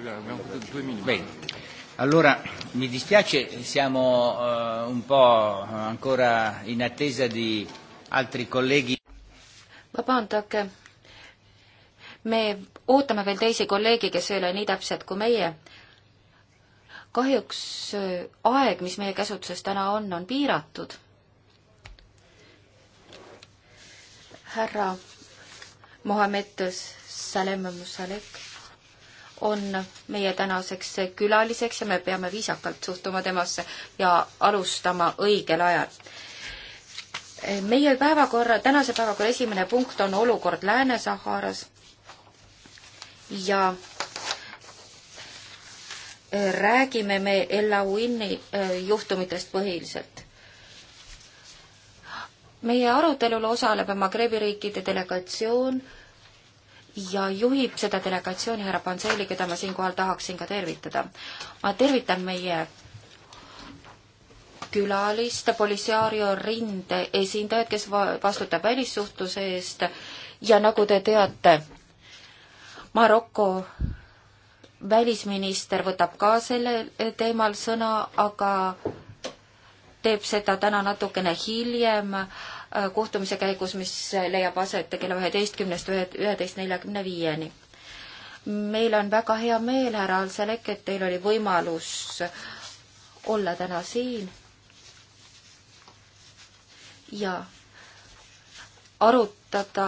guardiamo, abbiamo due minuti. Bene. Allora, mi dispiace, siamo uh, un po' ancora in attesa di altri colleghi. vabandage, me ootame veel teisi kolleege, kes ei ole nii täpsed kui meie. kahjuks eh, aeg, mis meie käsutuses täna on, on piiratud. härra Mohammed Salem Musalek on meie tänaseks külaliseks ja me peame viisakalt suhtuma temasse ja alustama õigel ajal. meie päevakorra, tänase päevakorra esimene punkt on olukord Lääne-Saharas ja räägime me Elauini äh, juhtumitest põhiliselt. meie arutelul osaleb Magrebi riikide delegatsioon ja juhib seda delegatsiooni härra Panseli, keda ma siinkohal tahaksin ka tervitada. ma tervitan meie külalist, Polisario rinde esindajat, kes va-, vastutab välissuhtluse eest ja nagu te teate, Maroko välisminister võtab ka sellel teemal sõna, aga teeb seda täna natukene hiljem äh, Äh, kohtumise käigus, mis leiab aset kella üheteistkümnest üheteist neljakümne viieni. meil on väga hea meel, härra Alselek, et teil oli võimalus olla täna siin ja arutada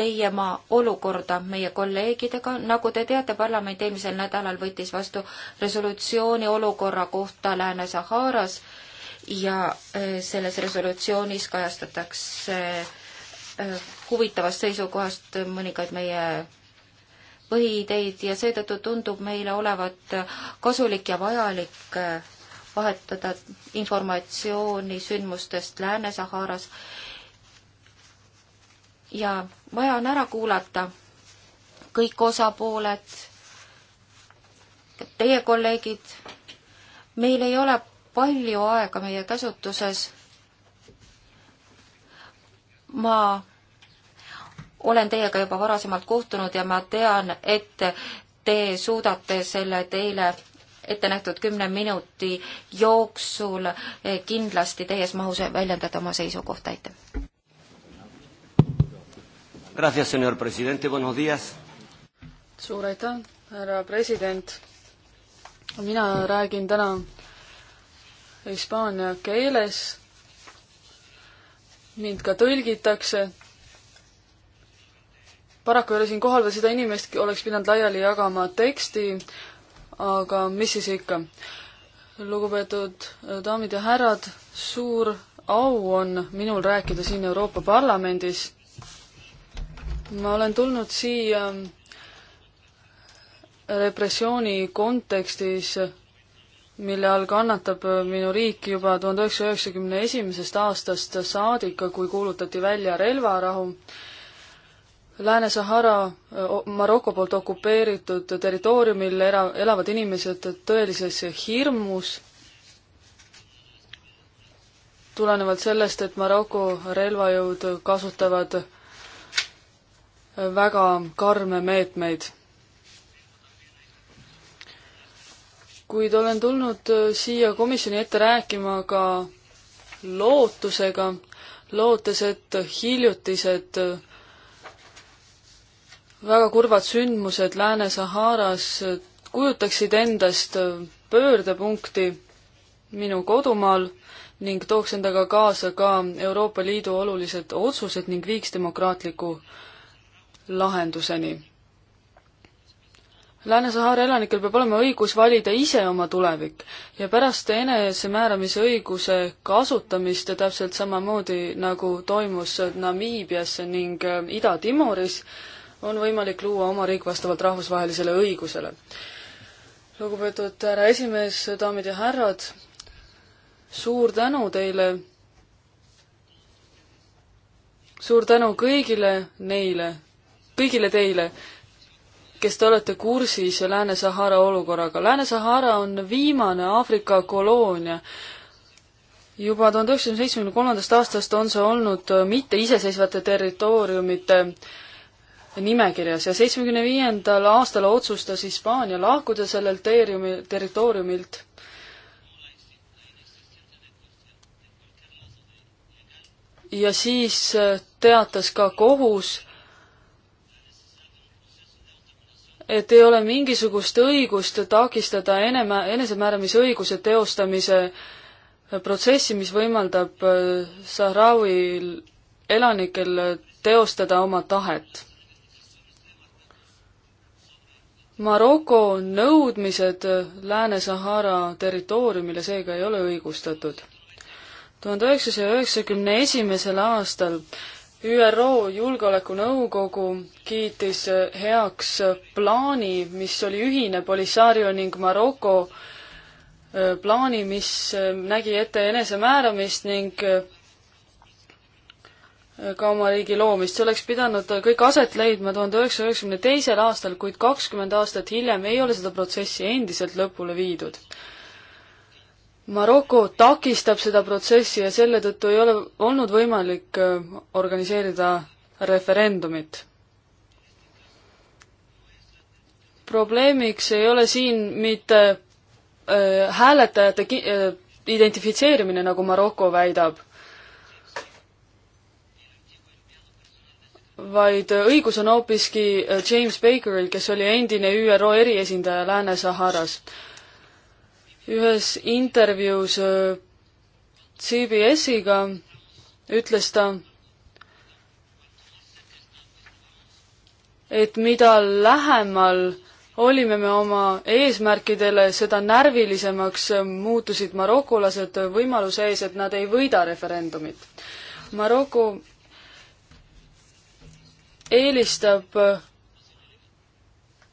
teie maa olukorda meie kolleegidega. nagu te teate, parlament eelmisel nädalal võttis vastu resolutsiooni olukorra kohta Lääne-Saharas ja äh, selles resolutsioonis kajastatakse äh, huvitavast seisukohast mõningaid meie põhiideid ja seetõttu tundub meile olevat kasulik ja vajalik äh, vahetada informatsiooni sündmustest Lääne-Saharas. ja vaja on ära kuulata kõik osapooled, teie kolleegid, meil ei ole palju aega meie käsutuses. ma olen teiega juba varasemalt kohtunud ja ma tean, et te suudate selle teile ette nähtud kümne minuti jooksul kindlasti täies mahus väljendada oma seisukohta, aitäh. Gracias, senor presidente, buenos dias. suur aitäh, härra president. mina räägin täna hispaania keeles. mind ka tõlgitakse. paraku ei ole siin kohal veel seda inimest, oleks pidanud laiali jagama teksti, aga mis siis ikka. lugupeetud äh, daamid ja härrad, suur au on minul rääkida siin Euroopa Parlamendis. ma olen tulnud siia äh, repressiooni kontekstis mille all kannatab äh, minu riik juba tuhande üheksasaja üheksakümne esimesest aastast saadik, kui kuulutati välja relvarahu. Lääne-Sahara äh, Maroko poolt okupeeritud territooriumil era-, elavad inimesed tõelises hirmus, tulenevalt sellest, et Maroko relvajõud kasutavad väga karme meetmeid kuid olen tulnud äh, siia komisjoni ette rääkima ka lootusega, lootes, et hiljutised äh, väga kurvad sündmused Lääne-Saharas äh, kujutaksid endast pöördepunkti minu kodumaal ning tooks endaga kaasa ka Euroopa Liidu olulised otsused ning viiks demokraatliku lahenduseni Lääne-Sahara elanikel peab olema õigus valida ise oma tulevik ja pärast enesemääramise õiguse kasutamist täpselt samamoodi, nagu toimus Namiibias ning äh, Ida-Timoris, on võimalik luua oma riik vastavalt rahvusvahelisele õigusele. lugupeetud härra esimees, daamid ja härrad, suur tänu teile, suur tänu kõigile neile, kõigile teile, kes te olete kursis Lääne-Sahara olukorraga. Lääne-Sahara on viimane Aafrika koloonia. juba tuhande üheksasaja seitsmekümne kolmandast aastast on see olnud mitteiseseisvate territooriumite nimekirjas ja seitsmekümne viiendal aastal otsustas Hispaania lahkuda sellelt teeriumi, territooriumilt. ja siis teatas ka kohus, et ei ole mingisugust õigust takistada enema, enesemääramisõiguse teostamise äh, protsessi, mis võimaldab äh, Sahrawi elanikel äh, teostada oma tahet. Maroko nõudmised Lääne-Sahara territooriumile seega ei ole õigustatud. tuhande üheksasaja üheksakümne esimesel aastal ÜRO Julgeolekunõukogu kiitis heaks plaani, mis oli ühine Polisario ning Maroko e, plaani, mis e, nägi ette enesemääramist ning e, ka oma riigi loomist. see oleks pidanud kõik aset leidma tuhande üheksasaja üheksakümne teisel aastal, kuid kakskümmend aastat hiljem ei ole seda protsessi endiselt lõpule viidud. Maroko takistab seda protsessi ja selle tõttu ei ole olnud võimalik äh, organiseerida referendumit. probleemiks ei ole siin mitte äh, hääletajate ki- äh,, identifitseerimine, nagu Maroko väidab, vaid õigus on hoopiski äh, James Bakeril, kes oli endine ÜRO eriesindaja Lääne-Saharas ühes intervjuus äh, CBS-iga ütles ta, et mida lähemal olime me oma eesmärkidele, seda närvilisemaks muutusid marokolased võimaluse ees, et nad ei võida referendumit. Maroko eelistab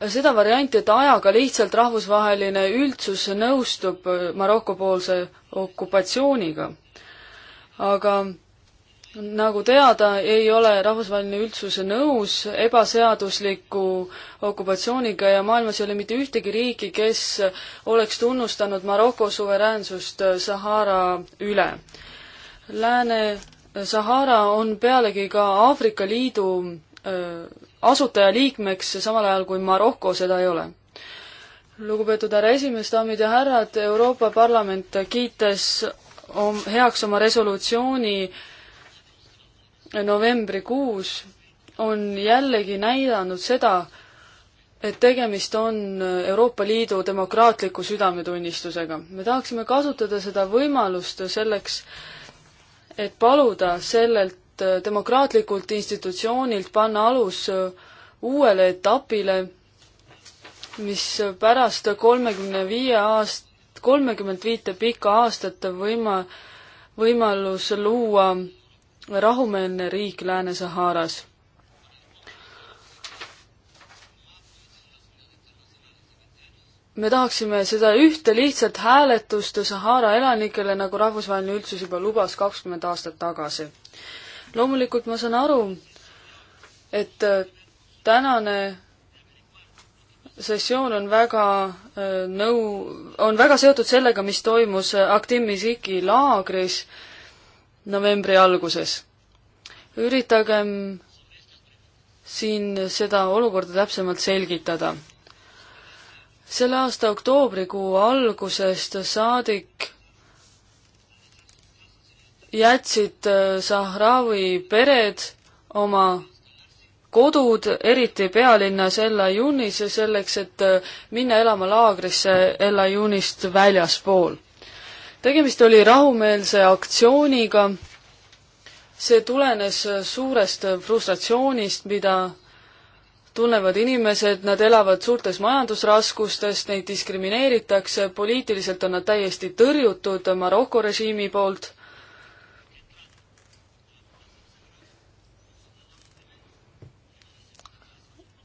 seda varianti, et ajaga lihtsalt rahvusvaheline üldsus nõustub Maroko poolse okupatsiooniga. aga nagu teada, ei ole rahvusvaheline üldsus nõus ebaseadusliku okupatsiooniga ja maailmas ei ole mitte ühtegi riiki, kes oleks tunnustanud Maroko suveräänsust Sahara üle. Lääne Sahara on pealegi ka Aafrika Liidu asutajaliikmeks, samal ajal kui Maroko seda ei ole. lugupeetud härra esimees, daamid ja härrad, Euroopa Parlament kiites om-, heaks oma resolutsiooni novembrikuus, on jällegi näidanud seda, et tegemist on Euroopa Liidu demokraatliku südametunnistusega. me tahaksime kasutada seda võimalust selleks, et paluda sellelt et äh, demokraatlikult institutsioonilt panna alus äh, uuele etapile, mis äh, pärast kolmekümne viie aast-, kolmekümmend viite pikka aastat võima-, võimalus luua rahumeelne riik Lääne-Saharas. me tahaksime seda ühte lihtsat hääletust Sahara elanikele, nagu rahvusvaheline üldsus juba lubas kakskümmend aastat tagasi loomulikult ma saan aru, et äh, tänane sessioon on väga äh, nõu, on väga seotud sellega, mis toimus äh, Aktimisiki laagris novembri alguses. üritagem siin seda olukorda täpsemalt selgitada. selle aasta oktoobrikuu algusest saadik jätsid äh, Sahrawi pered oma kodud, eriti pealinnas El Ayunis, selleks, et äh, minna elama laagrisse El Ayunist väljaspool. tegemist oli rahumeelse aktsiooniga, see tulenes äh, suurest frustratsioonist, mida tunnevad inimesed, nad elavad suurtes majandusraskustes, neid diskrimineeritakse, poliitiliselt on nad täiesti tõrjutud Maroko režiimi poolt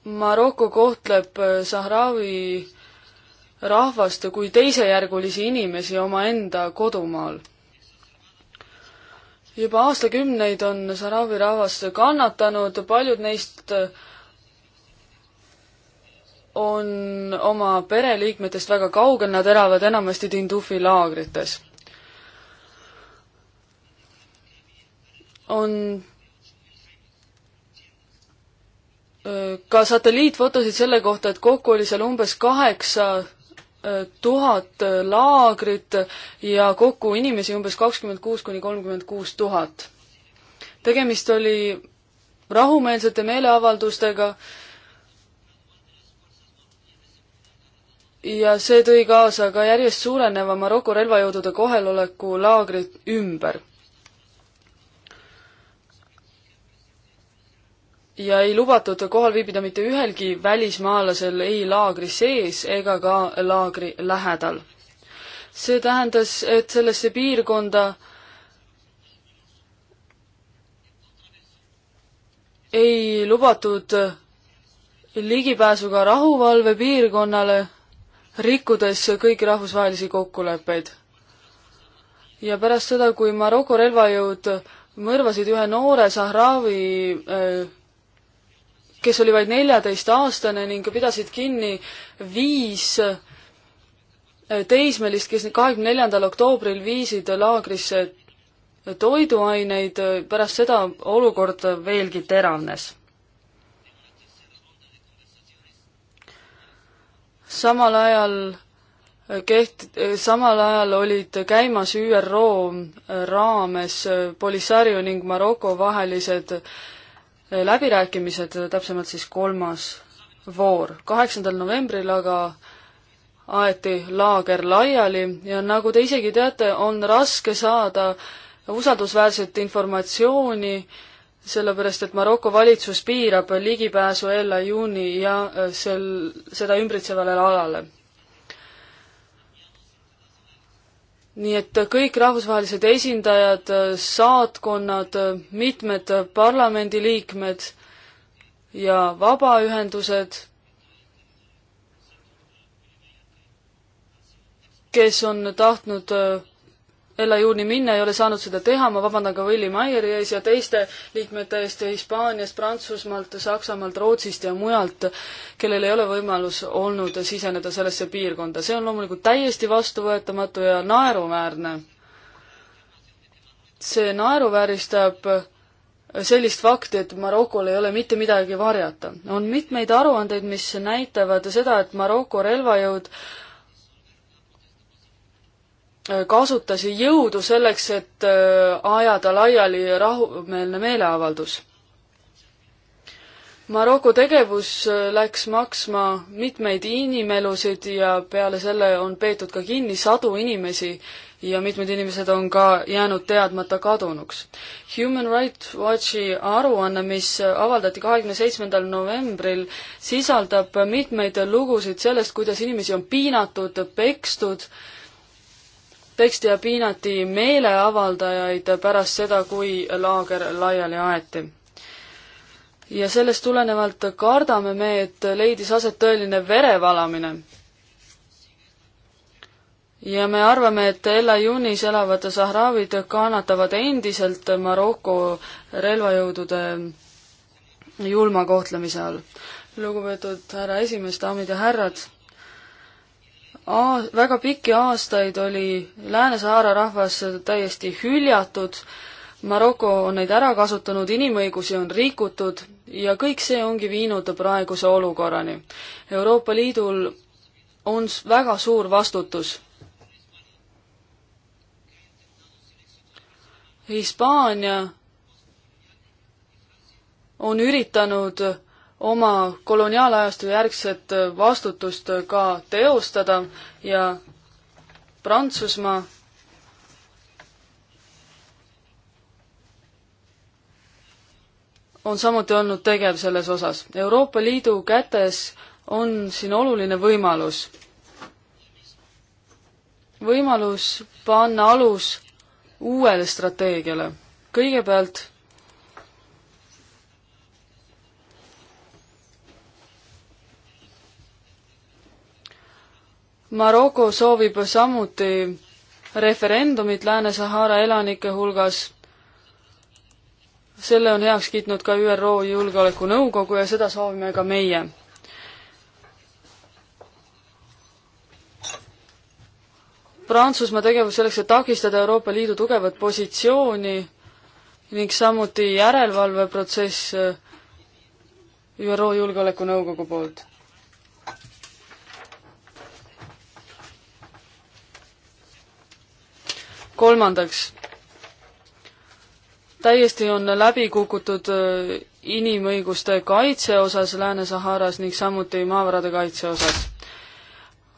Maroko kohtleb äh, Sahravi rahvast kui teisejärgulisi inimesi omaenda kodumaal. juba aastakümneid on Sahravi rahvas kannatanud, paljud neist äh, on oma pereliikmetest väga kaugel, nad elavad enamasti Tindufi laagrites. on ka satelliitfotosid selle kohta, et kokku oli seal umbes kaheksa äh, tuhat äh, laagrit ja kokku inimesi umbes kakskümmend kuus kuni kolmkümmend kuus tuhat. tegemist oli rahumeelsete meeleavaldustega ja see tõi kaasa ka järjest suureneva Maroko relvajõudude kohaloleku laagri ümber ja ei lubatud kohal viibida mitte ühelgi välismaalasel ei laagri sees ega ka laagri lähedal. see tähendas, et sellesse piirkonda ei lubatud ligipääsu ka rahuvalvepiirkonnale, rikkudes kõiki rahvusvahelisi kokkuleppeid. ja pärast seda, kui Maroko relvajõud mõrvasid ühe noore Sahravi äh, kes oli vaid neljateistaastane ning pidasid kinni viis eh, teismelist, kes kahekümne neljandal oktoobril viisid laagrisse toiduaineid, eh, pärast seda olukord veelgi teravnes. samal ajal eh, keht-, samal ajal olid käimas ÜRO raames Polisario ning Maroko vahelised äh, läbirääkimised, täpsemalt siis kolmas voor. kaheksandal novembril aga aeti laager laiali ja nagu te isegi teate, on raske saada usaldusväärset informatsiooni, sellepärast et Maroko valitsus piirab ligipääsu El Ayuni ja sel, seda ümbritsevale alale nii et kõik rahvusvahelised esindajad, saatkonnad, mitmed parlamendiliikmed ja vabaühendused, kes on tahtnud Ella juuni minna ei ole saanud seda teha, ma vabandan ka Willie Meyeri ees ja teiste liikmete eest Hispaaniast, Prantsusmaalt, Saksamaalt, Rootsist ja mujalt, kellel ei ole võimalus olnud siseneda sellesse piirkonda. see on loomulikult täiesti vastuvõetamatu ja naeruväärne. see naeruvääristab sellist fakti, et Marokol ei ole mitte midagi varjata. on mitmeid aruandeid, mis näitavad seda, et Maroko relvajõud kasutasid jõudu selleks, et äh, ajada laiali rahumeelne meeleavaldus. Maroko tegevus äh, läks maksma mitmeid inimelusid ja peale selle on peetud ka kinni sadu inimesi ja mitmed inimesed on ka jäänud teadmata kadunuks. Human Rights Watchi aruanne, mis avaldati kahekümne seitsmendal novembril, sisaldab mitmeid lugusid sellest, kuidas inimesi on piinatud, pekstud äh, peksti ja piinati meeleavaldajaid pärast seda, kui laager laiali aeti. ja sellest tulenevalt kardame me, et leidis aset tõeline verevalamine. ja me arvame, et El Ayunis elavad sahraavid kannatavad endiselt Maroko relvajõudude julma kohtlemise all. lugupeetud härra esimees, daamid ja härrad aa-, väga pikki aastaid oli Lääne-Sahara rahvas täiesti hüljatud, Maroko on neid ära kasutanud, inimõigusi on rikutud ja kõik see ongi viinud praeguse olukorrani. Euroopa Liidul on väga suur vastutus. Hispaania on üritanud oma koloniaalajastu järgset vastutust ka teostada ja Prantsusmaa on samuti olnud tegev selles osas. Euroopa Liidu kätes on siin oluline võimalus. võimalus panna alus uuele strateegiale. kõigepealt Maroko soovib samuti referendumit Lääne-Sahara elanike hulgas. selle on heaks kiitnud ka ÜRO Julgeolekunõukogu ja seda soovime ka meie. Prantsusmaa tegevus selleks, et takistada Euroopa Liidu tugevat positsiooni ning samuti järelevalveprotsess ÜRO Julgeolekunõukogu poolt kolmandaks, täiesti on läbi kukutud äh, inimõiguste kaitse osas Lääne-Saharas ning samuti maavarade kaitse osas.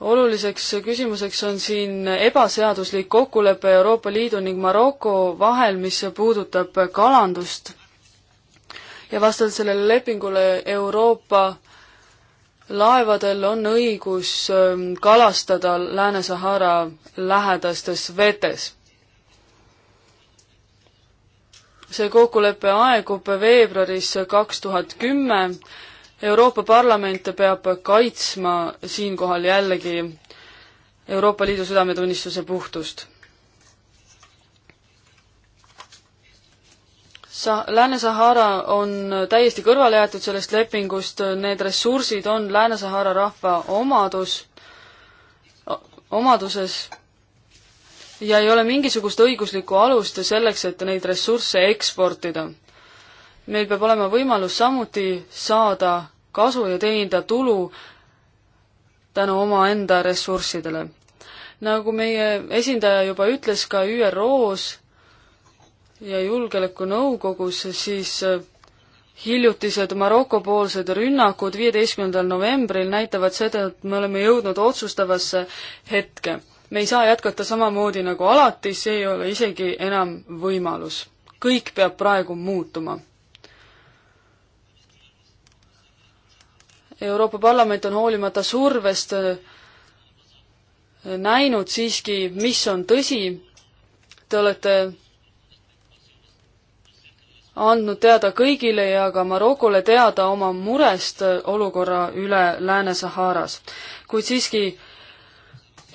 oluliseks küsimuseks on siin ebaseaduslik kokkulepe Euroopa Liidu ning Maroko vahel, mis puudutab kalandust. ja vastavalt sellele lepingule Euroopa laevadel on õigus ähm, kalastada Lääne-Sahara lähedastes vetes see kokkulepe aegub veebruaris kaks tuhat kümme. Euroopa Parlament peab kaitsma siinkohal jällegi Euroopa Liidu südametunnistuse puhtust. Sa-, Lääne-Sahara on täiesti kõrvale jäetud sellest lepingust, need ressursid on Lääne-Sahara rahva omadus, omaduses ja ei ole mingisugust õiguslikku alust selleks, et neid ressursse eksportida. meil peab olema võimalus samuti saada kasu ja teenida tulu tänu omaenda ressurssidele. nagu meie esindaja juba ütles ka ÜRO-s ja Julgeolekunõukogus, siis hiljutised Maroko-poolsed rünnakud viieteistkümnendal novembril näitavad seda, et me oleme jõudnud otsustavasse hetke me ei saa jätkata samamoodi nagu alati, see ei ole isegi enam võimalus. kõik peab praegu muutuma. Euroopa Parlament on hoolimata survest äh, näinud siiski, mis on tõsi. Te olete andnud teada kõigile ja ka Marokole teada oma murest äh, olukorra üle Lääne-Saharas. kuid siiski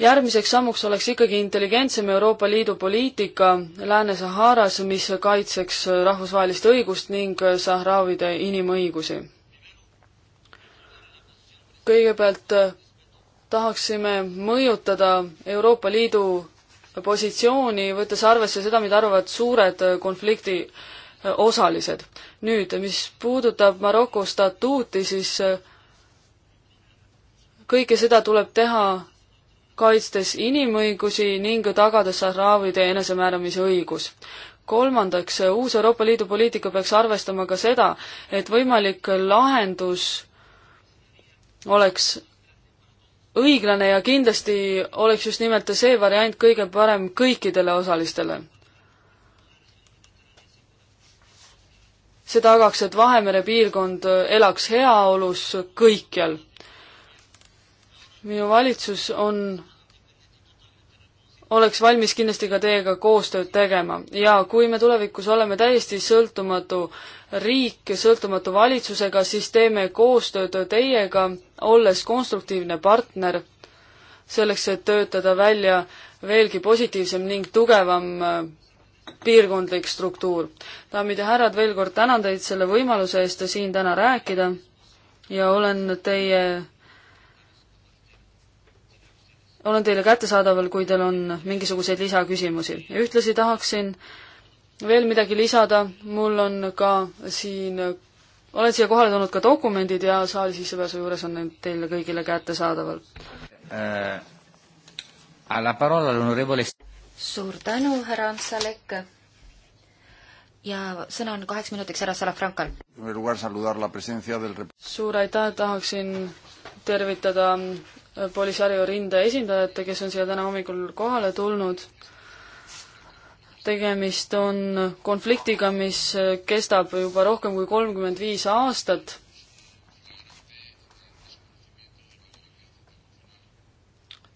järgmiseks sammuks oleks ikkagi intelligentsem Euroopa Liidu poliitika Lääne-Saharas, mis kaitseks rahvusvahelist õigust ning sahraavide inimõigusi. kõigepealt äh, tahaksime mõjutada Euroopa Liidu positsiooni, võttes arvesse seda, mida arvavad suured äh, konflikti äh, osalised. nüüd, mis puudutab Maroko statuuti, siis kõike seda tuleb teha kaitstes inimõigusi ning tagades sahraavide enesemääramise õigus. kolmandaks, uus Euroopa Liidu poliitika peaks arvestama ka seda, et võimalik lahendus oleks õiglane ja kindlasti oleks just nimelt see variant kõige parem kõikidele osalistele. see tagaks, et Vahemere piirkond elaks heaolus kõikjal minu valitsus on, oleks valmis kindlasti ka teiega koostööd tegema ja kui me tulevikus oleme täiesti sõltumatu riik sõltumatu valitsusega, siis teeme koostööd teiega, olles konstruktiivne partner, selleks et töötada välja veelgi positiivsem ning tugevam äh, piirkondlik struktuur. daamid ja härrad, veel kord tänan teid selle võimaluse eest siin täna rääkida ja olen teie olen teile kättesaadaval, kui teil on mingisuguseid lisaküsimusi. ja ühtlasi tahaksin veel midagi lisada, mul on ka siin, olen siia kohale toonud ka dokumendid ja saali sissepääsu juures on need teile kõigile kättesaadaval äh,. suur tänu, härra Antsalek. ja sõna on kaheks minutiks härra Salafrankal. suur aitäh, tahaksin tervitada Polisario rinde esindajate, kes on siia täna hommikul kohale tulnud. tegemist on konfliktiga, mis kestab juba rohkem kui kolmkümmend viis aastat.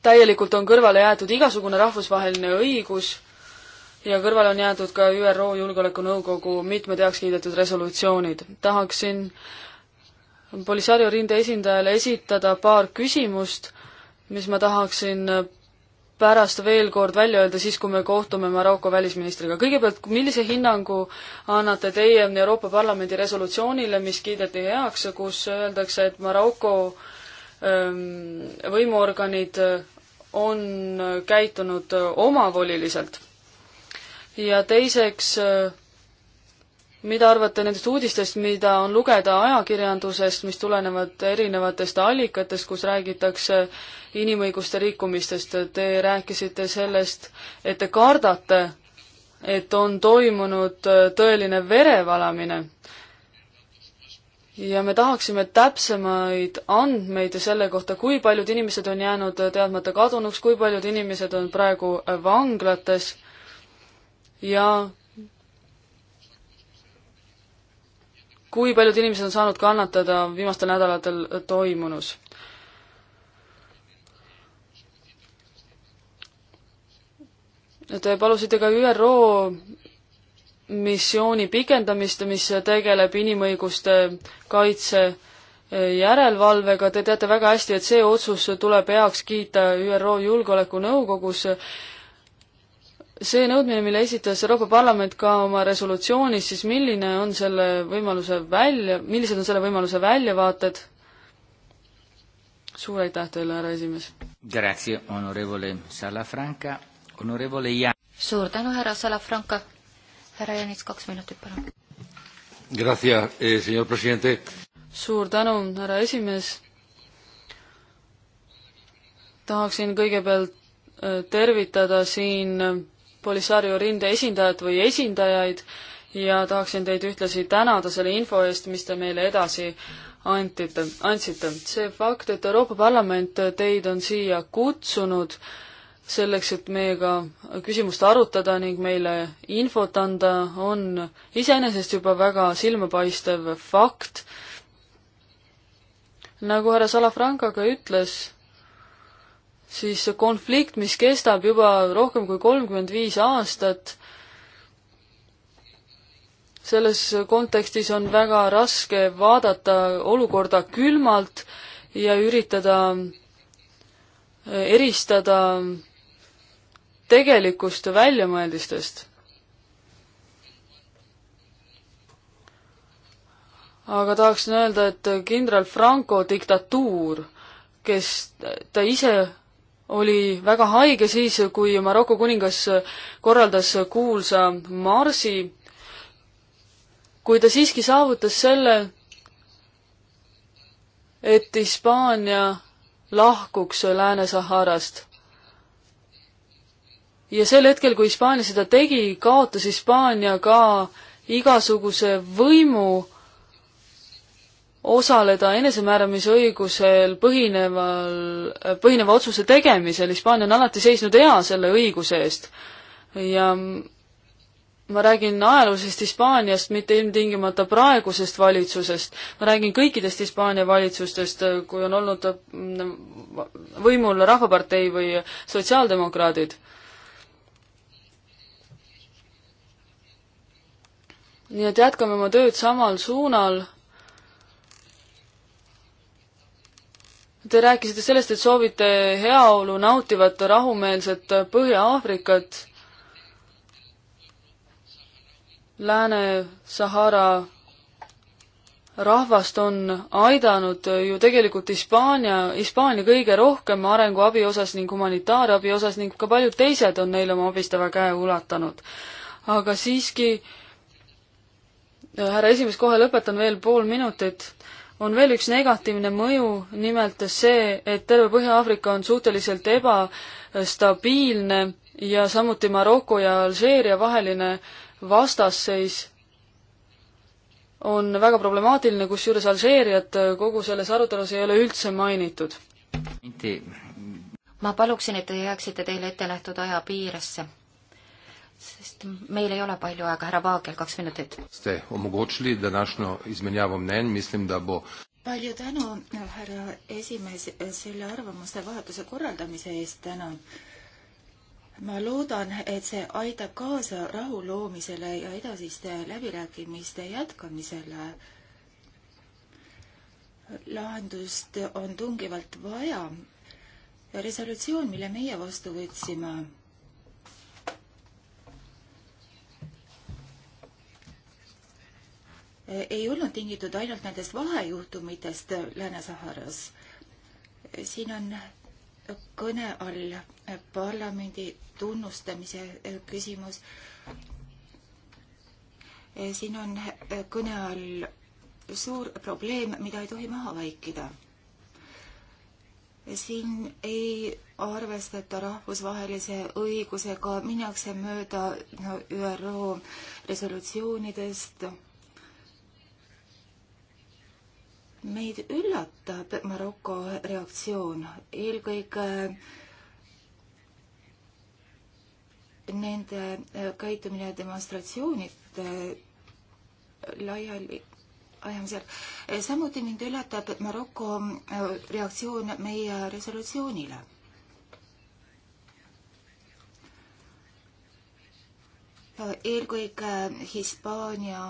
täielikult on kõrvale jäetud igasugune rahvusvaheline õigus ja kõrvale on jäetud ka ÜRO Julgeolekunõukogu mitmed heaks kiidetud resolutsioonid. tahaksin Polisario rinde esindajale esitada paar küsimust, mis ma tahaksin pärast veel kord välja öelda, siis kui me kohtume Maroko välisministriga. kõigepealt, millise hinnangu annate teie Euroopa Parlamendi resolutsioonile, mis kiideti heaks, kus öeldakse, et Maroko ähm, võimuorganid äh, on käitunud äh, omavoliliselt? ja teiseks, äh, mida arvate nendest uudistest, mida on lugeda ajakirjandusest, mis tulenevad erinevatest allikatest, kus räägitakse inimõiguste rikkumistest? Te rääkisite sellest, et te kardate, et on toimunud äh, tõeline verevalamine. ja me tahaksime täpsemaid andmeid selle kohta, kui paljud inimesed on jäänud äh, teadmata kadunuks, kui paljud inimesed on praegu äh, vanglates ja kui paljud inimesed on saanud kannatada viimastel nädalatel toimunus. Te palusite ka ÜRO missiooni pikendamist, mis tegeleb inimõiguste kaitse järelevalvega, te teate väga hästi, et see otsus tuleb heaks kiita ÜRO Julgeolekunõukogus see nõudmine, mille esitas Euroopa Parlament ka oma resolutsioonis, siis milline on selle võimaluse välja, millised on selle võimaluse väljavaated? suur aitäh teile, härra esimees! Grazie, onorevole Salafranca, onorevole Jan-. suur tänu, härra Salafranca! härra Janits, kaks minutit, palun. Grazie, eh, senor presidente! suur tänu, härra esimees! tahaksin kõigepealt eh, tervitada siin Polisario rinde esindajat või esindajaid ja tahaksin teid ühtlasi tänada selle info eest, mis te meile edasi antite, andsite. see fakt, et Euroopa Parlament teid on siia kutsunud selleks, et meiega küsimust arutada ning meile infot anda, on iseenesest juba väga silmapaistev fakt. nagu härra Salafranca ka ütles, siis konflikt, mis kestab juba rohkem kui kolmkümmend viis aastat, selles kontekstis on väga raske vaadata olukorda külmalt ja üritada äh, eristada tegelikust väljamõeldistest. aga tahaksin öelda, et kindral Franco diktatuur, kes ta ise oli väga haige siis, kui Maroko kuningas korraldas kuulsa marsi, kui ta siiski saavutas selle, et Hispaania lahkuks Lääne-Saharast. ja sel hetkel, kui Hispaania seda tegi, kaotas Hispaania ka igasuguse võimu osaleda enesemääramisõigusel põhineval, põhineva otsuse tegemisel, Hispaania on alati seisnud hea selle õiguse eest ja ma räägin ajaloolisest Hispaaniast, mitte ilmtingimata praegusest valitsusest, ma räägin kõikidest Hispaania valitsustest, kui on olnud võimul Rahvapartei või sotsiaaldemokraadid. nii et jätkame oma tööd samal suunal Te rääkisite sellest, et soovite heaolu nautivat rahumeelset Põhja-Aafrikat, Lääne-Sahara rahvast on aidanud ju tegelikult Hispaania, Hispaania kõige rohkem arenguabi osas ning humanitaarabi osas ning ka paljud teised on neile oma abistava käe ulatanud. aga siiski, härra esimees, kohe lõpetan veel pool minutit on veel üks negatiivne mõju, nimelt see, et terve Põhja-Aafrika on suhteliselt ebastabiilne ja samuti Maroko ja Alžeeria vaheline vastasseis on väga problemaatiline, kusjuures Alžeeriat kogu selles arutelus ei ole üldse mainitud. ma paluksin, et te jääksite teile ette nähtud aja piiresse sest meil ei ole palju aega, härra Vaagel, kaks minutit. Ste omogočili današnjo izmenjavo mnen, mislim, da bo palju tänu, härra esimees, selle arvamuste vahetuse korraldamise eest täna. ma loodan, et see aitab kaasa rahu loomisele ja edasiste läbirääkimiste jätkamisele. lahendust on tungivalt vaja. resolutsioon, mille meie vastu võtsime Eh, ei olnud tingitud ainult nendest vahejuhtumitest Lääne-Saharas. Eh, siin on kõne all eh, parlamendi tunnustamise küsimus. siin on kõne all suur probleem, mida ei tohi maha vaikida. siin ei arvestata rahvusvahelise õigusega, minnakse mööda no, ÜRO resolutsioonidest meid üllatab Maroko reaktsioon, eelkõige äh, nende äh, käitumine demonstratsioonide äh, laiali ajamisel. samuti mind üllatab Maroko reaktsioon meie resolutsioonile. eelkõige Hispaania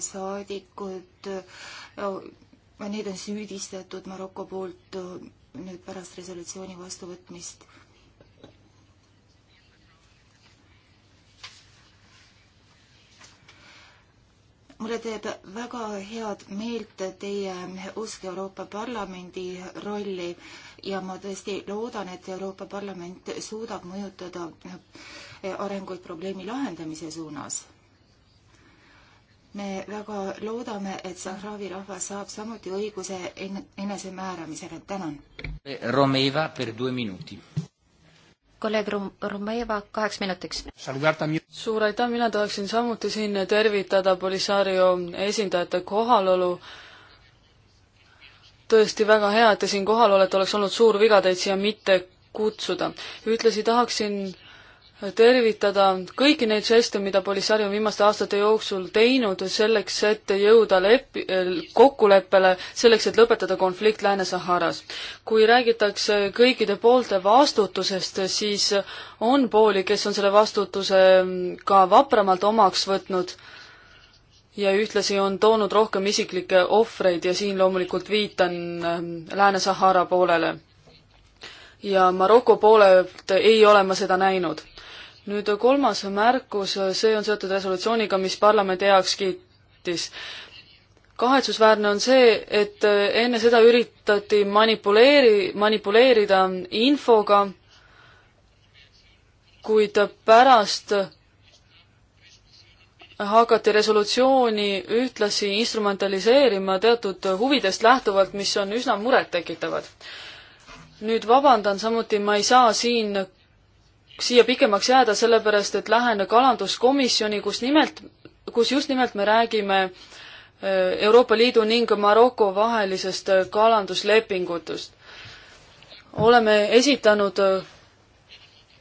saadikud Need on süüdistatud Maroko poolt äh, nüüd pärast resolutsiooni vastuvõtmist. mulle teeb väga head meelt teie usk Euroopa Parlamendi rolli ja ma tõesti loodan, et Euroopa Parlament suudab mõjutada arenguid probleemi lahendamise suunas me väga loodame, et Sahravi rahvas saab samuti õiguse enesemääramisele, tänan. Romeva per due minuti. kolleeg Rom-, Romeva kaheks minutiks. suur aitäh, mina tahaksin samuti siin tervitada Polisario esindajate kohalolu. tõesti väga hea, et te siin kohal olete, oleks olnud suur viga teid siia mitte kutsuda. ühtlasi tahaksin tervitada kõiki neid žeste, mida Polissari on viimaste aastate jooksul teinud selleks, et jõuda lepi-, äh, kokkuleppele, selleks, et lõpetada konflikt Lääne-Saharas. kui räägitakse kõikide poolte vastutusest, siis on pooli, kes on selle vastutuse mm, ka vapramalt omaks võtnud ja ühtlasi on toonud rohkem isiklikke ohvreid ja siin loomulikult viitan mm, Lääne-Sahara poolele. ja Maroko poole pealt ei ole ma seda näinud nüüd kolmas märkus, see on seotud resolutsiooniga, mis parlament heaks kiitis. kahetsusväärne on see, et enne seda üritati manipuleeri-, manipuleerida infoga, kuid pärast hakati resolutsiooni ühtlasi instrumentaliseerima teatud huvidest lähtuvalt, mis on üsna murettekitavad. nüüd vabandan samuti, ma ei saa siin siia pikemaks jääda, sellepärast et lähen kalanduskomisjoni, kus nimelt, kus just nimelt me räägime äh, Euroopa Liidu ning Maroko vahelisest äh, kalanduslepingutest. oleme esitanud äh,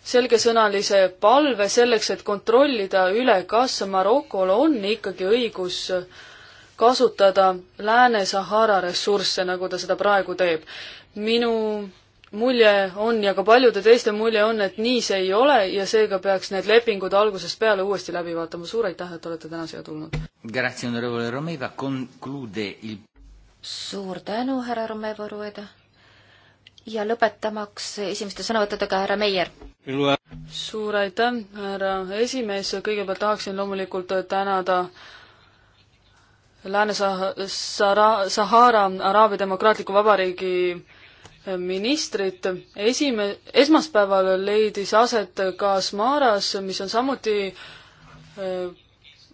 selgesõnalise palve selleks, et kontrollida üle, kas Marokol on ikkagi õigus kasutada Lääne-Sahara ressursse, nagu ta seda praegu teeb. minu mulje on ja ka paljude teiste mulje on, et nii see ei ole ja seega peaks need lepingud algusest peale uuesti läbi vaatama. suur aitäh, et olete täna siia tulnud. suur tänu, härra Romeva Rueda. ja lõpetamaks esimeste sõnavõttudega härra Meier. suur aitäh, härra esimees. kõigepealt tahaksin loomulikult tänada Lääne-Sahara Araabia Demokraatliku Vabariigi ministrit. esime-, esmaspäeval leidis aset ka Smaras, mis on samuti äh,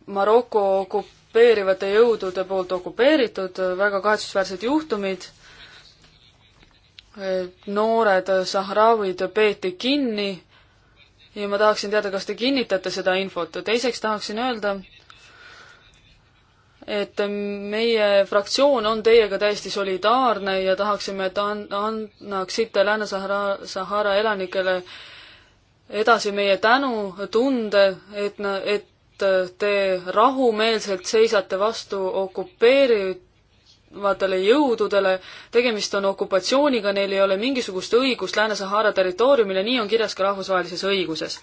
Maroko okupeerivate jõudude poolt okupeeritud, väga kahetsusväärsed juhtumid. Äh, noored sahraavid peeti kinni ja ma tahaksin teada, kas te kinnitate seda infot. teiseks tahaksin öelda, et meie fraktsioon on teiega täiesti solidaarne ja tahaksime, et an-, annaksite Lääne-Sahara, Sahara elanikele edasi meie tänutunde, et, et te rahumeelselt seisate vastu okupeerivatele jõududele, tegemist on okupatsiooniga, neil ei ole mingisugust õigust Lääne-Sahara territooriumile, nii on kirjas ka rahvusvahelises õiguses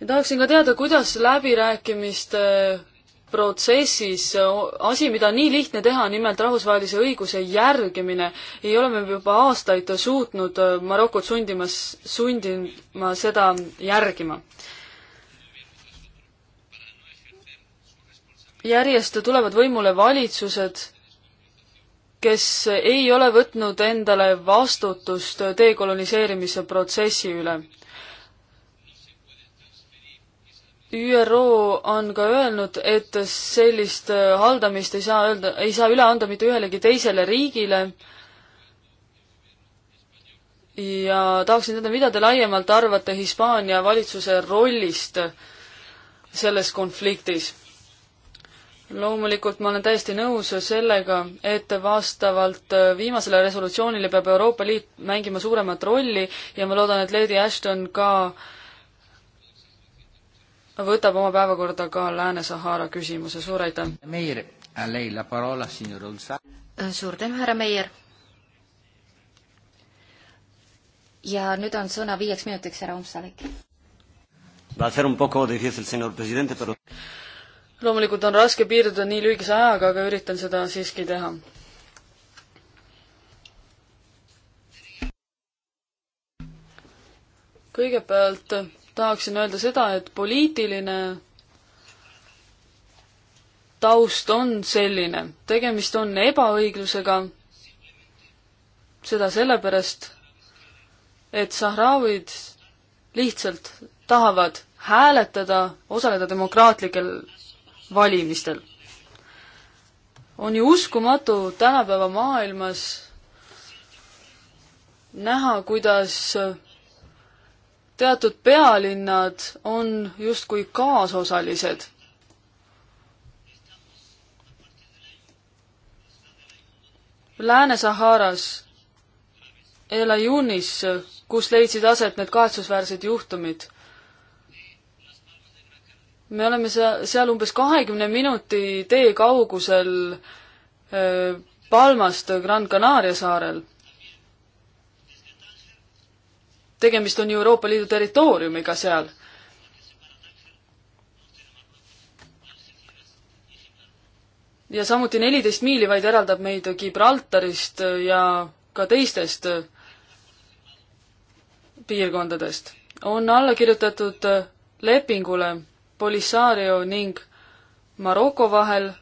ja tahaksin ka teada, kuidas läbirääkimiste protsessis asi, mida on nii lihtne teha, nimelt rahvusvahelise õiguse järgimine, ei ole me juba aastaid suutnud Marokot sundimas, sundima seda järgima. järjest tulevad võimule valitsused, kes ei ole võtnud endale vastutust dekoloniseerimise protsessi üle ÜRO on ka öelnud, et sellist haldamist ei saa öelda, ei saa üle anda mitte ühelegi teisele riigile. ja tahaksin teada, mida te laiemalt arvate Hispaania valitsuse rollist selles konfliktis? loomulikult ma olen täiesti nõus sellega, et vastavalt viimasele resolutsioonile peab Euroopa Liit mängima suuremat rolli ja ma loodan, et Lady Ashton ka äh, võtab oma päevakorda ka Lääne-Sahara küsimuse, suur aitäh! Äh, suur tänu, härra Meier! ja nüüd on sõna viieks minutiks härra Umsalik. loomulikult on raske piirduda nii lühikese ajaga, aga üritan seda siiski teha kõigepealt tahaksin öelda seda, et poliitiline taust on selline, tegemist on ebaõiglusega, seda sellepärast, et sahraavid lihtsalt tahavad hääletada, osaleda demokraatlikel valimistel. on ju uskumatu tänapäeva maailmas näha, kuidas teatud pealinnad on justkui kaasosalised. Lääne-Saharas, Elajunis, kus leidsid aset need kahetsusväärsed juhtumid. me oleme seal umbes kahekümne minuti tee kaugusel Palmast Gran Canaria saarel tegemist on ju Euroopa Liidu territooriumiga seal. ja samuti neliteist miili vaid eraldab meid Gibraltarist ja ka teistest piirkondadest. on alla kirjutatud lepingule Polisario ning Maroko vahel.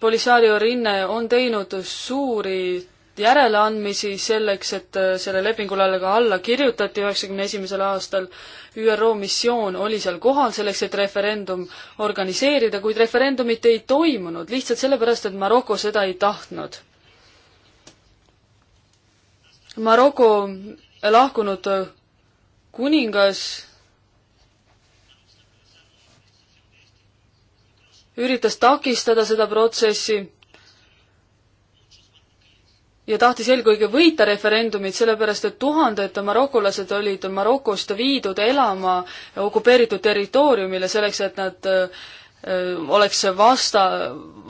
Polisario rinne on teinud suuri järeleandmisi selleks, et äh, selle lepingule ka alla kirjutati üheksakümne esimesel aastal. ÜRO missioon oli seal kohal selleks, et referendum organiseerida, kuid referendumit ei toimunud lihtsalt sellepärast, et Maroko seda ei tahtnud. Maroko lahkunud äh, kuningas üritas takistada seda protsessi ja tahtis eelkõige võita referendumit, sellepärast et tuhanded marokolased olid Marokost viidud elama okupeeritud territooriumile selleks, et nad öö, äh, äh, oleks vasta,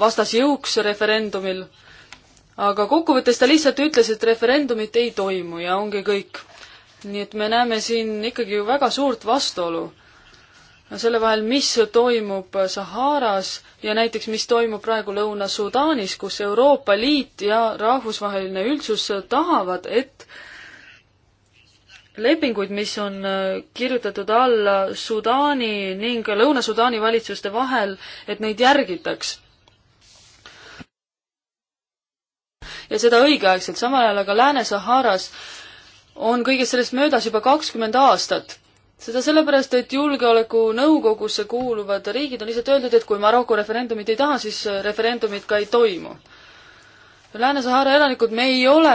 vastasjõuks referendumil. aga kokkuvõttes ta lihtsalt ütles, et referendumit ei toimu ja ongi kõik. nii et me näeme siin ikkagi ju väga suurt vastuolu selle vahel, mis toimub Saharas ja näiteks, mis toimub praegu Lõuna-Sudaanis, kus Euroopa Liit ja rahvusvaheline üldsus tahavad, et lepinguid, mis on kirjutatud alla Sudaani ning Lõuna-Sudaani valitsuste vahel, et neid järgitaks. ja seda õigeaegselt, samal ajal aga Lääne-Saharas on kõigest sellest möödas juba kakskümmend aastat seda sellepärast, et Julgeolekunõukogusse kuuluvad riigid on lihtsalt öeldud, et kui Maroko referendumit ei taha, siis referendumit ka ei toimu. Lääne-Sahara elanikud, me ei ole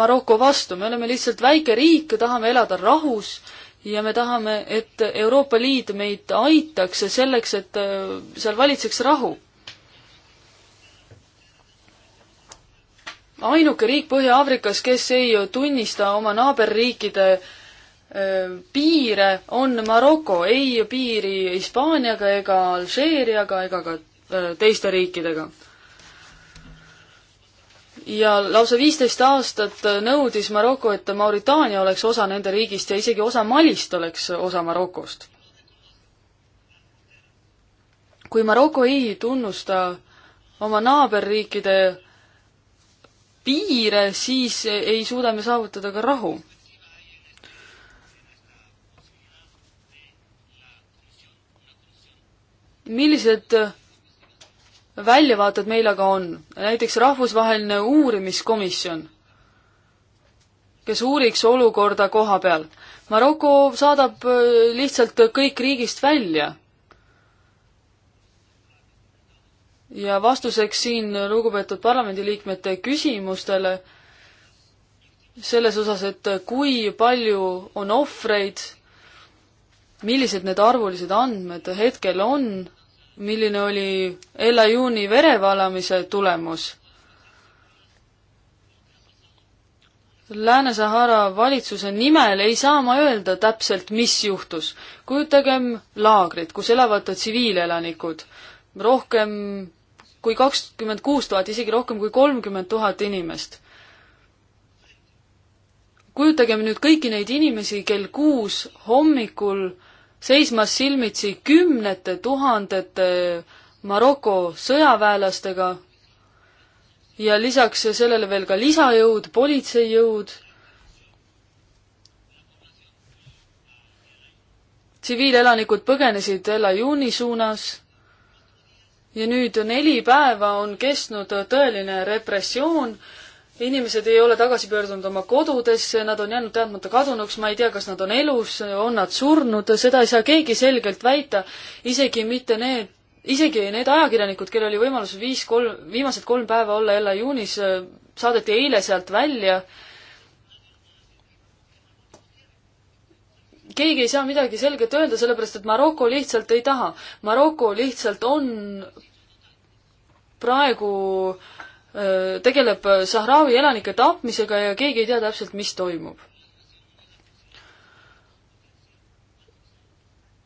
Maroko vastu, me oleme lihtsalt väike riik, tahame elada rahus ja me tahame, et Euroopa Liit meid aitaks selleks, et äh, seal valitseks rahu. ainuke riik Põhja-Aafrikas, kes ei tunnista oma naaberriikide äh, piire on Maroko, ei piiri Hispaaniaga ega Alžeeriaga ega ka äh, teiste riikidega. ja lausa viisteist aastat nõudis Maroko, et Mauritaania oleks osa nende riigist ja isegi osa Malist oleks osa Marokost. kui Maroko ei tunnusta oma naaberriikide piire, siis ei suuda me saavutada ka rahu millised väljavaated meil aga on? näiteks rahvusvaheline uurimiskomisjon, kes uuriks olukorda koha peal. Maroko saadab äh, lihtsalt kõik riigist välja. ja vastuseks siin lugupeetud parlamendiliikmete küsimustele selles osas, et kui palju on ohvreid, millised need arvulised andmed hetkel on milline oli Ella Juuni verevalamise tulemus. Lääne-Sahara valitsuse nimel ei saa ma öelda täpselt, mis juhtus. kujutagem laagrit, kus elavad tsiviilelanikud, rohkem kui kakskümmend kuus tuhat, isegi rohkem kui kolmkümmend tuhat inimest. kujutagem nüüd kõiki neid inimesi kell kuus hommikul äh, seisma silmitsi kümnete tuhandete Maroko sõjaväelastega ja lisaks sellele veel ka lisajõud, politseijõud, tsiviilelanikud põgenesid El Ayuni suunas ja nüüd neli päeva on kestnud tõeline repressioon inimesed ei ole tagasi pöördunud oma kodudesse, nad on jäänud teadmata kadunuks, ma ei tea, kas nad on elus, on nad surnud, seda ei saa keegi selgelt väita, isegi mitte need, isegi need ajakirjanikud, kellel oli võimalus viis, kolm, viimased kolm päeva olla Ella Junis, saadeti eile sealt välja. keegi ei saa midagi selget öelda, sellepärast et Maroko lihtsalt ei taha. Maroko lihtsalt on praegu äh, Äh, tegeleb äh, Sahravi elanike tapmisega ja keegi ei tea täpselt, mis toimub.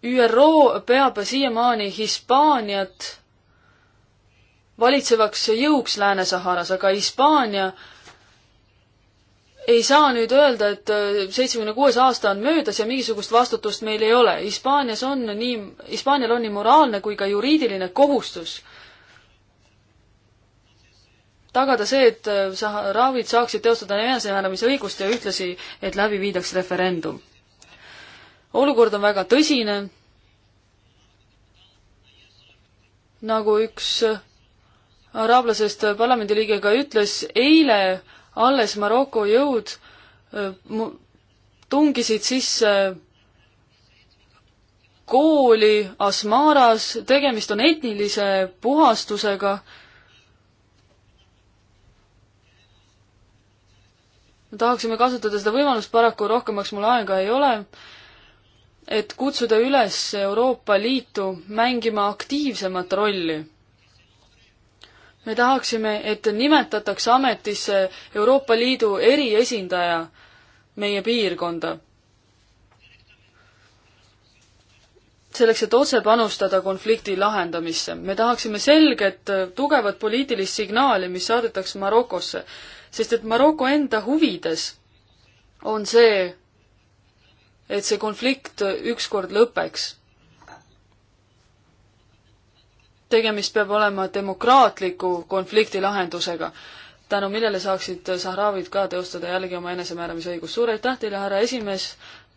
ÜRO peab siiamaani Hispaaniat valitsevaks jõuks Lääne-Saharas, aga Hispaania ei saa nüüd öelda, et äh, seitsmekümne kuues aasta on möödas ja mingisugust vastutust meil ei ole. Hispaanias on nii, Hispaanial on nii moraalne kui ka juriidiline kohustus äh, tagada see, et äh, saharaavid saaksid teostada enesemääramisõigust ja ühtlasi, et läbi viidaks referendum. olukord on väga tõsine, nagu üks äh, araablasest äh, parlamendiliige ka ütles, eile alles Maroko jõud tungisid sisse kooli Asmaras, tegemist on etnilise puhastusega tahaksime kasutada seda võimalust, paraku rohkemaks mul aega ei ole, et kutsuda üles Euroopa Liitu mängima aktiivsemat rolli. me tahaksime, et nimetataks ametisse Euroopa Liidu eriesindaja meie piirkonda. selleks, et otse panustada konflikti lahendamisse. me tahaksime selget, tugevat poliitilist signaali, mis saadetaks Marokosse sest et Maroko enda huvides on see, et see konflikt ükskord lõpeks. tegemist peab olema demokraatliku konflikti lahendusega, tänu millele saaksid sahraavid ka teostada jällegi oma enesemääramisõigust. suur aitäh teile, härra esimees,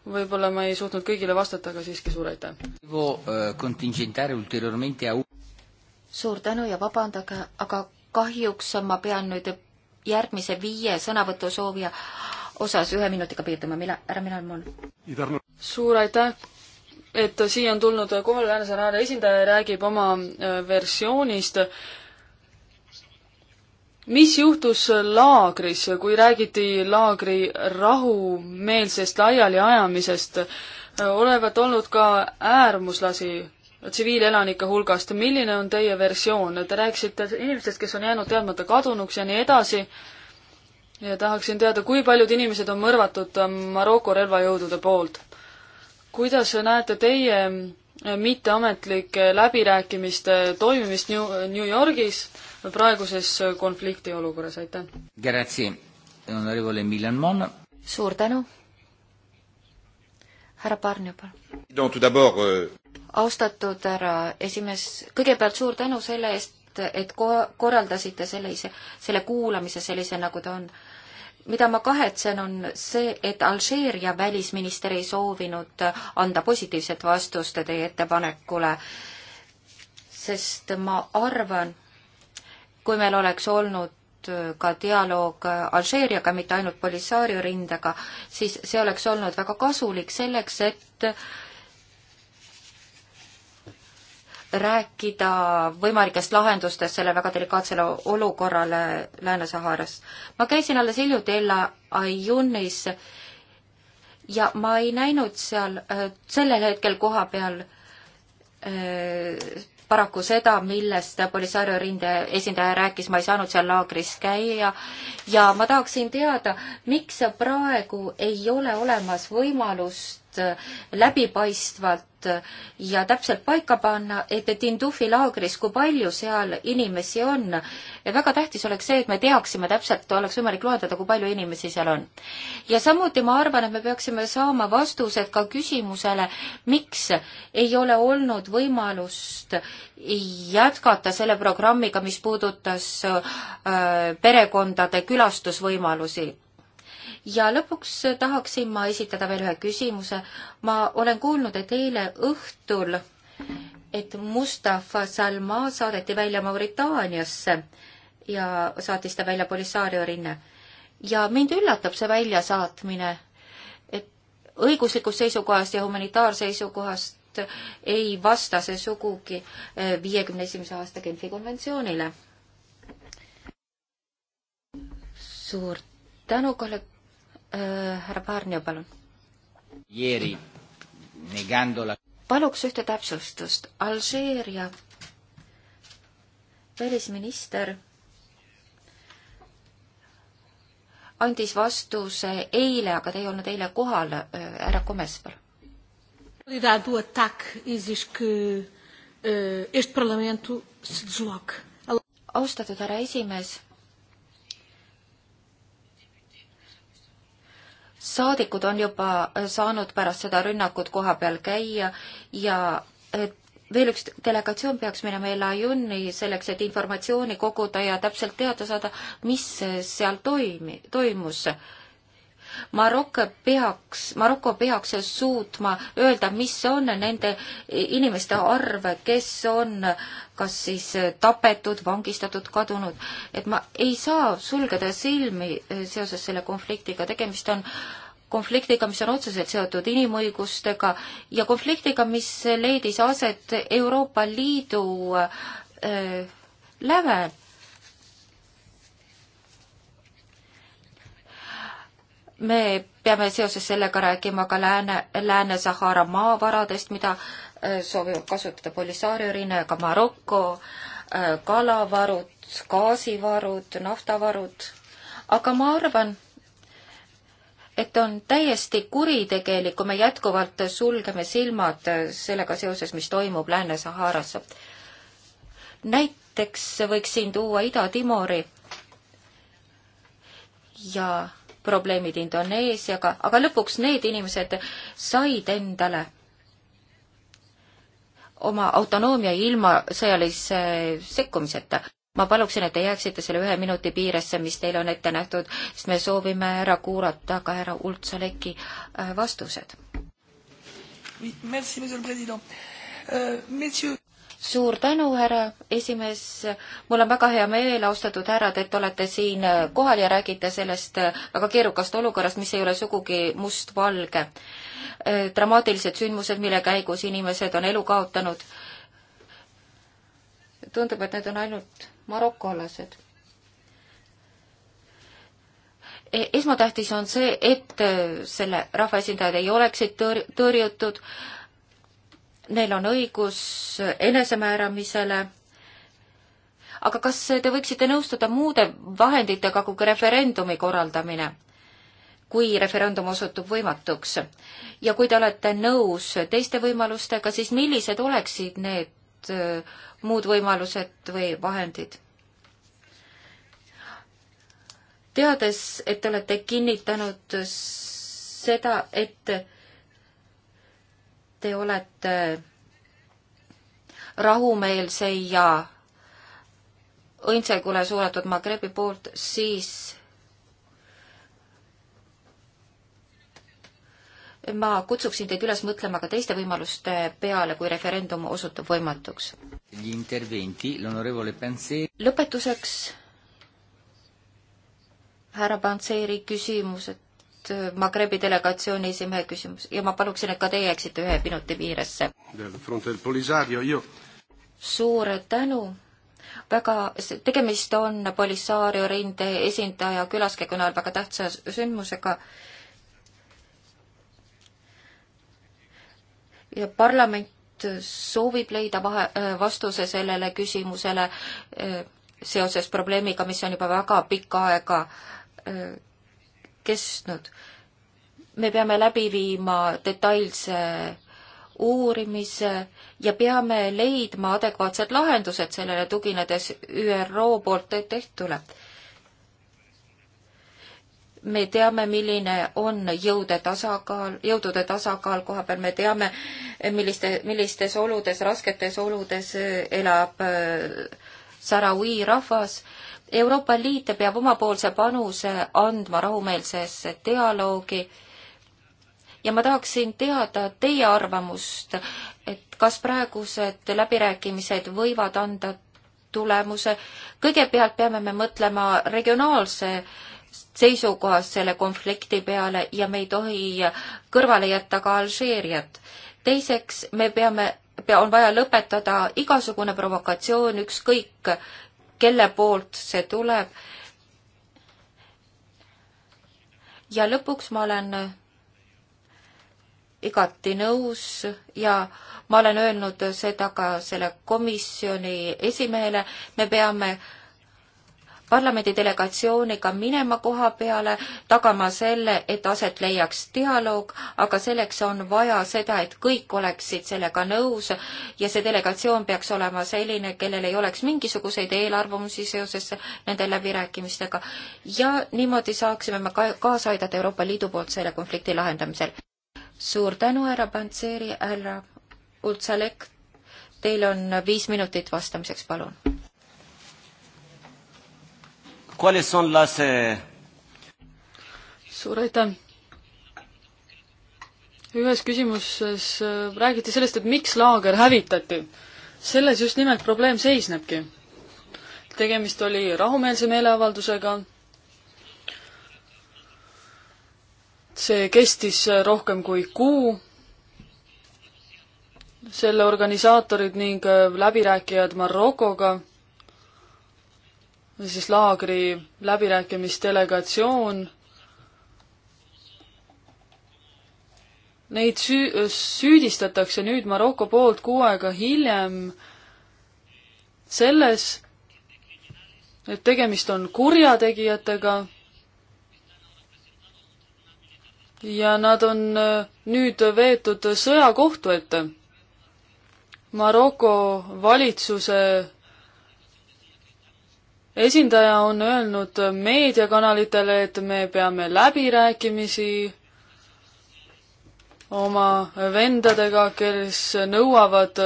võib-olla ma ei suutnud kõigile vastata, aga siiski suur aitäh! Äh, suur tänu ja vabandage, aga kahjuks ma pean nüüd järgmise viie sõnavõtusoovija osas ühe minutiga piirduma, mille, härra Milan Moon. suur aitäh, et siia on tulnud kohale Lääne-Sahara esindaja ja räägib oma äh, versioonist. mis juhtus laagris, kui räägiti laagri rahumeelsest laialiajamisest? Äh, olevat olnud ka äärmuslasi tsiviilelanike hulgast, milline on teie versioon, te rääkisite inimestest, kes on jäänud teadmata kadunuks ja nii edasi, ja tahaksin teada, kui paljud inimesed on mõrvatud Maroko relvajõudude poolt. kuidas näete teie mitteametlike läbirääkimiste toimimist New, New Yorgis praeguses konfliktiolukorras, aitäh! suur tänu! härra Parnjo, palun! austatud härra esimees, kõigepealt suur tänu selle eest, et ko-, korraldasite sellise, selle kuulamise sellise, nagu ta on. mida ma kahetsen, on see, et Alžeeria välisminister ei soovinud anda positiivset vastust teie ettepanekule, sest ma arvan, kui meil oleks olnud ka dialoog Alžeeriaga, mitte ainult Polisario rindega, siis see oleks olnud väga kasulik selleks, et rääkida võimalikest lahendustest selle väga delikaatsele olukorrale Lääne-Saharas. ma käisin alles hiljuti Ella Ayunis ja ma ei näinud seal äh, sellel hetkel koha peal äh, paraku seda, millest Polisario rinde esindaja rääkis, ma ei saanud seal laagris käia ja ma tahaksin teada, miks praegu ei ole olemas võimalust Äh, läbipaistvalt äh, ja täpselt paika panna, et Tindufi laagris, kui palju seal inimesi on. väga tähtis oleks see, et me teaksime täpselt, oleks võimalik loendada, kui palju inimesi seal on. ja samuti ma arvan, et me peaksime saama vastused ka küsimusele, miks ei ole olnud võimalust jätkata selle programmiga, mis puudutas äh, perekondade külastusvõimalusi ja lõpuks tahaksin ma esitada veel ühe küsimuse. ma olen kuulnud, et eile õhtul, et Mustafa Salma saadeti välja Mauritaaniasse ja saatis ta välja Polisario rinne. ja mind üllatab see väljasaatmine, et õiguslikust seisukohast ja humanitaarseisukohast ei vasta see sugugi eh, viiekümne esimese aasta Genfi konventsioonile. suur tänu, kolleeg Äh, härra Paarnio, palun. paluks ühte täpsustust. Alžeeria välisminister andis vastuse eile, aga te ei olnud eile kohal, äh, härra Komes, palun. Äh, austatud härra esimees saadikud on juba äh, saanud pärast seda rünnakut koha peal käia ja veel üks delegatsioon peaks minema Elajunni selleks, et informatsiooni koguda ja täpselt teada saada, mis seal toimi-, toimus Maroko peaks, Maroko peaks suutma öelda, mis on nende inimeste arv, kes on kas siis tapetud, vangistatud, kadunud. et ma ei saa sulgeda silmi eh, seoses selle konfliktiga, tegemist on konfliktiga, mis on otseselt seotud inimõigustega ja konfliktiga, mis leidis aset Euroopa Liidu äh, eh, läve me peame seoses sellega rääkima ka Lääne, Lääne-Sahara maavaradest, mida äh, soovivad kasutada Polisario rinne, ka Maroko äh, kalavarud, gaasivarud, naftavarud, aga ma arvan, et on täiesti kuritegelik, kui me jätkuvalt sulgeme silmad äh, sellega seoses, mis toimub Lääne-Saharas. näiteks võiks siin tuua Ida-Timori ja probleemid Indoneesiaga, aga lõpuks need inimesed said endale oma autonoomia ilma sõjalise sekkumiseta. ma paluksin, et te jääksite selle ühe minuti piiresse, mis teile on ette nähtud, sest me soovime ära kuulata ka härra Ultsaleki äh, vastused suur tänu, härra esimees. mul on väga hea meel, austatud härrad, et olete siin kohal ja räägite sellest väga keerukast olukorrast, mis ei ole sugugi mustvalge. dramaatilised sündmused, mille käigus inimesed on elu kaotanud. tundub, et need on ainult marokolased e, esmatähtis on see, et selle rahvaesindajad ei oleksid tõr-, tõrjutud neil on õigus enesemääramisele, aga kas te võiksite nõustuda muude vahenditega kui referendumi korraldamine? kui referendum osutub võimatuks. ja kui te olete nõus teiste võimalustega, siis millised oleksid need äh, muud võimalused või vahendid? teades, et te olete kinnitanud seda, et te olete rahumeelse ja õndsegule suunatud Magrebi poolt, siis ma kutsuksin teid üles mõtlema ka teiste võimaluste peale, kui referendum osutub võimatuks. lõpetuseks härra Panseri küsimused Magrebi delegatsiooni esimehe küsimus ja ma paluksin, et ka teie jääksite ühe minuti piiresse. suur tänu väga, tegemist on Polisario rinde esindaja külaskäigu näol väga tähtsa sündmusega. ja parlament soovib leida vahe, vastuse sellele küsimusele eh, seoses probleemiga, mis on juba väga pikka aega eh, kestnud. me peame läbi viima detailse uurimise ja peame leidma adekvaatsed lahendused sellele, tuginedes ÜRO poolt tehtule. me teame, milline on jõude tasakaal, jõudude tasakaal koha peal, me teame, milliste, millistes oludes, rasketes oludes elab äh, Sarawi rahvas. Euroopa Liit peab omapoolse panuse andma rahumeelsesse dialoogi ja ma tahaksin teada teie arvamust, et kas praegused läbirääkimised võivad anda tulemuse. kõigepealt peame me mõtlema regionaalse seisukohast selle konflikti peale ja me ei tohi kõrvale jätta ka Alžeeriat. teiseks, me peame on vaja lõpetada igasugune provokatsioon, ükskõik kelle poolt see tuleb. ja lõpuks ma olen igati nõus ja ma olen öelnud seda ka selle komisjoni esimehele, me peame äh, parlamendi delegatsiooniga minema koha peale, tagama selle, et aset leiaks dialoog, aga selleks on vaja seda, et kõik oleksid sellega nõus ja see delegatsioon peaks olema selline, kellel ei oleks mingisuguseid eelarvamusi seoses nende läbirääkimistega ja niimoodi saaksime me ka kaasa aidata Euroopa Liidu poolt selle konflikti lahendamisel. suur tänu, härra Pantseri, härra Utsalek, teil on viis minutit vastamiseks, palun cuáles son las suur aitäh! ühes küsimuses äh, räägiti sellest, et miks laager hävitati. selles just nimelt probleem seisnebki. tegemist oli rahumeelse meeleavaldusega, see kestis äh, rohkem kui kuu, selle organisaatorid ning äh, läbirääkijad Marokoga siis laagri läbirääkimisdelegatsioon. Neid süü-, süüdistatakse nüüd Maroko poolt kuu aega hiljem selles, et tegemist on kurjategijatega ja nad on äh, nüüd veetud sõjakohtu ette. Maroko valitsuse esindaja on öelnud meediakanalitele, et me peame läbirääkimisi oma vendadega, kes nõuavad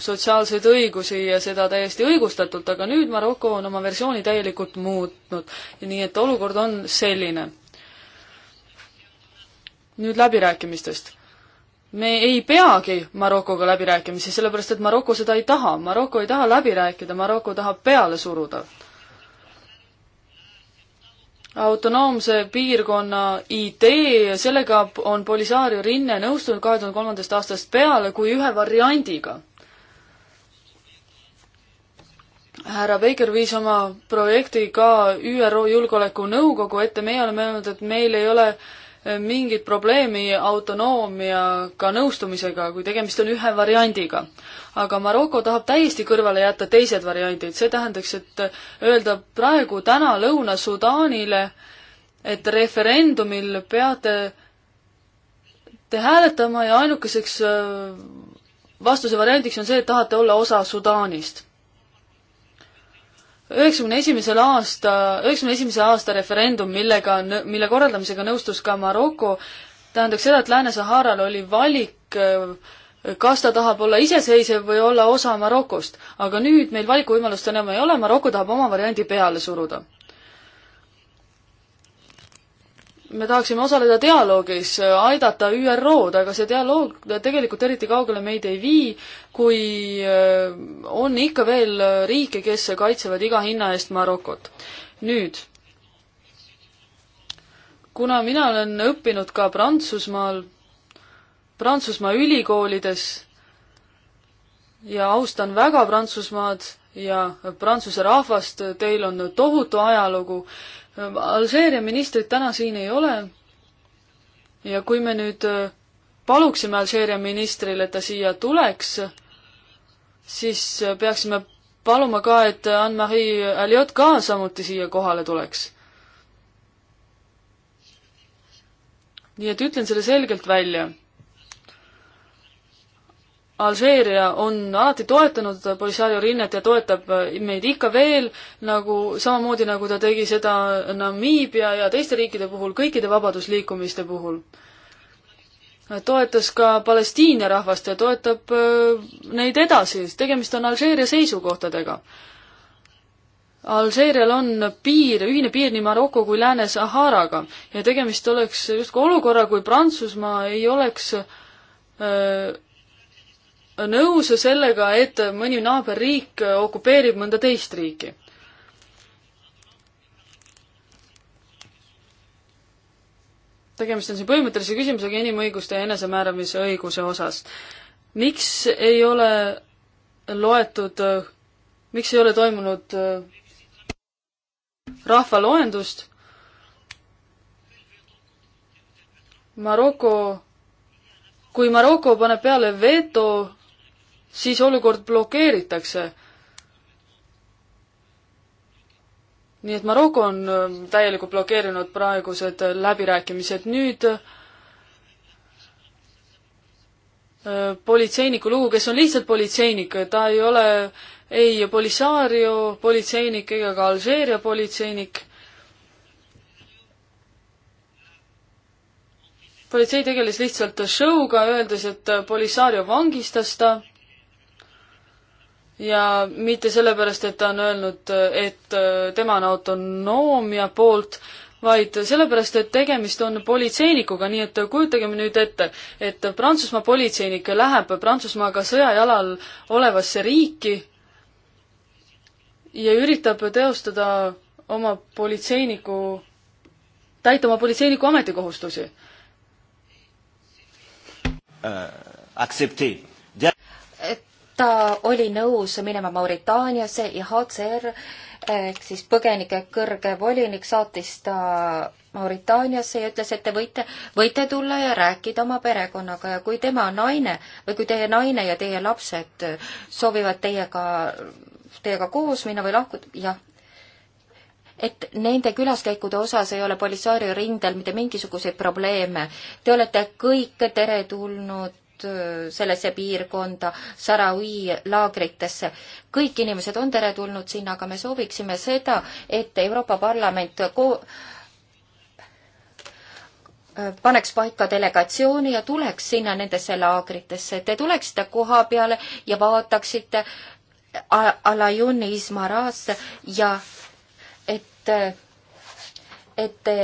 sotsiaalseid õigusi ja seda täiesti õigustatult, aga nüüd Maroko on oma versiooni täielikult muutnud. nii et olukord on selline. nüüd läbirääkimistest. me ei peagi Marokoga läbirääkimisi, sellepärast et Maroko seda ei taha. Maroko ei taha läbi rääkida, Maroko tahab peale suruda autonoomse piirkonna idee, sellega on Polisario rinne nõustunud kahe tuhande kolmandast aastast peale kui ühe variandiga. härra Baker viis oma projekti ka ÜRO Julgeolekunõukogu ette, meie oleme öelnud, et meil ei ole eh, mingit probleemi autonoomiaga nõustumisega, kui tegemist on ühe variandiga aga Maroko tahab täiesti kõrvale jätta teised variandid, see tähendaks, et öelda praegu täna Lõuna-Sudaanile, et referendumil peate te hääletama ja ainukeseks äh, vastuse variandiks on see, et tahate olla osa Sudaanist üheksakümne esimesel aasta, üheksakümne esimese aasta referendum, millega, mille korraldamisega nõustus ka Maroko, tähendaks seda, et Lääne-Saharal oli valik äh, kas ta tahab olla iseseisev või olla osa Marokost. aga nüüd meil valikuvõimalust enam ei ole, Maroko tahab oma variandi peale suruda. me tahaksime osaleda dialoogis, aidata ÜRO-d, aga see dialoog tegelikult eriti kaugele meid ei vii, kui äh, on ikka veel riike, kes kaitsevad iga hinna eest Marokot. nüüd, kuna mina olen õppinud ka Prantsusmaal Prantsusmaa ülikoolides ja austan väga Prantsusmaad ja Prantsuse rahvast, teil on tohutu ajalugu. Alžeeria ministrit täna siin ei ole. ja kui me nüüd äh, paluksime Alžeeria ministrile, et ta siia tuleks, siis äh, peaksime paluma ka, et Anne-Marie Aliot ka samuti siia kohale tuleks. nii et ütlen selle selgelt välja Alžeeria on alati toetanud Polisario rinnet ja toetab meid ikka veel, nagu samamoodi, nagu ta tegi seda Namiibia ja teiste riikide puhul, kõikide vabadusliikumiste puhul. toetas ka Palestiina rahvast ja toetab äh, neid edasi, sest tegemist on Alžeeria seisukohtadega. Alžeerial on piir, ühine piir nii Maroko kui Lääne-Saharaga ja tegemist oleks justkui olukorra, kui Prantsusmaa ei oleks öö, äh, nõus sellega, et mõni naaberriik okupeerib mõnda teist riiki. tegemist on siin põhimõttelise küsimusega inimõiguste ja enesemääramisõiguse osas. miks ei ole loetud, miks ei ole toimunud äh, rahvaloendust? Maroko kui Maroko paneb peale veto siis olukord blokeeritakse. nii et Maroko on ähm, täielikult blokeerinud praegused läbirääkimised, nüüd äh, politseiniku lugu, kes on lihtsalt politseinik, ta ei ole ei Polisario politseinik ega ka Alžeeria politseinik. politsei tegeles lihtsalt show'ga, öeldes, et Polisario vangistas ta ja mitte sellepärast, et ta on öelnud, et äh, tema on autonoomia poolt, vaid sellepärast, et tegemist on politseinikuga, nii et kujutagem nüüd ette, et Prantsusmaa politseinik läheb Prantsusmaaga sõjajalal olevasse riiki ja üritab teostada oma politseiniku, täita oma politseiniku ametikohustusi äh,. aktsepteerida ta oli nõus minema Mauritaaniasse ja HCR ehk siis põgenike kõrge volinik saatis ta Mauritaaniasse ja ütles, et te võite, võite tulla ja rääkida oma perekonnaga ja kui tema naine või kui teie naine ja teie lapsed soovivad teiega, teiega koos minna või lahkuda, jah, et nende külaskäikude osas ei ole Polisario rindel mitte mingisuguseid probleeme. Te olete kõik teretulnud Äh, sellesse piirkonda, Sarawi laagritesse. kõik inimesed on teretulnud sinna, aga me sooviksime seda, et Euroopa Parlament ko-, äh, paneks paika delegatsiooni ja tuleks sinna nendesse laagritesse. Te tuleksite koha peale ja vaataksite Alajuni Ismarasse ja et, äh, et te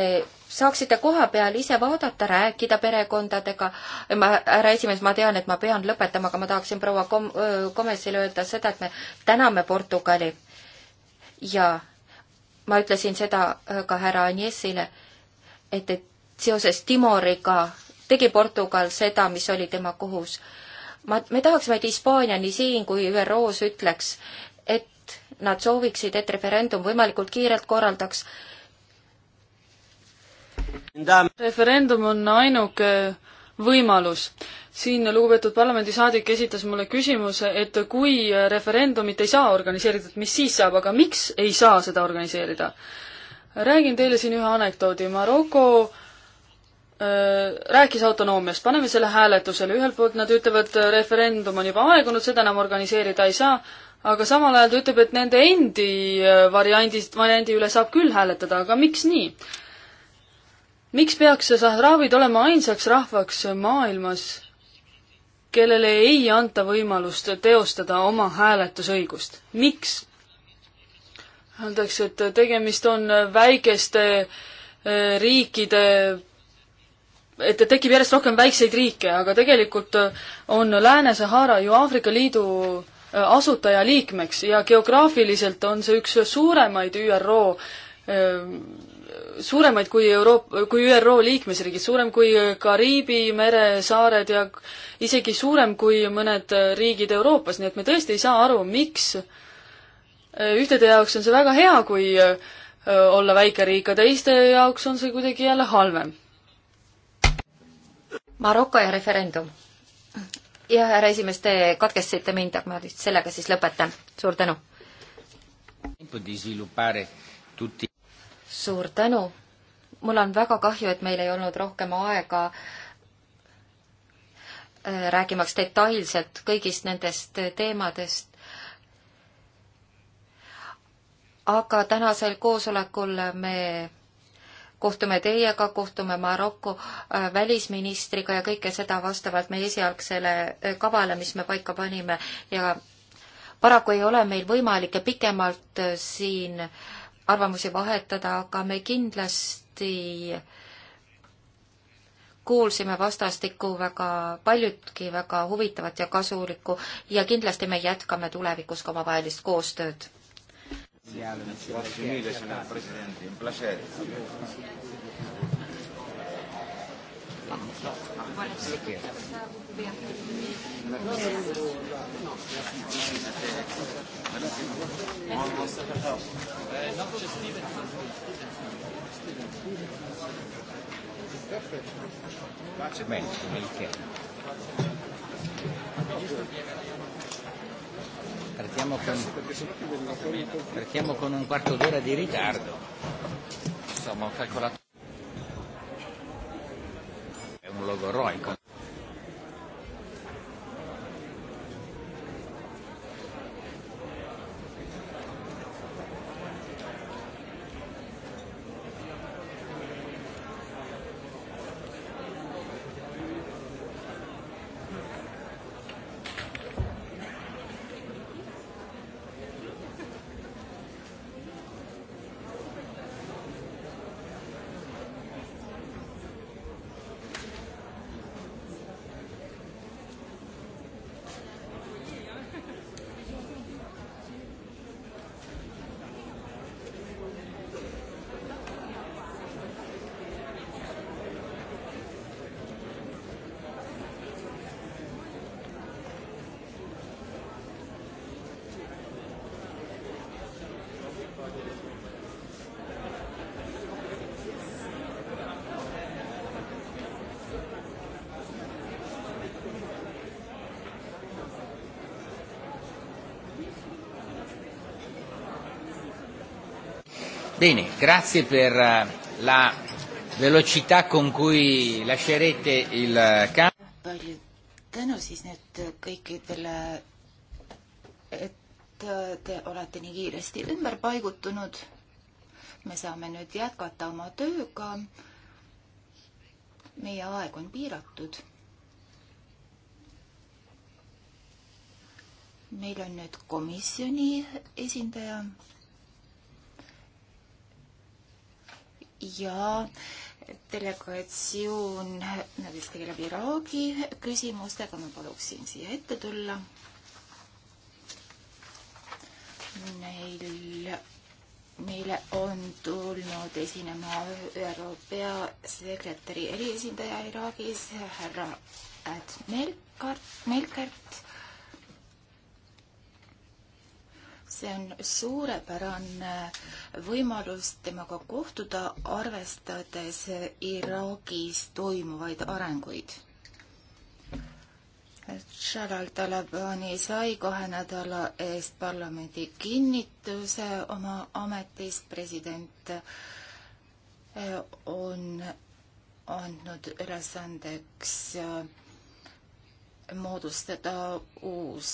saaksite koha peal ise vaadata, rääkida perekondadega. ma, härra esimees, ma tean, et ma pean lõpetama, aga ma tahaksin proua Kom-, Komesile öelda seda, et me täname Portugali ja ma ütlesin seda äh, ka härra Aniesile, et, et seoses Timoriga tegi Portugal seda, mis oli tema kohus. ma, me tahaksime, et Hispaania nii siin kui ÜRO-s ütleks, et nad sooviksid, et referendum võimalikult kiirelt korraldaks referendum on ainuke võimalus. siin lugupeetud parlamendisaadik esitas mulle küsimuse, et kui referendumit ei saa organiseerida, et mis siis saab, aga miks ei saa seda organiseerida? räägin teile siin ühe anekdoodi, Maroko äh, rääkis autonoomiast, paneme selle hääletusele, ühelt poolt nad ütlevad, referendum on juba aegunud, seda enam organiseerida ei saa, aga samal ajal ta ütleb, et nende endi äh, variandist, variandi üle saab küll hääletada, aga miks nii? miks peaks sahraavid olema ainsaks rahvaks maailmas, kellele ei anta võimalust teostada oma hääletusõigust? miks? Öeldakse, et tegemist on väikeste eh, riikide, et tekib järjest rohkem väikseid riike, aga tegelikult on Lääne-Sahara ju Aafrika Liidu eh, asutajaliikmeks ja geograafiliselt on see üks suuremaid ÜRO eh, suuremaid kui Euroopa, kui ÜRO liikmesriigid, suurem kui Kariibi meresaared ja isegi suurem kui mõned riigid Euroopas, nii et me tõesti ei saa aru, miks ühtede jaoks on see väga hea, kui olla väike riik, aga teiste jaoks on see kuidagi jälle halvem. Maroko ja referendum. jah, härra esimees, te katkestasite mind, aga ma sellega siis lõpetan. suur tänu tutti suur tänu. mul on väga kahju, et meil ei olnud rohkem aega äh, räägimaks detailselt kõigist nendest äh, teemadest. aga tänasel koosolekul me kohtume teiega, kohtume Maroko äh, välisministriga ja kõike seda vastavalt meie esialgsele kavale, mis me paika panime ja paraku ei ole meil võimalik pikemalt siin äh, arvamusi vahetada, aga me kindlasti kuulsime vastastikku väga paljudki väga huvitavat ja kasulikku ja kindlasti me jätkame tulevikus ka omavahelist koostööd. Voilà, c'est ça, vous pouvez Perfetto. Bene, Melchior. Partiamo con, partiamo con un quarto d'ora di ritardo. Insomma, ho calcolato omologo ROIC. Bene, grazie per eh, la velocità con cui lascerete il eh, campo. palju tänu siis nüüd kõikidele, et te olete nii kiiresti ümber paigutunud. me saame nüüd jätkata oma tööga. meie aeg on piiratud. meil on nüüd komisjoni esindaja ja delegatsioon vist tegeleb Iraagi küsimustega, ma paluksin siia ette tulla. Neil, meile on tulnud esinema ÜRO peasekretäri eriesindaja Iraagis, härra Ed Melkart, Melkert see on suurepärane võimalus temaga kohtuda, arvestades Iraagis toimuvaid arenguid. Jalal Talabani sai kahe nädala eest parlamendi kinnituse oma ametis, president eh, on andnud ülesandeks eh, moodustada uus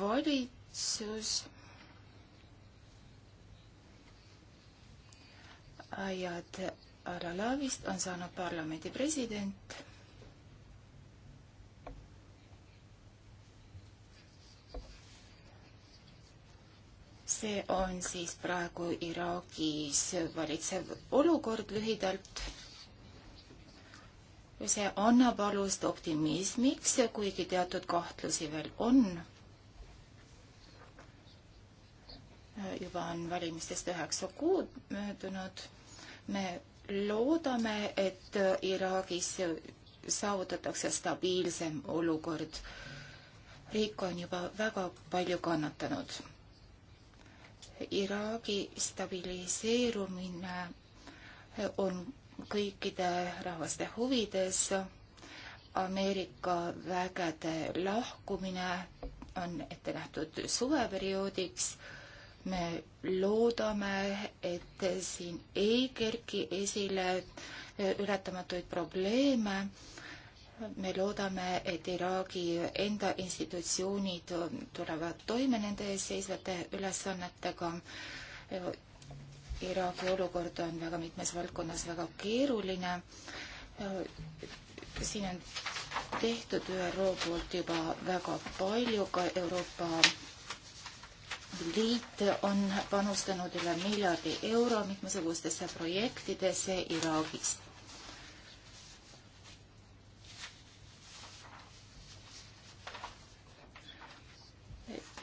valitsus Ayad Alalavist on saanud parlamendi president. see on siis praegu Iraagis valitsev olukord lühidalt. see annab alust optimismiks, kuigi teatud kahtlusi veel on. juba on valimistest üheksa kuud möödunud me loodame, et Iraagis saavutatakse stabiilsem olukord. riik on juba väga palju kannatanud. Iraagi stabiliseerumine on kõikide rahvaste huvides. Ameerika vägede lahkumine on ette nähtud suveperioodiks me loodame, et siin ei kerki esile eh, ületamatuid probleeme. me loodame, et Iraagi enda institutsioonid tulevad toime nende ees seisvate ülesannetega. Iraagi olukord on väga mitmes valdkonnas väga keeruline. Eh, siin on tehtud ÜRO poolt juba väga palju, ka Euroopa liit on panustanud üle miljardi euro mitmesugustesse projektidesse Iraagis.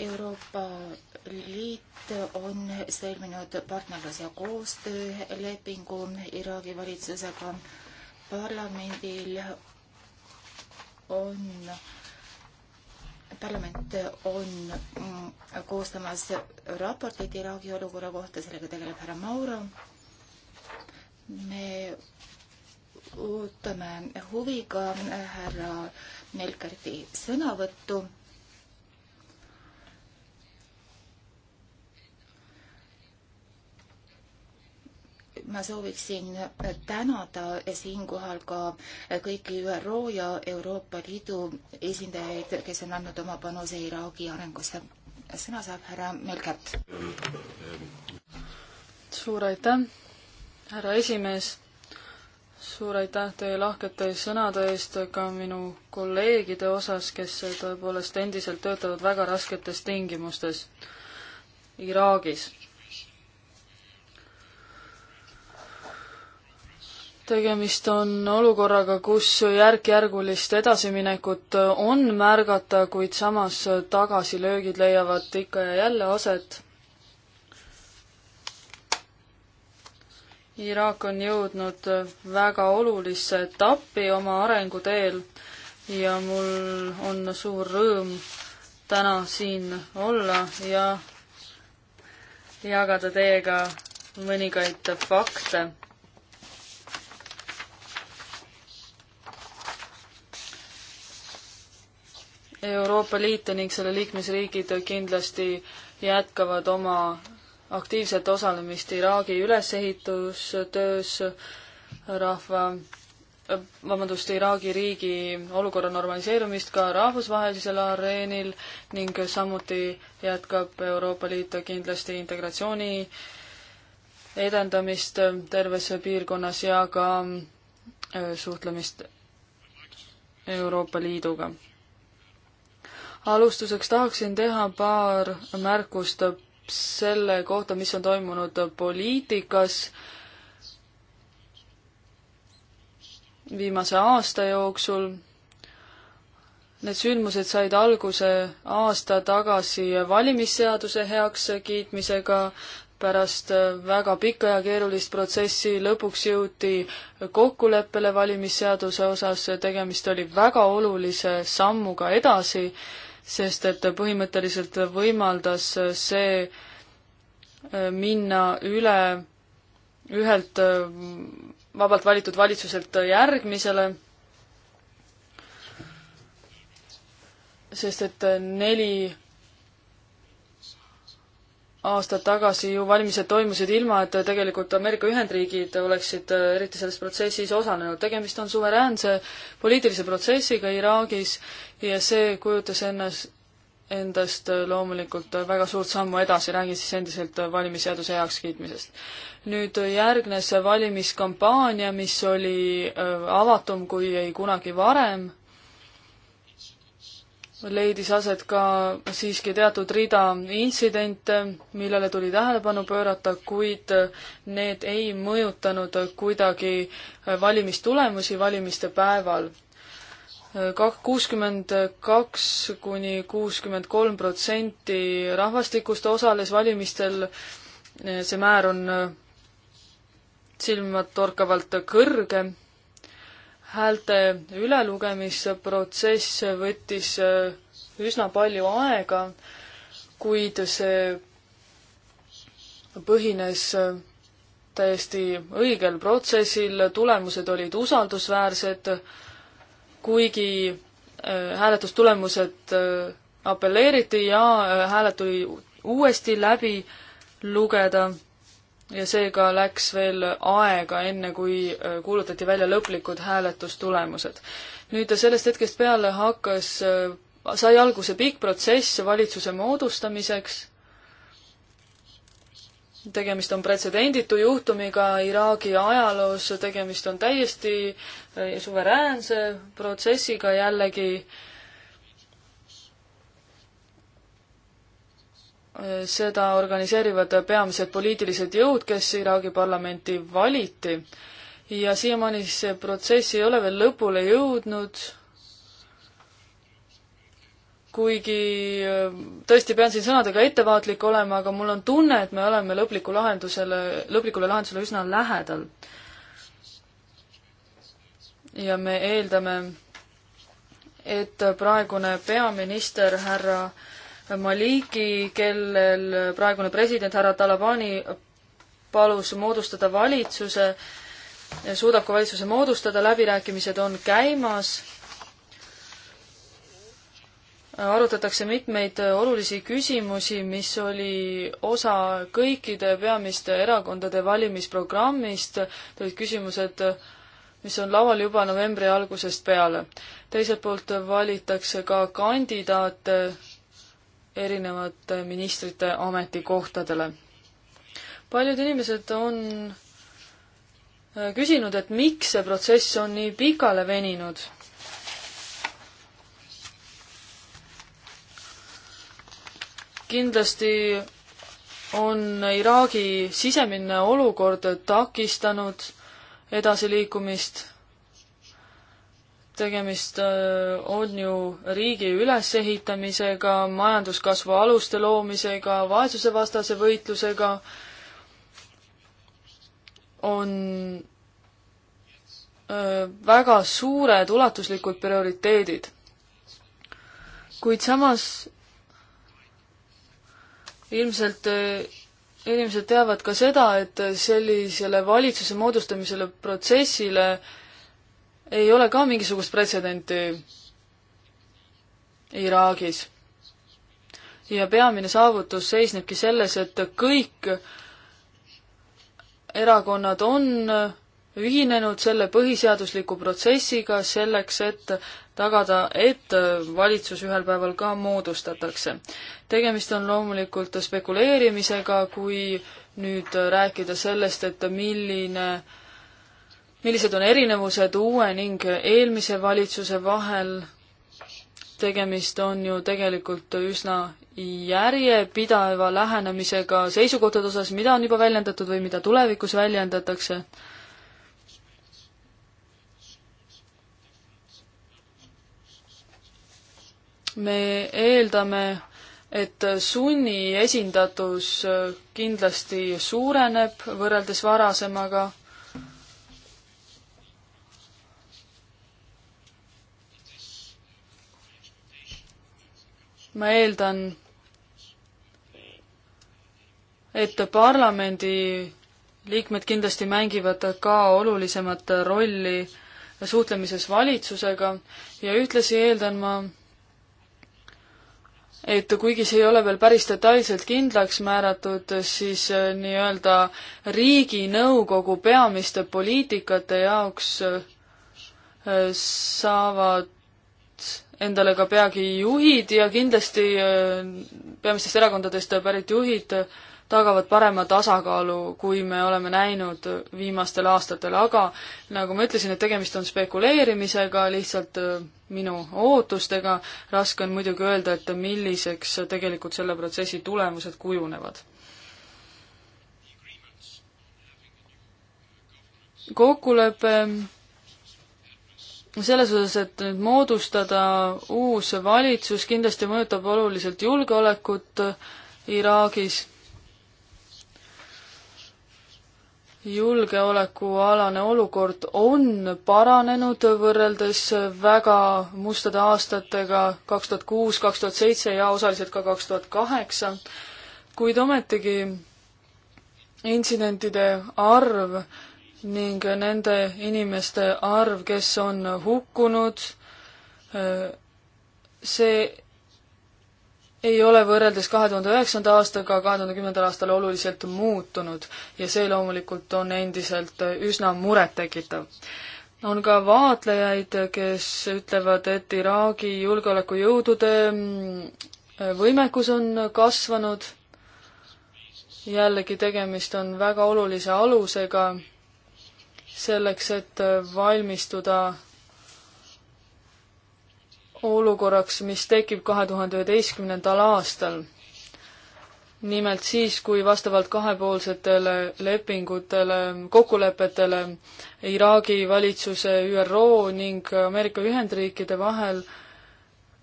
Euroopa Liit on sõlminud partnerlus- ja koostöölepingu Iraagi valitsusega. parlamendil on parlament on mm, koostamas raportit Iraagi olukorra kohta, sellega tegeleb härra Mauro. me ootame huviga härra Melkerti sõnavõttu ma sooviksin tänada siinkohal ka kõiki ÜRO ja Euroopa Liidu esindajaid, kes on andnud oma panuse Iraagi arengusse. sõna saab härra Melkert. suur aitäh, härra esimees suur aitäh teie lahkete sõnade eest ka minu kolleegide osas, kes tõepoolest endiselt töötavad väga rasketes tingimustes Iraagis. tegemist on olukorraga, kus järk-järgulist edasiminekut on märgata, kuid samas tagasilöögid leiavad ikka ja jälle aset. Iraak on jõudnud väga olulisse etappi oma arenguteel ja mul on suur rõõm täna siin olla ja jagada teiega mõningaid fakte Euroopa Liitu ning selle liikmesriigid kindlasti jätkavad oma aktiivset osalemist Iraagi ülesehitustöös, rahva, vabandust, Iraagi riigi olukorra normaliseerumist ka rahvusvahelisel areenil ning samuti jätkab Euroopa Liit kindlasti integratsiooni edendamist terves piirkonnas ja ka äh, suhtlemist Euroopa Liiduga alustuseks tahaksin teha paar märkust selle kohta, mis on toimunud poliitikas viimase aasta jooksul. Need sündmused said alguse aasta tagasi valimisseaduse heakskiitmisega, pärast väga pikka ja keerulist protsessi lõpuks jõuti kokkuleppele valimisseaduse osas, tegemist oli väga olulise sammuga edasi sest et põhimõtteliselt võimaldas see äh, minna üle ühelt äh, vabalt valitud valitsuselt järgmisele, sest et neli aastad tagasi ju valimised toimusid ilma, et tegelikult Ameerika Ühendriigid oleksid äh, eriti selles protsessis osalenud. tegemist on suveräänse poliitilise protsessiga Iraagis ja see kujutas ennast, endast äh, loomulikult äh, väga suurt sammu edasi, räägin siis endiselt valimisseaduse heakskiitmisest. nüüd järgnes valimiskampaania, mis oli avatum kui ei kunagi varem leidis aset ka siiski teatud rida intsidente, millele tuli tähelepanu pöörata, kuid need ei mõjutanud kuidagi valimistulemusi valimiste päeval. kuuskümmend kaks kuni kuuskümmend kolm protsenti rahvastikust osales valimistel, see määr on silmatorkavalt kõrge häälte ülelugemise protsess võttis äh, üsna palju aega, kuid see põhines äh, täiesti õigel protsessil, tulemused olid usaldusväärsed, kuigi äh, hääletustulemused apelleeriti ja häälet tuli uuesti läbi lugeda ja seega läks veel aega, enne kui äh, kuulutati välja lõplikud hääletustulemused. nüüd sellest hetkest peale hakkas, äh, sai alguse pikk protsess valitsuse moodustamiseks, tegemist on pretsedenditu juhtumiga Iraagi ajaloos, tegemist on täiesti äh, suveräänse protsessiga jällegi äh, seda organiseerivad peamised poliitilised jõud, kes Iraagi parlamenti valiti ja siiamaani see protsess ei ole veel lõpule jõudnud, kuigi äh, tõesti pean siin sõnadega ettevaatlik olema, aga mul on tunne, et me oleme lõpliku lahendusele, lõplikule lahendusele üsna lähedal. ja me eeldame, et praegune peaminister härra äh, Maliki, kellel praegune president härra Talabani palus moodustada valitsuse, suudab ka valitsuse moodustada, läbirääkimised on käimas. arutatakse mitmeid olulisi küsimusi, mis oli osa kõikide peamiste erakondade valimisprogrammist, tulid küsimused mis on laual juba novembri algusest peale. teiselt poolt valitakse ka kandidaate erinevate ministrite ametikohtadele. paljud inimesed on äh, küsinud, et miks see protsess on nii pikale veninud. kindlasti on Iraagi sisemine olukord takistanud edasiliikumist tegemist äh, on ju riigi ülesehitamisega, majanduskasvu aluste loomisega, vaesusevastase võitlusega, on äh, väga suured ulatuslikud prioriteedid. kuid samas ilmselt äh, inimesed teavad ka seda, et sellisele valitsuse moodustamisele protsessile äh, ei ole ka mingisugust pretsedenti Iraagis. ja peamine saavutus seisnebki selles, et kõik erakonnad on ühinenud selle põhiseadusliku protsessiga selleks, et tagada, et valitsus ühel päeval ka moodustatakse. tegemist on loomulikult spekuleerimisega, kui nüüd rääkida sellest, et milline äh, millised on erinevused uue ning eelmise valitsuse vahel, tegemist on ju tegelikult üsna järjepideva lähenemisega seisukohtade osas, mida on juba väljendatud või mida tulevikus väljendatakse. me eeldame, et sunni esindatus kindlasti suureneb võrreldes varasemaga ma eeldan, et parlamendi liikmed kindlasti mängivad ka olulisemat rolli suhtlemises valitsusega ja ühtlasi eeldan ma, et kuigi see ei ole veel päris detailselt kindlaks määratud, siis nii-öelda riiginõukogu peamiste poliitikate jaoks äh, saavad endale ka peagi juhid ja kindlasti äh, peamistest erakondadest pärit juhid tagavad parema tasakaalu, kui me oleme näinud viimastel aastatel, aga nagu ma ütlesin, et tegemist on spekuleerimisega, lihtsalt äh, minu ootustega, raske on muidugi öelda, et milliseks tegelikult selle protsessi tulemused kujunevad. kokkulepe selles osas, et nüüd moodustada uus valitsus kindlasti mõjutab oluliselt julgeolekut äh, Iraagis. julgeolekualane olukord on paranenud võrreldes äh, väga mustade aastatega kaks tuhat kuus, kaks tuhat seitse ja osaliselt ka kaks tuhat kaheksa, kuid ometigi intsidentide arv ning nende inimeste arv, kes on hukkunud, see ei ole võrreldes kahe tuhande üheksanda aastaga kahe tuhande kümnendal aastal oluliselt muutunud ja see loomulikult on endiselt üsna murettekitav. on ka vaatlejaid, kes ütlevad, et Iraagi julgeolekujõudude mm, võimekus on kasvanud jällegi tegemist on väga olulise alusega selleks, et valmistuda olukorraks, mis tekib kahe tuhande üheteistkümnendal aastal. nimelt siis, kui vastavalt kahepoolsetele lepingutele, kokkulepetele Iraagi valitsuse, ÜRO ning Ameerika Ühendriikide vahel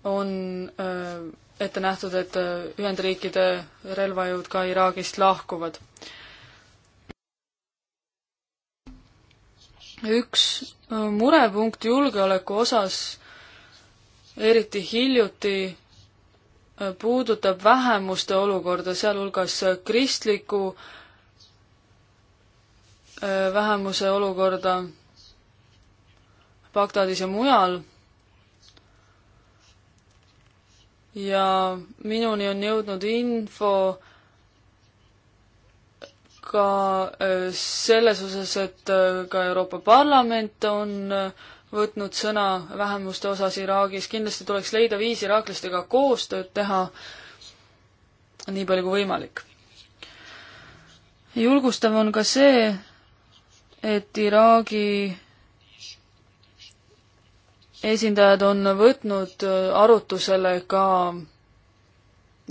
on äh, ette nähtud, et äh, Ühendriikide relvajõud ka Iraagist lahkuvad. üks äh, murepunkt julgeoleku osas, eriti hiljuti, äh, puudutab vähemuste olukorda, sealhulgas äh, kristliku vähemuse olukorda Bagdadis ja mujal. ja minuni on jõudnud info ka äh, selles osas, et äh, ka Euroopa Parlament on äh, võtnud sõna vähemuste osas Iraagis, kindlasti tuleks leida viis iraaklastega koostööd teha nii palju kui võimalik. julgustav on ka see, et Iraagi esindajad on võtnud arutusele ka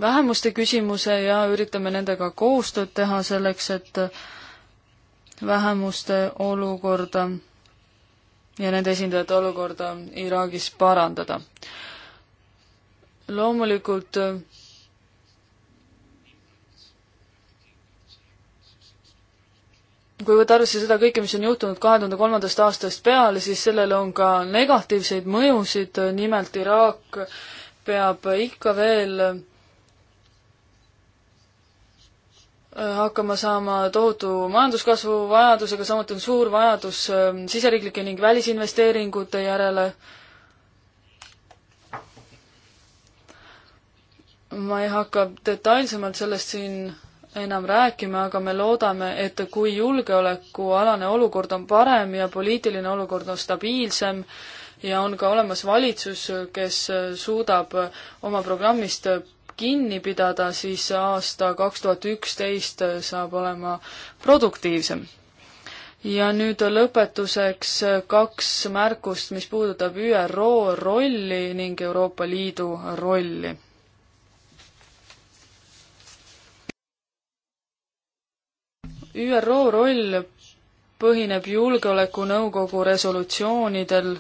vähemuste küsimuse ja üritame nendega koostööd teha selleks, et vähemuste olukorda ja nende esindajate olukorda Iraagis parandada. loomulikult kui võtta arvesse seda kõike, mis on juhtunud kahe tuhande kolmandast aastast peale, siis sellel on ka negatiivseid mõjusid, nimelt Iraak peab ikka veel Äh, hakkama saama tohutu majanduskasvu vajadusega, samuti on suur vajadus ähm, siseriiklike ning välisinvesteeringute järele. ma ei hakka detailsemalt sellest siin enam rääkima, aga me loodame, et kui julgeolekualane olukord on parem ja poliitiline olukord on stabiilsem, ja on ka olemas valitsus, kes suudab oma programmist kinni pidada, siis aasta kaks tuhat üksteist saab olema produktiivsem. ja nüüd lõpetuseks kaks märkust, mis puudutab ÜRO rolli ning Euroopa Liidu rolli. ÜRO roll põhineb Julgeolekunõukogu resolutsioonidel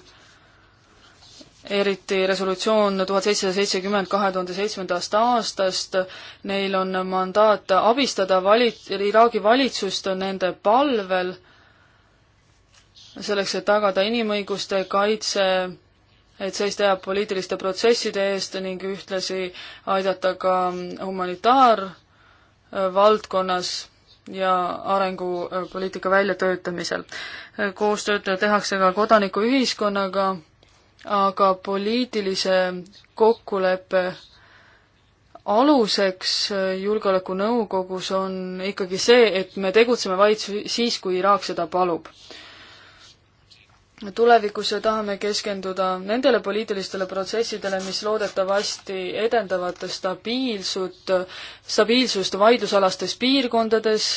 eriti resolutsioon tuhat seitsesada seitsekümmend kahe tuhande seitsmendast aastast, neil on mandaat abistada vali-, Iraagi valitsust nende palvel, selleks, et tagada inimõiguste kaitse, et seista hea poliitiliste protsesside eest ning ühtlasi aidata ka humanitaarvaldkonnas äh, ja arengupoliitika väljatöötamisel. koostööd tehakse ka kodanikuühiskonnaga aga poliitilise kokkuleppe aluseks Julgeolekunõukogus on ikkagi see, et me tegutseme vaid siis, kui Iraak seda palub. tulevikus tahame keskenduda nendele poliitilistele protsessidele, mis loodetavasti edendavad stabiilsust, stabiilsust vaidlusalastes piirkondades,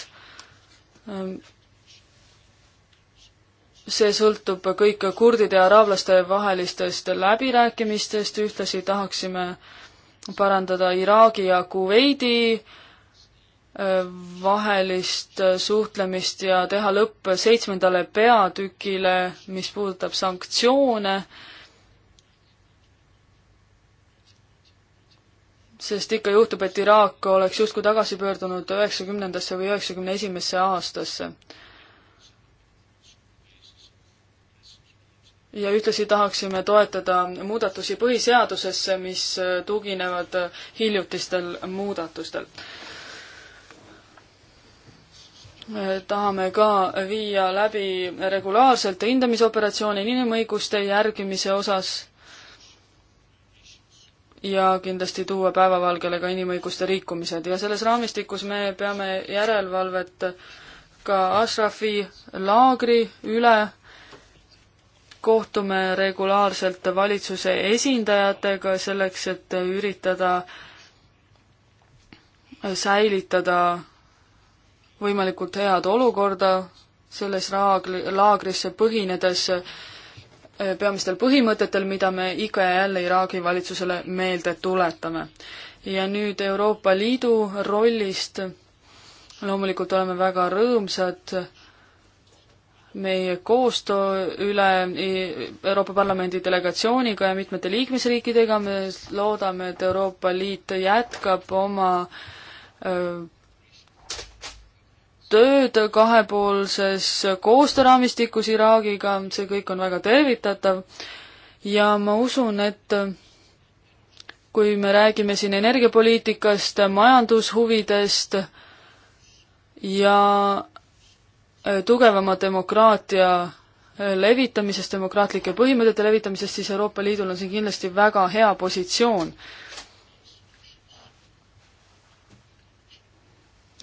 see sõltub kõik kurdide ja araablaste vahelistest läbirääkimistest, ühtlasi tahaksime parandada Iraagi ja Kuveidi äh, vahelist suhtlemist ja teha lõpp seitsmendale peatükile, mis puudutab sanktsioone, sest ikka juhtub, et Iraak oleks justkui tagasi pöördunud üheksakümnendasse või üheksakümne esimesse aastasse ja ühtlasi tahaksime toetada muudatusi põhiseadusesse, mis tuginevad hiljutistel muudatustel. tahame ka viia läbi regulaarselt hindamisoperatsiooni inimõiguste järgimise osas ja kindlasti tuua päevavalgele ka inimõiguste rikkumised ja selles raamistikus me peame järelevalvet ka Ashrafi laagri üle kohtume regulaarselt valitsuse esindajatega selleks, et üritada säilitada võimalikult head olukorda selles raagli, laagris põhinedes eh, peamistel põhimõtetel, mida me ikka ja jälle Iraagi valitsusele meelde tuletame. ja nüüd Euroopa Liidu rollist. loomulikult oleme väga rõõmsad meie koostöö üle Euroopa Parlamendi delegatsiooniga ja mitmete liikmesriikidega, me loodame, et Euroopa Liit jätkab oma öö, tööd kahepoolses koostööraamistikus Iraagiga, see kõik on väga tervitatav ja ma usun, et kui me räägime siin energiapoliitikast, majandushuvidest ja Äh, tugevama demokraatia äh, levitamisest, demokraatlike põhimõtete levitamisest, siis Euroopa Liidul on siin kindlasti väga hea positsioon.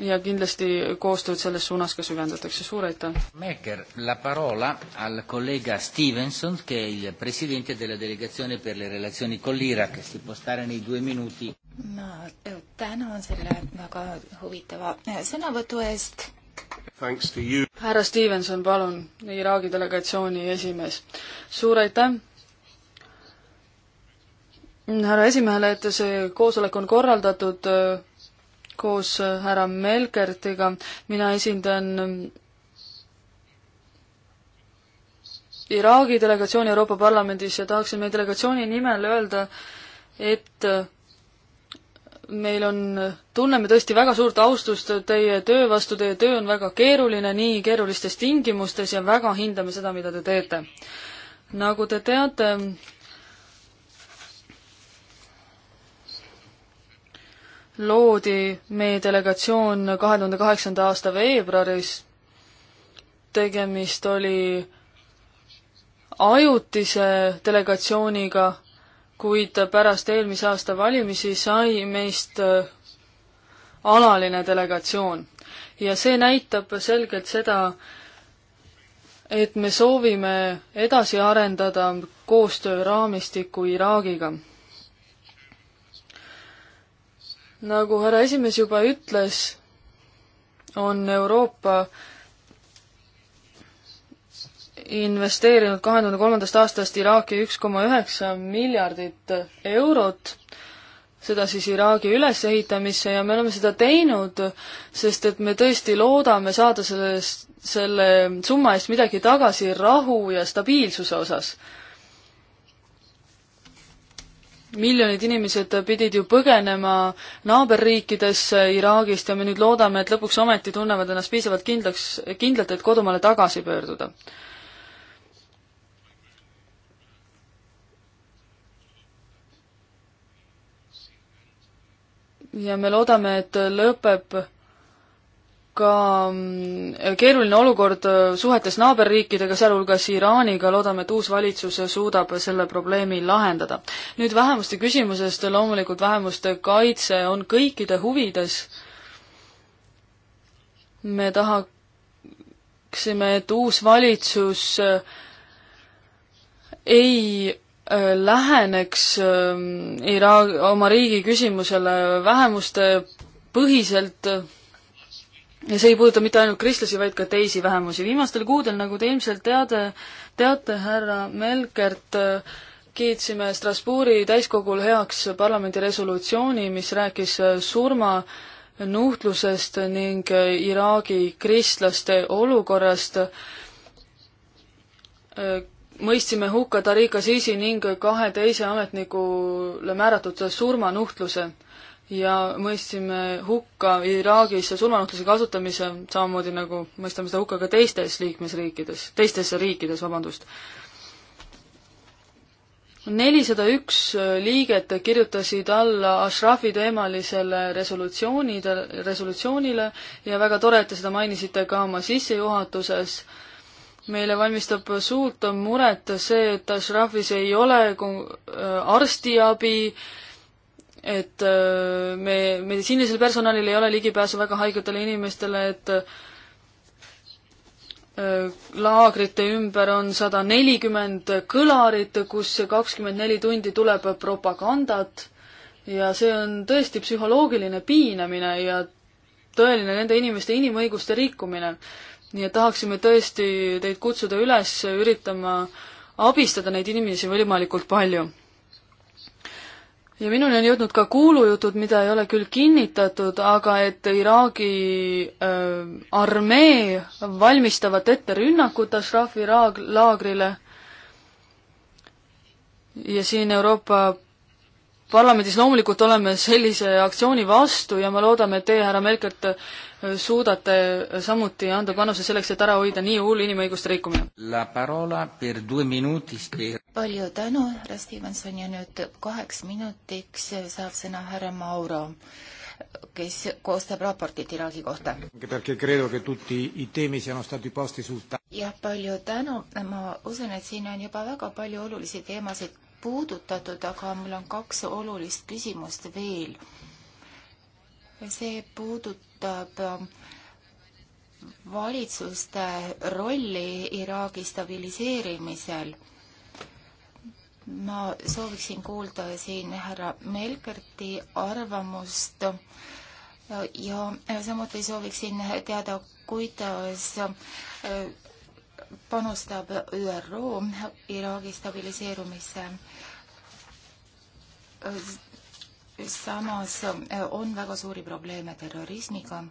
ja kindlasti koostööd selles suunas ka süvendatakse, suur aitäh! Meeker, la parola al kolleega Stevenson, che il presidente della delegatsiooni per le relazioni con l'Iraq, si può stare nei due minuti. ma tänan selle väga huvitava eh, sõnavõtu eest härra Stevenson, palun, Iraagi delegatsiooni esimees. suur aitäh härra esimehele, et see koosolek on korraldatud äh, koos äh, härra Melkertiga, mina esindan äh, Iraagi delegatsiooni Euroopa Parlamendis ja tahaksin meie delegatsiooni nimel öelda, et meil on, tunneme tõesti väga suurt austust teie töö vastu, teie töö on väga keeruline, nii keerulistes tingimustes ja väga hindame seda, mida te teete. nagu te teate, loodi meie delegatsioon kahe tuhande kaheksanda aasta veebruaris. tegemist oli ajutise delegatsiooniga kuid pärast eelmise aasta valimisi sai meist äh, alaline delegatsioon. ja see näitab selgelt seda, et me soovime edasi arendada koostööraamistikku Iraagiga. nagu härra esimees juba ütles, on Euroopa investeerinud kahe tuhande kolmandast aastast Iraaki üks koma üheksa miljardit eurot, seda siis Iraagi ülesehitamisse ja me oleme seda teinud, sest et me tõesti loodame saada sellest, selle summa eest midagi tagasi rahu ja stabiilsuse osas. miljonid inimesed pidid ju põgenema naaberriikidesse Iraagist ja me nüüd loodame, et lõpuks ometi tunnevad ennast piisavalt kindlaks, kindlalt, et kodumaale tagasi pöörduda ja me loodame, et lõpeb ka mm, keeruline olukord äh, suhetes naaberriikidega, sealhulgas Iraaniga, loodame, et uus valitsus suudab selle probleemi lahendada. nüüd vähemuste küsimusest, loomulikult vähemuste kaitse on kõikide huvides, me tahaksime, et uus valitsus äh, ei Äh, läheneks ähm, Iraag-, oma riigi küsimusele vähemuste põhiselt äh, ja see ei puuduta mitte ainult kristlasi, vaid ka teisi vähemusi. viimastel kuudel, nagu te ilmselt teade, teate, härra Melkert, äh, kiitsime Strasbourgi täiskogul heaks parlamendi resolutsiooni, mis rääkis surma nuhtlusest ning Iraagi kristlaste olukorrast mõistsime hukka Tariqa Sisi ning kahe teise ametnikule määratud surmanuhtluse ja mõistsime hukka Iraagis surmanuhtluse kasutamise, samamoodi nagu mõistame seda hukka ka teistes liikmesriikides, teistes riikides, vabandust. nelisada üks liiget kirjutasid alla Ashrafi teemalisele resolutsioonide, resolutsioonile ja väga tore, et te seda mainisite ka oma sissejuhatuses äh,, meile valmistab suurt muret see, et Ashrafis ei ole äh, arstiabi, et äh, me, meditsiinilisel personalil ei ole ligipääsu väga haigetele inimestele, et äh, laagrite ümber on sada nelikümmend kõlarit, kus kakskümmend neli tundi tuleb propagandat ja see on tõesti psühholoogiline piinamine ja tõeline nende inimeste inimõiguste rikkumine nii et tahaksime tõesti teid kutsuda üles üritama abistada neid inimesi võimalikult palju. ja minuni on jõudnud ka kuulujutud, mida ei ole küll kinnitatud, aga et Iraagi äh, armee valmistavat ette rünnakut Ashrafi laagrile ja siin Euroopa parlamendis loomulikult oleme sellise aktsiooni vastu ja me loodame, et teie, härra Merkelt, suudate samuti anda panuse selleks, et ära hoida nii hull inimõiguste rikkumine. palju tänu, härra Stevenson ja nüüd kaheks minutiks saab sõna härra Mauro, kes koostab raportit Iraagi kohta. jah, palju tänu, ma usun, et siin on juba väga palju olulisi teemasid puudutatud, aga mul on kaks olulist küsimust veel. see puudutab puudutab ähm, valitsuste rolli Iraagi stabiliseerimisel. ma sooviksin kuulda siin härra Melkerti arvamust äh, ja samuti sooviksin teada, kuidas äh, panustab ÜRO Iraagi stabiliseerumisse äh, samas eh, on väga suuri probleeme terrorismiga.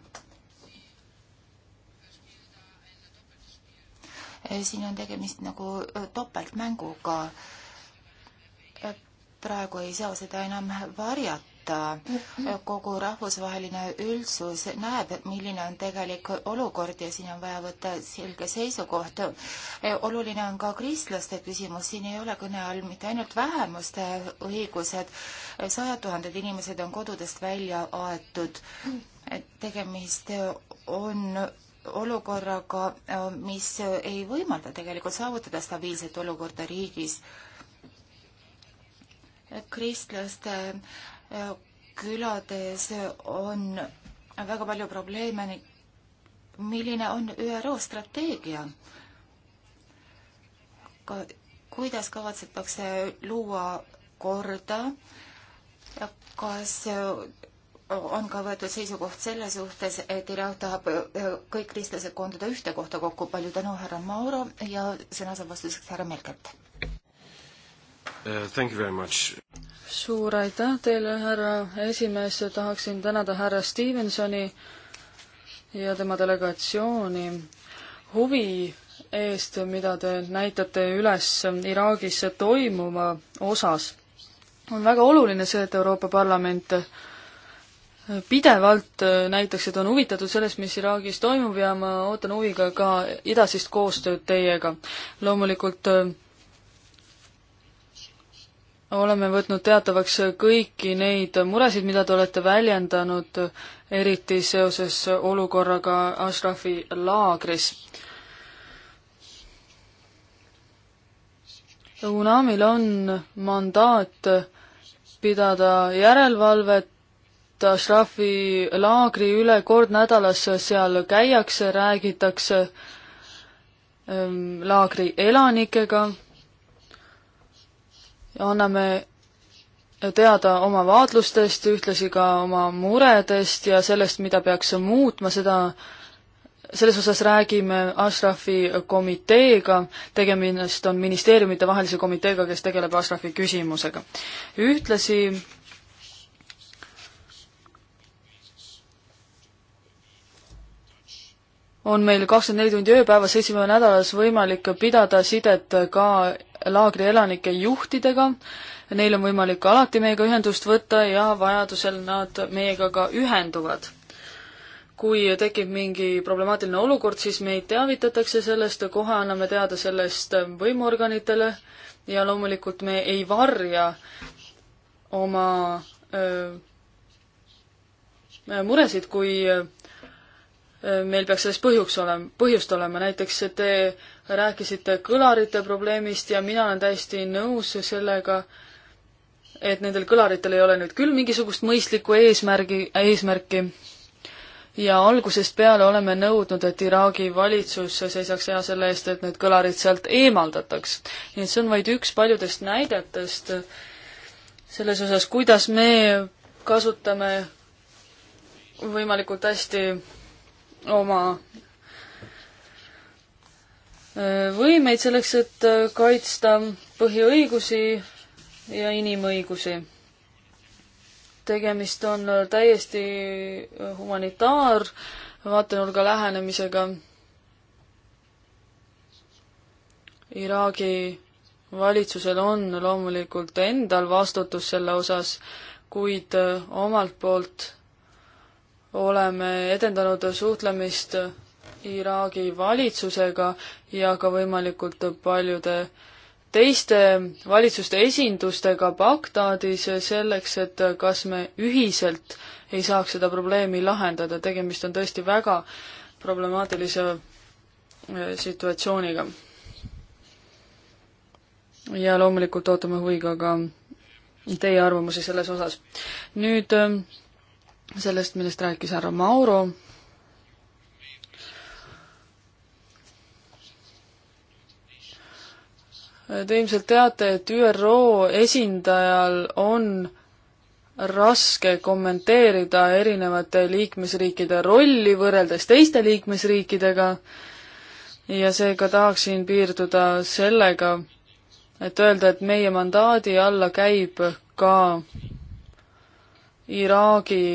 Eh, siin on tegemist nagu eh, topeltmänguga. praegu ei saa seda enam varjata võtta. Äh, kogu rahvusvaheline üldsus näeb, milline on tegelik olukord ja siin on vaja võtta selge seisukoht. Äh, oluline on ka kristlaste küsimus, siin ei ole kõne all mitte ainult vähemuste õigused, äh, sajad tuhanded inimesed on kodudest välja aetud. tegemist on olukorraga, mis ei võimalda tegelikult saavutada stabiilset olukorda riigis kristlaste külades on väga palju probleeme. milline on ÜRO strateegia? ka, kuidas kavatsetakse luua korda? kas äh, on ka võetud seisukoht selle suhtes, et Iraak tahab äh, kõik kristlased koondada ühte kohta kokku. palju tänu, härra Mauro ja sõna saab vastuseks härra Melkert. Uh, suur aitäh teile, härra esimees, tahaksin tänada härra Stevensoni ja tema delegatsiooni huvi eest, mida te näitate üles Iraagis toimuva osas. on väga oluline see, et Euroopa Parlament pidevalt näiteks, et on huvitatud sellest, mis Iraagis toimub ja ma ootan huviga ka edasist koostööd teiega. loomulikult oleme võtnud teatavaks kõiki neid muresid, mida te olete väljendanud, eriti seoses olukorraga Ashrafi laagris. UNAMil on mandaat pidada järelevalvet Ashrafi laagri üle, kord nädalas seal käiakse, räägitakse ähm, laagri elanikega anname teada oma vaatlustest, ühtlasi ka oma muredest ja sellest, mida peaks muutma, seda, selles osas räägime Ashrafi komiteega, tegemist on ministeeriumite vahelise komiteega, kes tegeleb Ashrafi küsimusega. ühtlasi on meil kakskümmend neli tundi ööpäevas, seitse päeva nädalas võimalik pidada sidet ka laagri elanike juhtidega. Neil on võimalik alati meiega ühendust võtta ja vajadusel nad meiega ka ühenduvad. kui tekib mingi problemaatiline olukord, siis meid teavitatakse sellest, kohe anname teada sellest võimuorganitele ja loomulikult me ei varja oma öö, muresid, kui öö, meil peaks selles põhjuks olema, põhjust olema, näiteks te rääkisite kõlarite probleemist ja mina olen täiesti nõus sellega, et nendel kõlaritel ei ole nüüd küll mingisugust mõistlikku eesmärgi, eesmärki. ja algusest peale oleme nõudnud, et Iraagi valitsus seisaks hea selle eest, et need kõlarid sealt eemaldataks. nii et see on vaid üks paljudest näidetest selles osas, kuidas me kasutame võimalikult hästi oma äh, võimeid selleks, et äh, kaitsta põhiõigusi ja inimõigusi. tegemist on äh, täiesti humanitaarvaatenurga lähenemisega. Iraagi valitsusel on loomulikult endal vastutus selle osas, kuid omalt poolt oleme edendanud suhtlemist Iraagi valitsusega ja ka võimalikult paljude teiste valitsuste esindustega Bagdadis selleks, et kas me ühiselt ei saaks seda probleemi lahendada, tegemist on tõesti väga problemaatilise äh, situatsiooniga. ja loomulikult ootame huviga ka teie arvamusi selles osas. nüüd ähm, sellest, millest rääkis härra Mauro. Te ilmselt teate, et ÜRO esindajal on raske kommenteerida erinevate liikmesriikide rolli võrreldes teiste liikmesriikidega ja seega tahaksin piirduda sellega, et öelda, et meie mandaadi alla käib ka Iraagi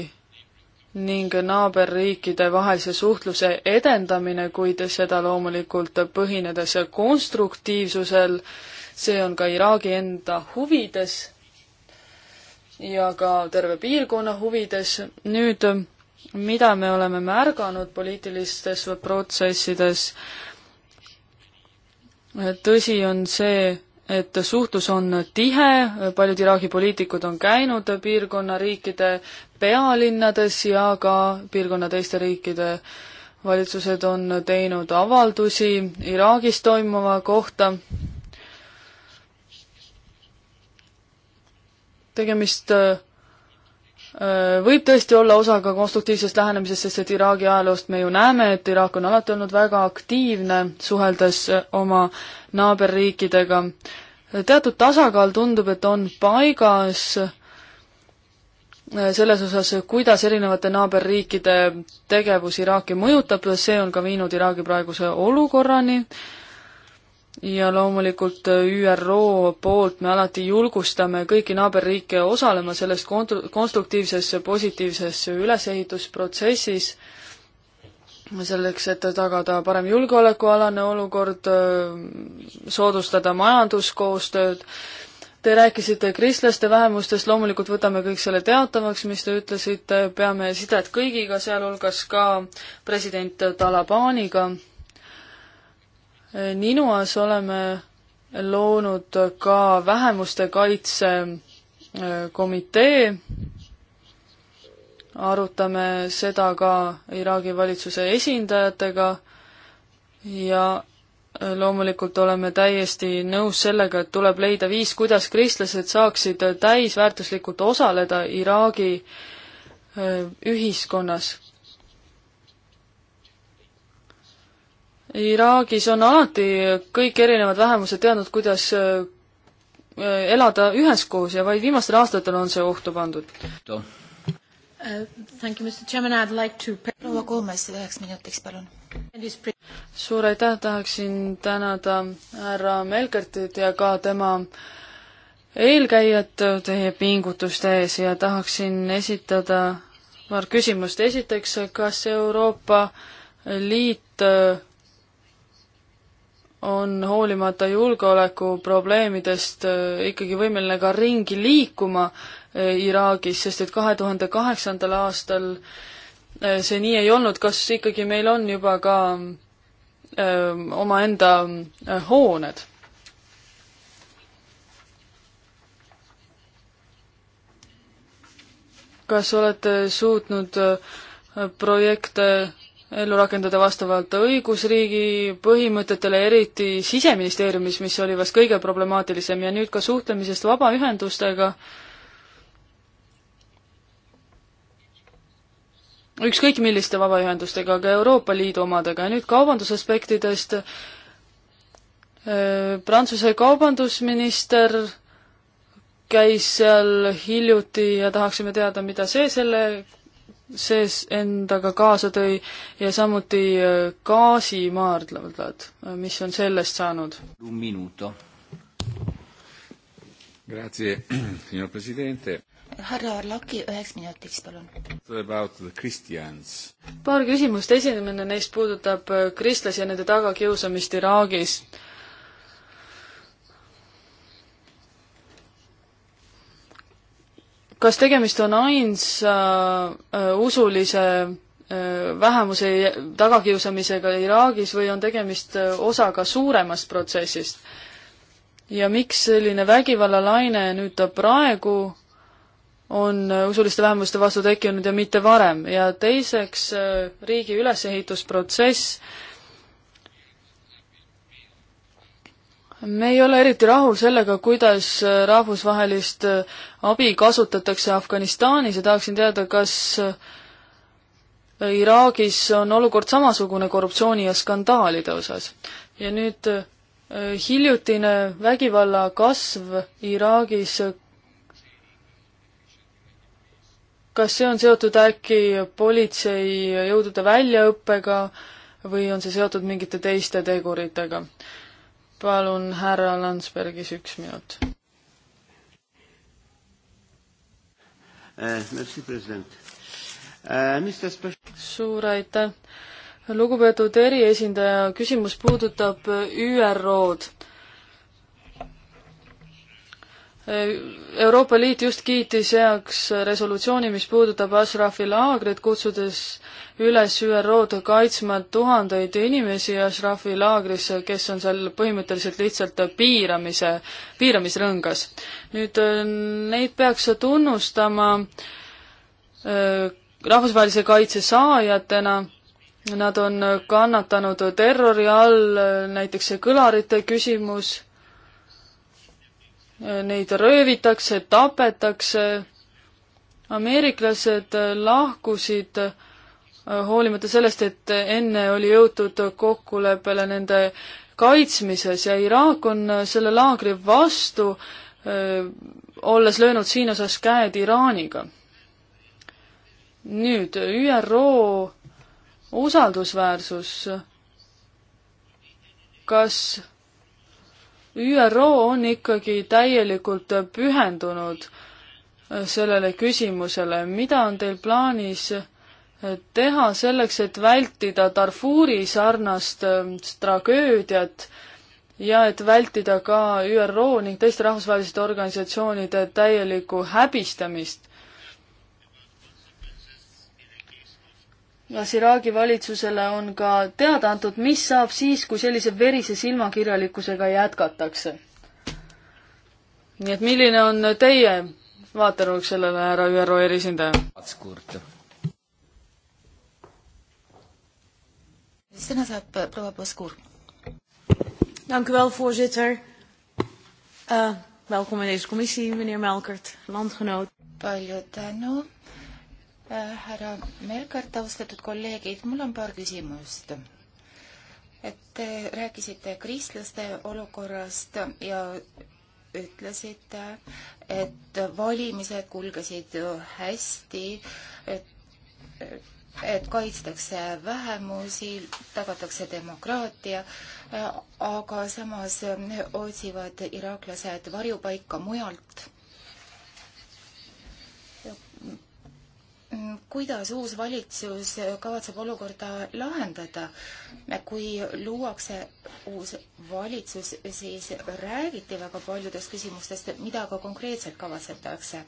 ning naaberriikide vahelise suhtluse edendamine, kuid seda loomulikult põhinedes konstruktiivsusel, see on ka Iraagi enda huvides ja ka terve piirkonna huvides. nüüd, mida me oleme märganud poliitilistes protsessides, tõsi on see, et suhtlus on tihe, paljud Iraagi poliitikud on käinud piirkonna riikide pealinnades ja ka piirkonna teiste riikide valitsused on teinud avaldusi Iraagis toimuva kohta. tegemist äh, võib tõesti olla osa ka konstruktiivsest lähenemisest, sest et Iraagi ajaloost me ju näeme, et Iraak on alati olnud väga aktiivne, suheldes äh, oma naaberriikidega. teatud tasakaal tundub, et on paigas äh, Äh, selles osas, kuidas erinevate naaberriikide tegevus Iraaki mõjutab, see on ka viinud Iraagi praeguse olukorrani ja loomulikult äh, ÜRO poolt me alati julgustame kõiki naaberriike osalema selles konstruktiivses positiivses ülesehitusprotsessis, selleks, et tagada parem julgeolekualane olukord, äh, soodustada majanduskoostööd Te rääkisite kristlaste vähemustest, loomulikult võtame kõik selle teatavaks, mis te ütlesite, peame sidet kõigiga, sealhulgas ka president Talabaniga. Ninuas oleme loonud ka vähemuste kaitse äh, komitee, arutame seda ka Iraagi valitsuse esindajatega ja loomulikult oleme täiesti nõus sellega, et tuleb leida viis, kuidas kristlased saaksid täisväärtuslikult osaleda Iraagi äh, ühiskonnas. Iraagis on alati kõik erinevad vähemused teadnud, kuidas äh, elada üheskoos ja vaid viimastel aastatel on see ohtu pandud. Uh, proua Koomes üheks minutiks, palun suur aitäh, tahaksin tänada härra Melkertit ja ka tema eelkäijat teie pingutuste ees ja tahaksin esitada paar küsimust. esiteks, kas Euroopa Liit äh, on hoolimata julgeolekuprobleemidest äh, ikkagi võimeline ka ringi liikuma äh, Iraagis, sest et kahe tuhande kaheksandal aastal äh, Äh, see nii ei olnud, kas ikkagi meil on juba ka öö, ähm, omaenda äh, hooned? kas olete suutnud äh, projekte ellu rakendada vastavalt õigusriigi põhimõtetele, eriti Siseministeeriumis, mis oli vast kõige problemaatilisem ja nüüd ka suhtlemisest vabaühendustega äh, ükskõik milliste vabaühendustega, ka Euroopa Liidu omadega ja nüüd kaubandusaspektidest. Äh, Prantsuse kaubandusminister käis seal hiljuti ja tahaksime teada, mida see selle sees endaga kaasa tõi ja samuti äh, gaasimaardlad, mis on sellest saanud? minuto. Grazie, signor presidente härra Arlaki üheks minutiks, palun. paar küsimust, esimene neist puudutab äh, kristlasi ja nende tagakiusamist Iraagis. kas tegemist on ainsa äh, usulise äh, vähemuse tagakiusamisega Iraagis või on tegemist äh, osaga suuremast protsessist. ja miks selline vägivallalaine nüüd praegu on äh, usuliste vähemuste vastu tekkinud ja mitte varem ja teiseks äh, riigi ülesehitusprotsess. me ei ole eriti rahul sellega, kuidas äh, rahvusvahelist abi kasutatakse Afganistanis ja tahaksin teada, kas Iraagis on olukord samasugune korruptsiooni ja skandaalide osas. ja nüüd hiljutine vägivalla kasv Iraagis kas see on seotud äkki politseijõudude väljaõppega või on see seotud mingite teiste teguritega? palun, härra Landsbergis üks minut äh,. Merci, president äh,. Eh, mis te suur aitäh! lugupeetud eriesindaja, küsimus puudutab ÜRO-d Euroopa Liit just kiitis heaks resolutsiooni, mis puudutab Ashrafi laagrit, kutsudes üles ÜRO-d kaitsma tuhandeid inimesi Ashrafi laagris, kes on seal põhimõtteliselt lihtsalt piiramise, piiramisrõngas. nüüd äh, neid peaks tunnustama äh, rahvusvahelise kaitse saajatena, nad on kannatanud terrori all, näiteks see kõlarite küsimus neid röövitakse, tapetakse. ameeriklased lahkusid äh, hoolimata sellest, et enne oli jõutud kokkuleppele nende kaitsmises ja Iraak on äh, selle laagri vastu, äh, olles löönud siin osas käed Iraaniga. nüüd ÜRO usaldusväärsus, kas ÜRO on ikkagi täielikult pühendunud sellele küsimusele, mida on teil plaanis teha selleks, et vältida Darfuri sarnast ähm, tragöödiat ja et vältida ka ÜRO ning teiste rahvusvaheliste organisatsioonide täielikku häbistamist. kas Iraagi valitsusele on ka teada antud, mis saab siis, kui sellise verise silmakirjalikkusega jätkatakse? nii et milline on teie vaatenurk sellele, härra ÜRO erisindaja? sõna saab proua Poskur. Dank u wel, voorzitter. Uh, welkom in deze commissie, meneer Melkert, landgenoot. Palju tänu, Äh, härra Melkart, austatud kolleegid, mul on paar küsimust. et te rääkisite kristlaste olukorrast ja ütlesite, et valimised kulgesid hästi, et, et kaitstakse vähemusi, tagatakse demokraatia, äh, aga samas otsivad iraaklased varjupaika mujalt kuidas uus valitsus kavatseb olukorda lahendada? kui luuakse uus valitsus, siis räägiti väga paljudest küsimustest, mida ka konkreetselt kavatsetakse.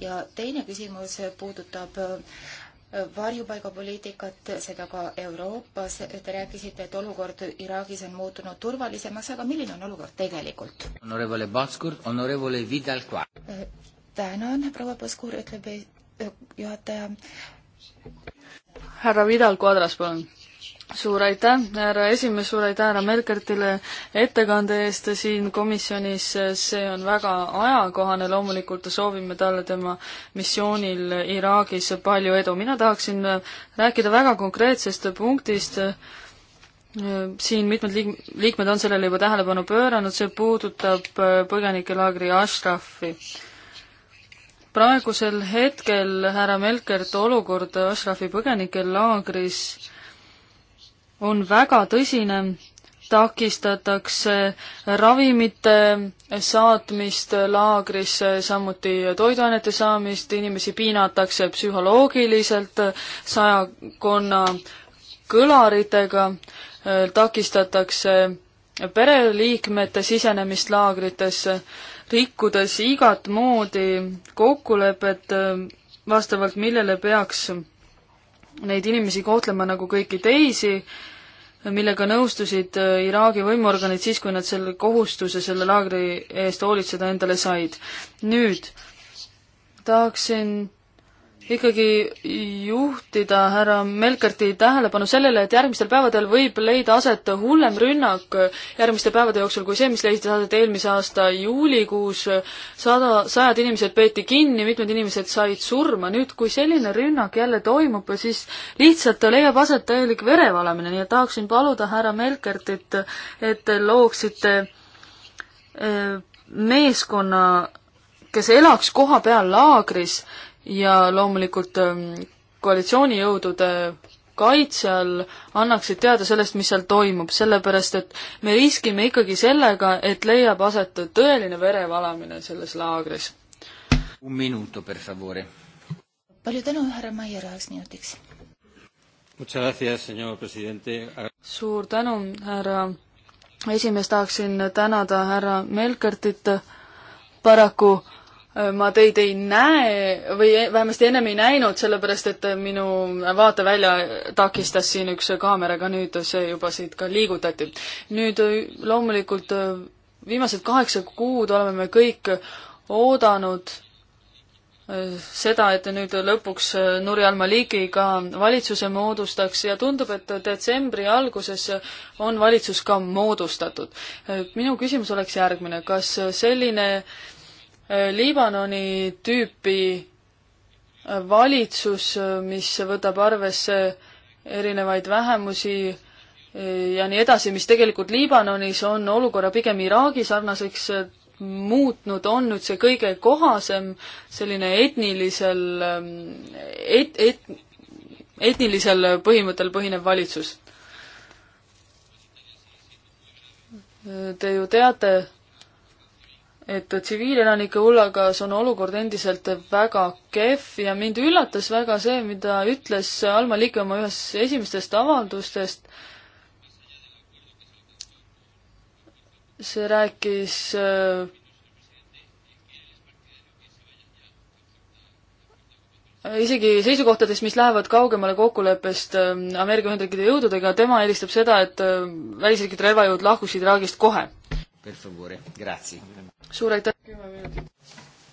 ja teine küsimus puudutab äh, varjupaigapoliitikat, seda ka Euroopas. Te rääkisite, et olukord Iraagis on muutunud turvalisemaks, aga milline on olukord tegelikult? Äh, tänan, proua Põskur, ütleb juhataja. härra Vidal Quadras, palun suur aitäh, härra esimees, suur aitäh härra Merkertile ettekande eest siin komisjonis, see on väga ajakohane, loomulikult soovime talle tema missioonil Iraagis palju edu. mina tahaksin rääkida väga konkreetsest punktist, siin mitmed liik-, liikmed on sellele juba tähelepanu pööranud, see puudutab põgenikelaagri Ashrafi praegusel hetkel, härra Melkert, olukord Ashrafi põgenikelaagris on väga tõsine, takistatakse ravimite saatmist laagrisse, samuti toiduainete saamist, inimesi piinatakse psühholoogiliselt sajakonna kõlaritega, takistatakse pereliikmete sisenemist laagritesse rikkudes igat moodi kokkulepet, vastavalt millele peaks neid inimesi kohtlema nagu kõiki teisi, millega nõustusid äh, Iraagi võimuorganid siis, kui nad selle kohustuse selle laagri eest hoolitseda endale said. nüüd tahaksin ikkagi juhtida härra Melkerti tähelepanu sellele, et järgmistel päevadel võib leida aset hullem rünnak järgmiste päevade jooksul kui see, mis leidis aset eelmise aasta juulikuus. sada, sajad inimesed peeti kinni, mitmed inimesed said surma. nüüd, kui selline rünnak jälle toimub, siis lihtsalt leiab aset täielik verevalamine, nii et tahaksin paluda härra Melkertit, et te looksite eh, meeskonna kes elaks kohapeal laagris ja loomulikult ähm, koalitsioonijõudude kaitse all annaksid teada sellest, mis seal toimub, sellepärast et me riskime ikkagi sellega, et leiab aset tõeline verevalamine selles laagris. palju tänu, härra Maier, üheks minutiks. suur tänu, härra esimees, tahaksin tänada härra Melkertit paraku ma teid ei näe või e-, vähemasti ennem ei näinud, sellepärast et minu vaatevälja takistas siin üks kaameraga, nüüd see juba siit ka liigutati. nüüd loomulikult viimased kaheksa kuud oleme me kõik oodanud äh, seda, et nüüd lõpuks äh, Nuri Al-Maliki ka valitsuse moodustaks ja tundub, et detsembri alguses on valitsus ka moodustatud. Äh, minu küsimus oleks järgmine, kas selline äh, Äh, Liibanoni tüüpi äh, valitsus, äh, mis võtab arvesse erinevaid vähemusi ja nii edasi, mis tegelikult Liibanonis on olukorra pigem Iraagi sarnaseks muutnud, on nüüd see kõige kohasem selline etnilisel ähm, et,, et, etnilisel põhimõttel põhinev valitsus. Te ju teate, et tsiviilelanike hulgas on olukord endiselt väga kehv ja mind üllatas väga see, mida ütles Alma Ligi oma ühes esimestest avaldustest. see rääkis äh, isegi seisukohtadest, mis lähevad kaugemale kokkuleppest äh, Ameerika Ühendriikide jõududega, tema eelistab seda, et äh, välisriikide relvajõud lahkuksid Iraagist kohe per favore, grazie. suur aitäh, kümme minutit.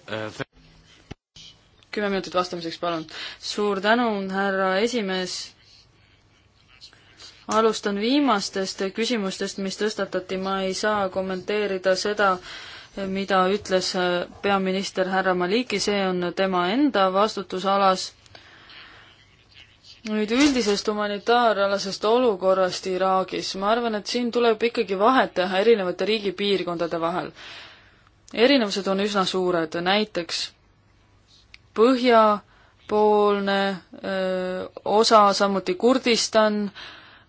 Äh, kümme minutit vastamiseks, palun. suur tänu, härra esimees. alustan viimastest küsimustest, mis tõstatati, ma ei saa kommenteerida seda, mida ütles äh, peaminister härra Maliki, see on tema enda vastutusalas nüüd üldisest humanitaaralasest olukorrast Iraagis, ma arvan, et siin tuleb ikkagi vahet teha erinevate riigipiirkondade vahel. erinevused on üsna suured, näiteks põhjapoolne öö, osa, samuti Kurdistan,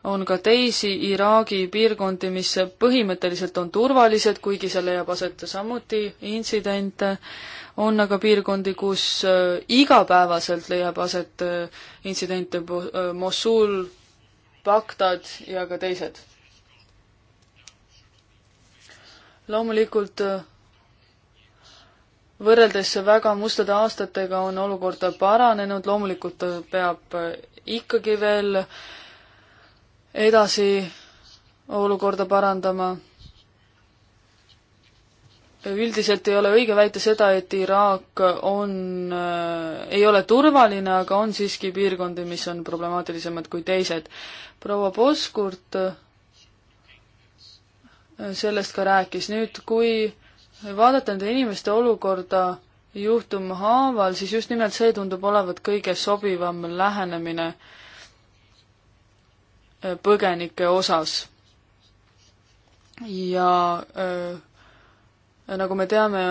on ka teisi Iraagi piirkondi, mis põhimõtteliselt on turvalised, kuigi seal leiab aset samuti intsidente, on aga piirkondi, kus äh, igapäevaselt leiab aset äh, intsidente, äh, Mosul, Bagdad ja ka teised. loomulikult võrreldes väga mustade aastatega on olukord paranenud, loomulikult peab ikkagi veel edasi olukorda parandama üldiselt ei ole õige väita seda, et Iraak on äh,, ei ole turvaline, aga on siiski piirkondi, mis on problemaatilisemad kui teised. proua Poskurt äh, sellest ka rääkis, nüüd kui vaadata nende inimeste olukorda juhtumhaaval, siis just nimelt see tundub olevat kõige sobivam lähenemine äh, põgenike osas. ja öö, äh, nagu me teame,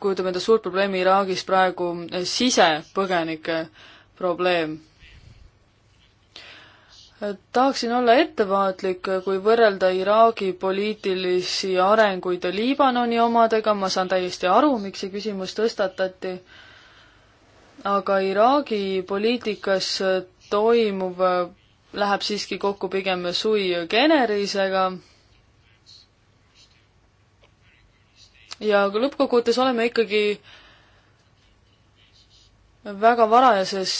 kujutab endast suurt probleemi Iraagis praegu sisepõgenike probleem. tahaksin olla ettevaatlik, kui võrrelda Iraagi poliitilisi arenguid Liibanoni omadega, ma saan täiesti aru, miks see küsimus tõstatati, aga Iraagi poliitikas toimuv läheb siiski kokku pigem sui generisega ja lõppkokkuvõttes oleme ikkagi väga varajases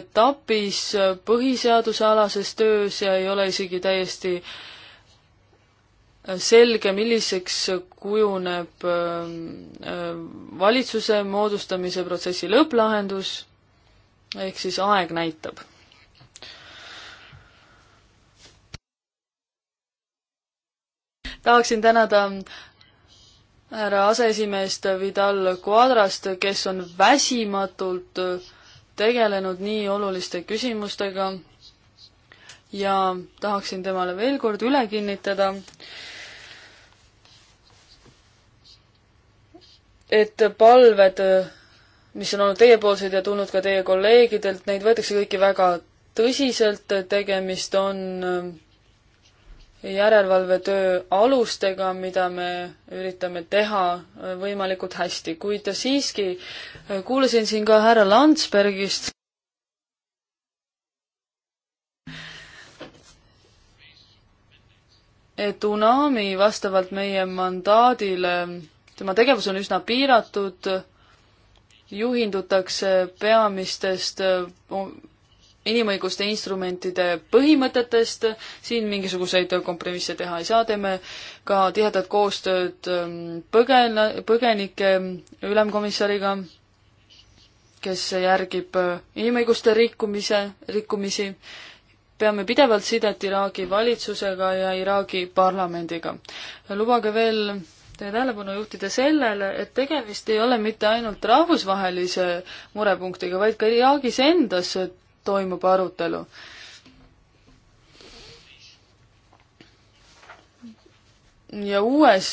etapis põhiseadusealases töös ja ei ole isegi täiesti selge, milliseks kujuneb äh, valitsuse moodustamise protsessi lõpplahendus, ehk siis aeg näitab tahaksin tänada härra aseesimeest Vidal Quadrast, kes on väsimatult tegelenud nii oluliste küsimustega ja tahaksin temale veel kord üle kinnitada, et palved, mis on olnud teiepoolsed ja tulnud ka teie kolleegidelt, neid võetakse kõiki väga tõsiselt, tegemist on järelevalvetöö alustega, mida me üritame teha võimalikult hästi, kuid siiski äh, kuulasin siin ka härra Landsbergist. et UNAMI vastavalt meie mandaadile, tema tegevus on üsna piiratud, juhindutakse peamistest äh, inimõiguste instrumentide põhimõtetest, siin mingisuguseid kompromisse teha ei saa, teeme ka tihedat koostööd ähm, põgen-, põgenike ähm, ülemkomissariga, kes järgib äh, inimõiguste rikkumise, rikkumisi, peame pidevalt sidet Iraagi valitsusega ja Iraagi parlamendiga. lubage veel teie tähelepanu juhtida sellele, et tegemist ei ole mitte ainult rahvusvahelise murepunktiga, vaid ka Iraagis endas toimub arutelu. ja uues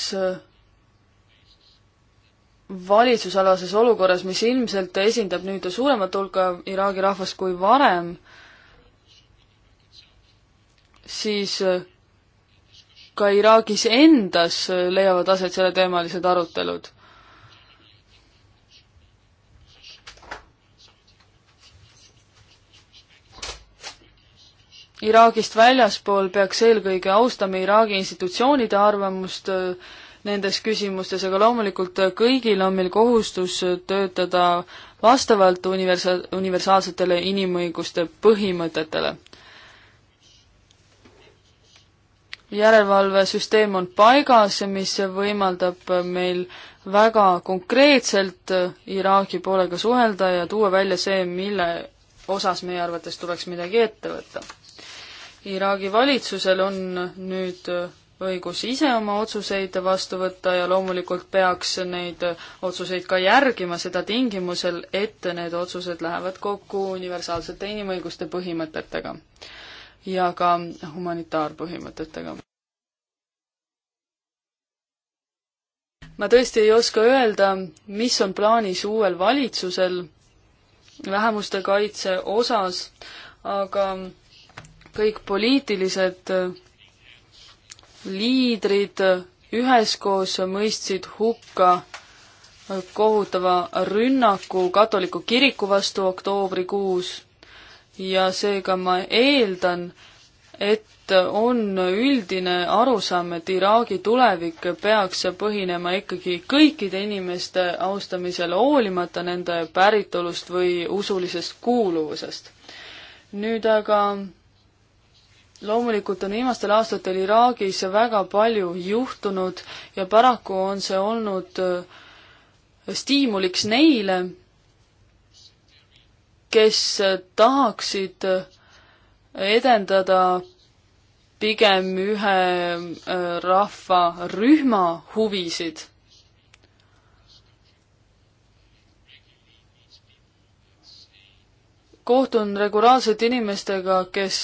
valitsusalases olukorras, mis ilmselt esindab nüüd suuremat hulka Iraagi rahvast kui varem, siis ka Iraagis endas leiavad aset selleteemalised arutelud. Iraagist väljaspool peaks eelkõige austama Iraagi institutsioonide arvamust äh, nendes küsimustes, aga loomulikult äh, kõigil on meil kohustus äh, töötada vastavalt universa-, universaalsetele inimõiguste põhimõtetele. järelevalvesüsteem on paigas, mis võimaldab meil väga konkreetselt Iraagi poolega suhelda ja tuua välja see, mille osas meie arvates tuleks midagi ette võtta Iraagi valitsusel on nüüd õigus ise oma otsuseid vastu võtta ja loomulikult peaks neid otsuseid ka järgima, seda tingimusel, et need otsused lähevad kokku universaalsete inimõiguste põhimõtetega ja ka humanitaarpõhimõtetega. ma tõesti ei oska öelda, mis on plaanis uuel valitsusel vähemuste kaitse osas, aga kõik poliitilised äh, liidrid äh, üheskoos mõistsid hukka äh, kohutava rünnaku katoliku kiriku vastu oktoobrikuus ja seega ma eeldan, et on üldine arusaam, et Iraagi tulevik peaks põhinema ikkagi kõikide inimeste austamisel, hoolimata nende päritolust või usulisest kuuluvusest. nüüd aga loomulikult on viimastel aastatel Iraagis väga palju juhtunud ja paraku on see olnud äh, stiimuliks neile, kes äh, tahaksid äh, edendada pigem ühe rahvarühma huvisid. kohtun regulaarselt inimestega, kes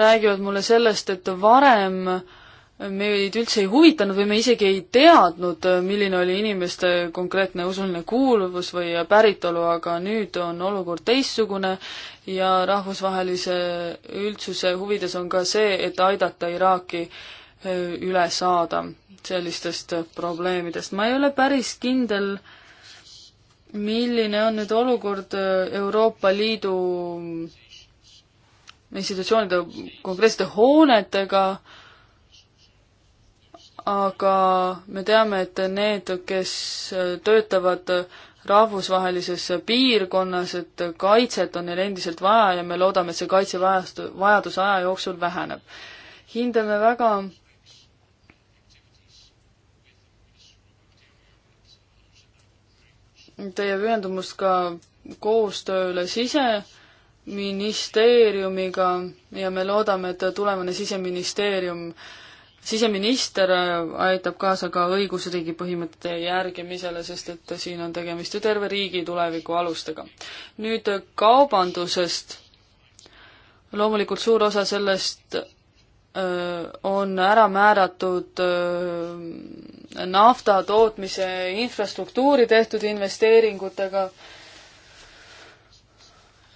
räägivad mulle sellest, et varem meid üldse ei huvitanud või me isegi ei teadnud, milline oli inimeste konkreetne usuline kuuluvus või päritolu, aga nüüd on olukord teistsugune ja rahvusvahelise üldsuse huvides on ka see, et aidata Iraaki äh, üle saada sellistest probleemidest. ma ei ole päris kindel, milline on nüüd olukord äh, Euroopa Liidu institutsioonide konkreetsete hoonetega, aga me teame, et need, kes töötavad rahvusvahelises piirkonnas, et kaitset on neil endiselt vaja ja me loodame, et see kaitsevajastu-, vajadus aja jooksul väheneb. hindame väga teie pühendumust ka koostööle sise- ministeeriumiga ja me loodame, et tulevane siseministeerium, siseminister aitab kaasa ka õigusriigi põhimõtete järgimisele, sest et siin on tegemist ju terve riigi tuleviku alustega. nüüd kaubandusest. loomulikult suur osa sellest on ära määratud nafta tootmise infrastruktuuri tehtud investeeringutega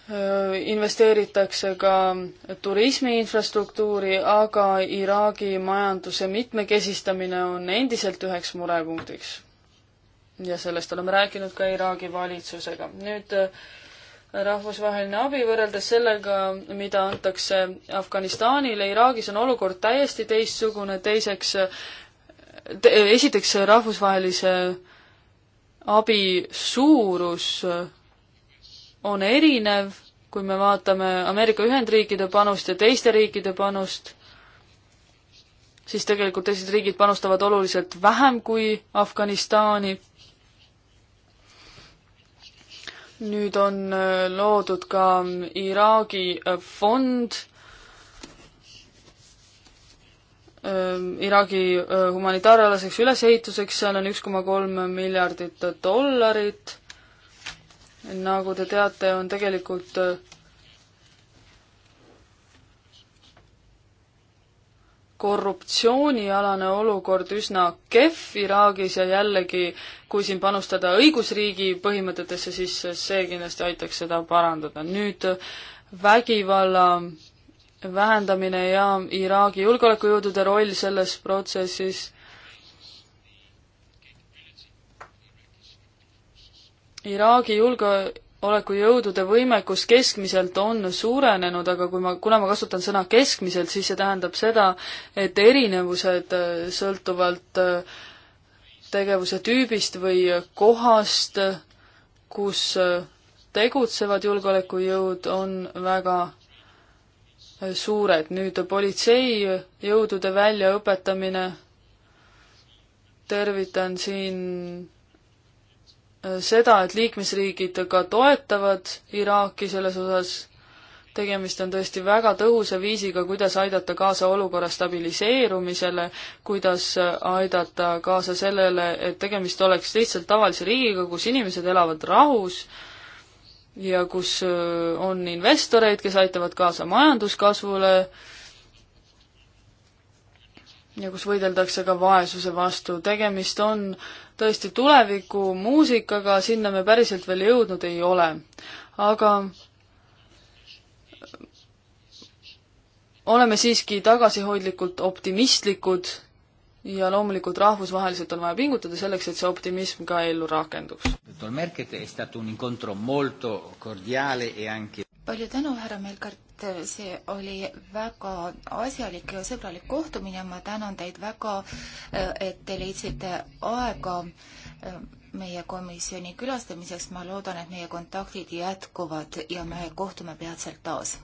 Äh, investeeritakse ka turismi infrastruktuuri, aga Iraagi majanduse mitmekesistamine on endiselt üheks murepunktiks. ja sellest oleme rääkinud ka Iraagi valitsusega. nüüd äh, rahvusvaheline abi võrreldes sellega, mida antakse Afganistanile, Iraagis on olukord täiesti teistsugune, teiseks äh, te,, esiteks rahvusvahelise abi suurus on erinev, kui me vaatame Ameerika Ühendriikide panust ja teiste riikide panust, siis tegelikult teised riigid panustavad oluliselt vähem kui Afganistani. nüüd on äh, loodud ka Iraagi äh, fond ähm, Iraagi äh, humanitaaralaseks ülesehituseks, seal on üks koma kolm miljardit dollarit nagu te teate, on tegelikult äh, korruptsioonialane olukord üsna kehv Iraagis ja jällegi, kui siin panustada õigusriigi põhimõtetesse, siis see kindlasti aitaks seda parandada. nüüd äh, vägivalla vähendamine ja Iraagi julgeolekujõudude roll selles protsessis Iraagi julgeolekujõudude võimekus keskmiselt on suurenenud, aga kui ma, kuna ma kasutan sõna keskmiselt, siis see tähendab seda, et erinevused äh, sõltuvalt äh, tegevuse tüübist või kohast, kus äh, tegutsevad julgeolekujõud, on väga suured. nüüd politseijõudude väljaõpetamine, tervitan siin Äh, seda, et liikmesriigid ka toetavad Iraaki selles osas, tegemist on tõesti väga tõhusa viisiga, kuidas aidata kaasa olukorra stabiliseerumisele, kuidas äh, aidata kaasa sellele, et tegemist oleks lihtsalt tavalise riigiga, kus inimesed elavad rahus ja kus äh, on investoreid, kes aitavad kaasa majanduskasvule ja kus võideldakse ka vaesuse vastu. tegemist on äh, tõesti tuleviku muusikaga, sinna me päriselt veel jõudnud ei ole. aga oleme siiski tagasihoidlikult optimistlikud ja loomulikult rahvusvaheliselt on vaja pingutada selleks, et see optimism ka ellu rakenduks palju tänu, härra Melkart, see oli väga asjalik ja sõbralik kohtumine, ma tänan teid väga, et te leidsite aega äh, meie komisjoni külastamiseks, ma loodan, et meie kontaktid jätkuvad ja me kohtume peatselt taas.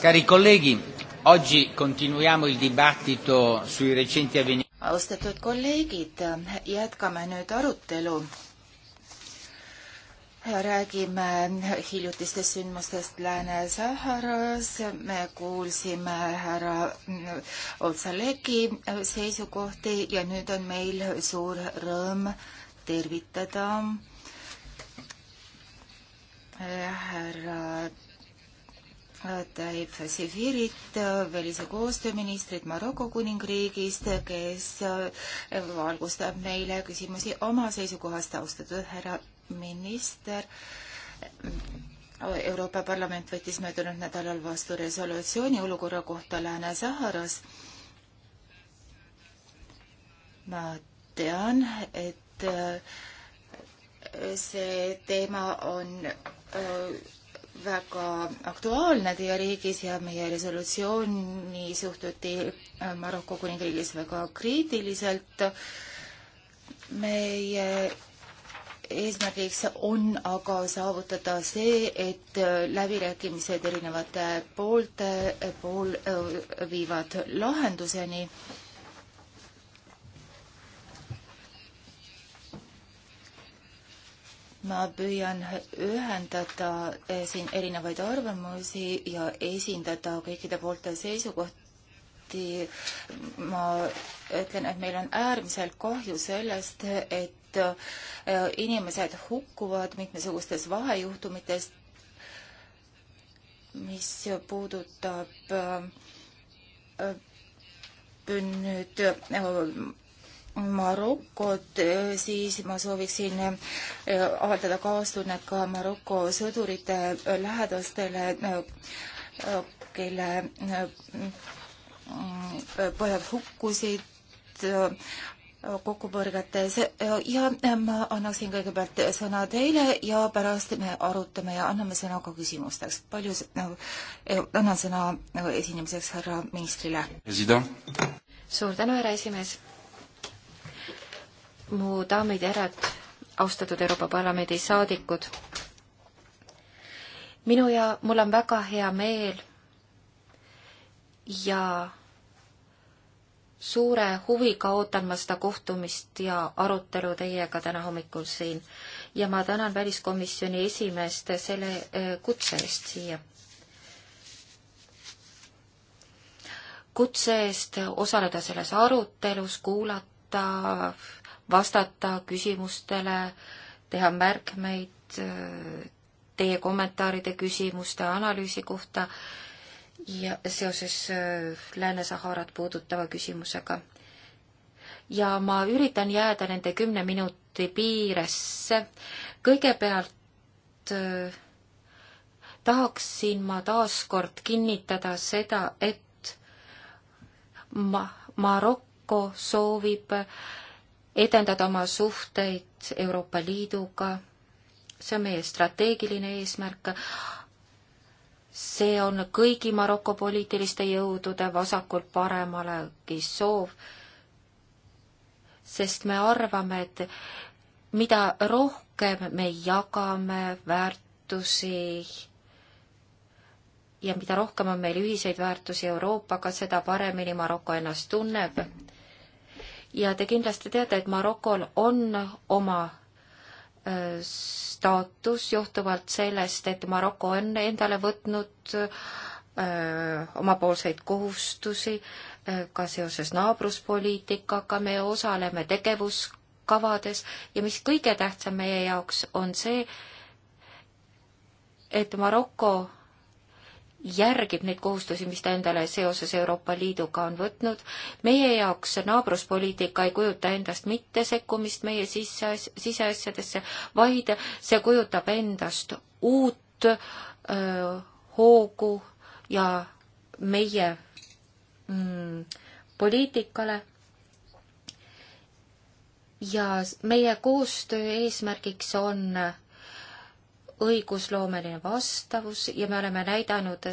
Cari colleghi, oggi continuiamo il dibattito sui recenti avvenimenti. austatud kolleegid, jätkame nüüd arutelu. räägime hiljutistest sündmustest Lääne-Saharas, me kuulsime härra Otsaleki seisukohti ja nüüd on meil suur rõõm tervitada kolleeg Sefirit, välise koostööministrit Maroko kuningriigist, kes äh, valgustab meile küsimusi oma seisukohast, austatud härra minister. Euroopa Parlament võttis möödunud nädalal vastu resolutsiooni olukorra kohta Lääne-Saharas. ma tean, et äh, see teema on äh, väga aktuaalne teie riigis ja meie resolutsiooni suhtuti äh, Maroko kuningriigis väga kriitiliselt. meie eesmärgiks on aga saavutada see, et äh, läbirääkimised erinevate poolte äh, pool viivad lahenduseni ma püüan ühendada eh, siin erinevaid arvamusi ja esindada kõikide poolte seisukohti. ma ütlen, et meil on äärmiselt kahju sellest, et eh, inimesed hukkuvad mitmesugustes vahejuhtumites, mis puudutab eh, nüüd Marokot, eh, siis ma sooviksin eh, avaldada kaastunnet ka Maroko sõdurite eh, lähedastele, kelle mm, põhjal hukkusid kokkupõrgetes ja ma annaksin kõigepealt sõna teile ja pärast me arutame ja anname sõna ka küsimusteks. palju no,, annan sõna esinemiseks härra ministrile. suur tänu, härra esimees mu daamid ja härrad, austatud Euroopa Parlamendi saadikud. minu ja mul on väga hea meel ja suure huviga ootan ma seda kohtumist ja arutelu teiega täna hommikul siin ja ma tänan väliskomisjoni esimeest selle eh, kutse eest siia. kutse eest osaleda selles arutelus, kuulata vastata küsimustele, teha märkmeid äh, teie kommentaaride, küsimuste, analüüsi kohta ja seoses äh, Lääne-Saharat puudutava küsimusega. ja ma üritan jääda nende kümne minuti piiresse. kõigepealt äh, tahaksin ma taaskord kinnitada seda, et ma-, Marokko soovib edendada oma suhteid Euroopa Liiduga, see on meie strateegiline eesmärk, see on kõigi Maroko poliitiliste jõudude vasakult paremalegi soov, sest me arvame, et mida rohkem me jagame väärtusi ja mida rohkem on meil ühiseid väärtusi Euroopaga, seda paremini Maroko ennast tunneb ja te kindlasti teate, et Marokol on oma äh, staatus johtuvalt sellest, et Maroko on endale võtnud öö, äh, omapoolseid kohustusi öö, äh, ka seoses naabruspoliitikaga, me osaleme tegevuskavades ja mis kõige tähtsam meie jaoks, on see, et Maroko järgib neid kohustusi, mis ta endale seoses Euroopa Liiduga on võtnud. meie jaoks naabruspoliitika ei kujuta endast mitte sekkumist meie sisse, siseasjadesse, vaid see kujutab endast uut öö, hoogu ja meie mm, poliitikale ja meie koostöö eesmärgiks on äh, õigusloomeline vastavus ja me oleme näidanud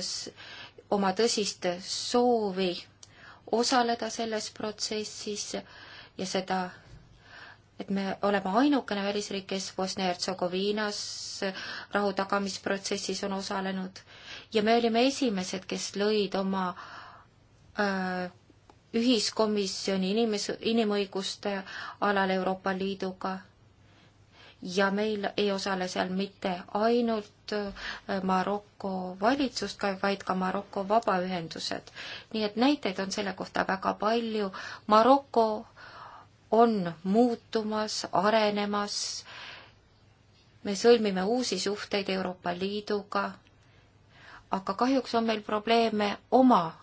oma tõsist soovi osaleda selles protsessis ja seda, et me oleme ainukene välisriik, kes Bosnia-Hertsegoviinas rahu tagamisprotsessis on osalenud ja me olime esimesed, kes lõid oma öö, äh, ühiskomisjoni inimes-, inimõiguste alal Euroopa Liiduga ja meil ei osale seal mitte ainult äh, Maroko valitsust, vaid ka Maroko vabaühendused. nii et näiteid on selle kohta väga palju. Maroko on muutumas, arenemas, me sõlmime uusi suhteid Euroopa Liiduga, aga kahjuks on meil probleeme oma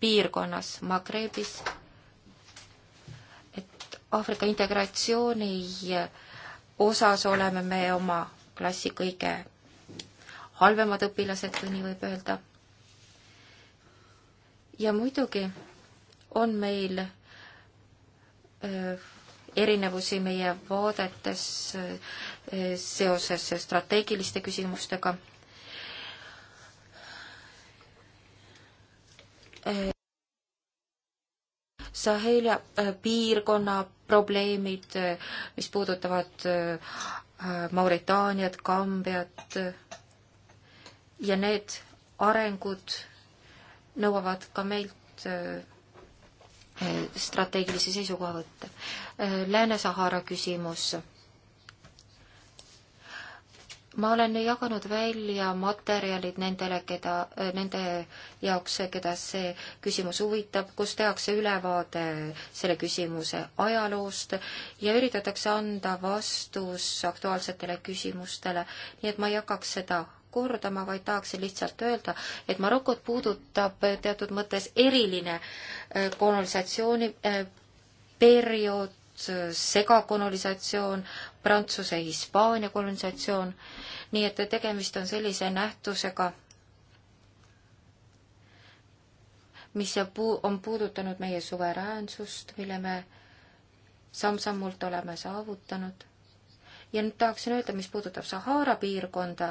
piirkonnas, Magrebis, et Aafrika integratsiooni osas oleme me oma klassi kõige halvemad õpilased, kui nii võib öelda. ja muidugi on meil erinevusi meie vaadetes seoses strateegiliste küsimustega. Sahelia äh, piirkonna probleemid, äh, mis puudutavad äh, Mauritaaniat, Kambiat ja need arengud nõuavad ka meilt strateegilisi seisukohavõtte. Lääne-Sahara küsimus ma olen jaganud välja materjalid nendele, keda, nende jaoks, keda see küsimus huvitab, kus tehakse ülevaade selle küsimuse ajaloost ja üritatakse anda vastus aktuaalsetele küsimustele, nii et ma ei hakkaks seda kordama, vaid tahaksin lihtsalt öelda, et Marokot puudutab teatud mõttes eriline eh, kolonisatsiooni periood, segakolonisatsioon, Prantsuse, Hispaania kolonisatsioon, nii et tegemist on sellise nähtusega, mis puu-, on puudutanud meie suveräänsust, mille me samm-sammult oleme saavutanud. ja nüüd tahaksin öelda, mis puudutab Sahara piirkonda,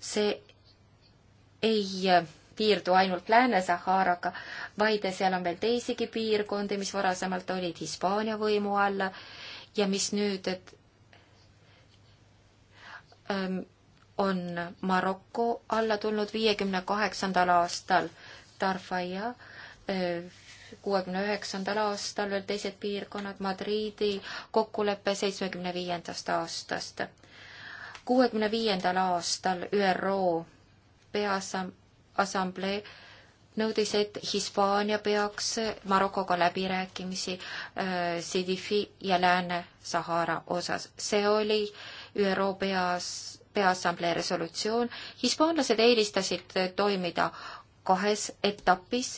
see ei piirdu ainult Lääne-Saharaga, vaid seal on veel teisigi piirkondi, mis varasemalt olid Hispaania võimu all ja mis nüüd, et ähm, on Maroko alla tulnud viiekümne kaheksandal aastal Darfaya, äh, kuuekümne üheksandal aastal veel teised piirkonnad, Madriidi kokkulepe seitsmekümne viiendast aastast kuuekümne viiendal aastal ÜRO peaasam-, Assamblee nõudis, et Hispaania peaks Marokoga läbirääkimisi äh, Sidifi ja Lääne-Sahara osas. see oli ÜRO peas, Peaassamblee resolutsioon. hispaanlased eelistasid toimida kahes etapis.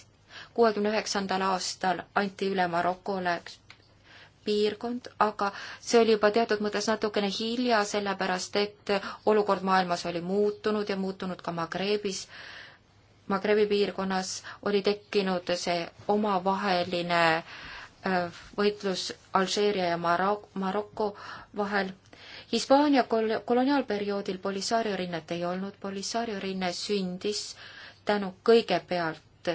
kuuekümne üheksandal aastal anti üle Marokole üks piirkond, aga see oli juba teatud mõttes natukene hilja, sellepärast et olukord maailmas oli muutunud ja muutunud ka Magrebis äh, Magrebi piirkonnas oli tekkinud see omavaheline äh, võitlus Alžeeria ja Marok-, Maroko vahel. Hispaania kol-, koloniaalperioodil Polisario rinnet ei olnud, Polisario rinne sündis tänu kõigepealt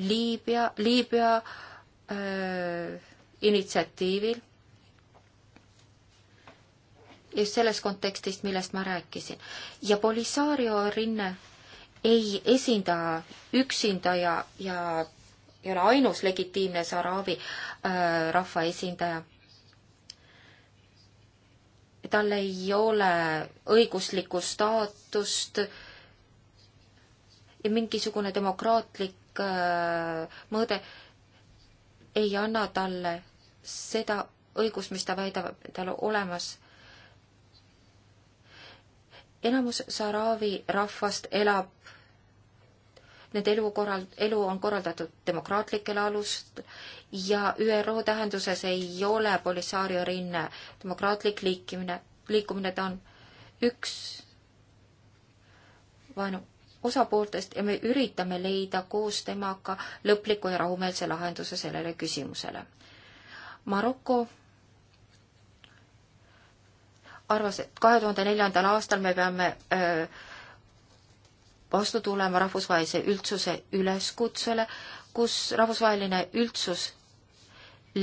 Liibüa, Liibüa öö, äh, initsiatiivil just sellest kontekstist, millest ma rääkisin. ja Polisario rinne ei esinda üksinda ja, ja ei ole ainus legitiimne Saraabi äh, rahvaesindaja. tal ei ole õiguslikku staatust ja mingisugune demokraatlik äh, mõõde ei anna talle seda õigust, mis ta väidab, tal olemas äh, enamus Saraavi rahvast elab, nende elu korral, elu on korraldatud demokraatlikel alust ja ÜRO tähenduses ei ole Polisario rinne demokraatlik liikimine, liikumine, ta on üks vaenu osapooltest ja me üritame leida koos temaga lõpliku ja rahumeelse lahenduse sellele küsimusele. Maroko arvas, et kahe tuhande neljandal aastal me peame öö, vastu tulema rahvusvahelise üldsuse üleskutsele, kus rahvusvaheline üldsus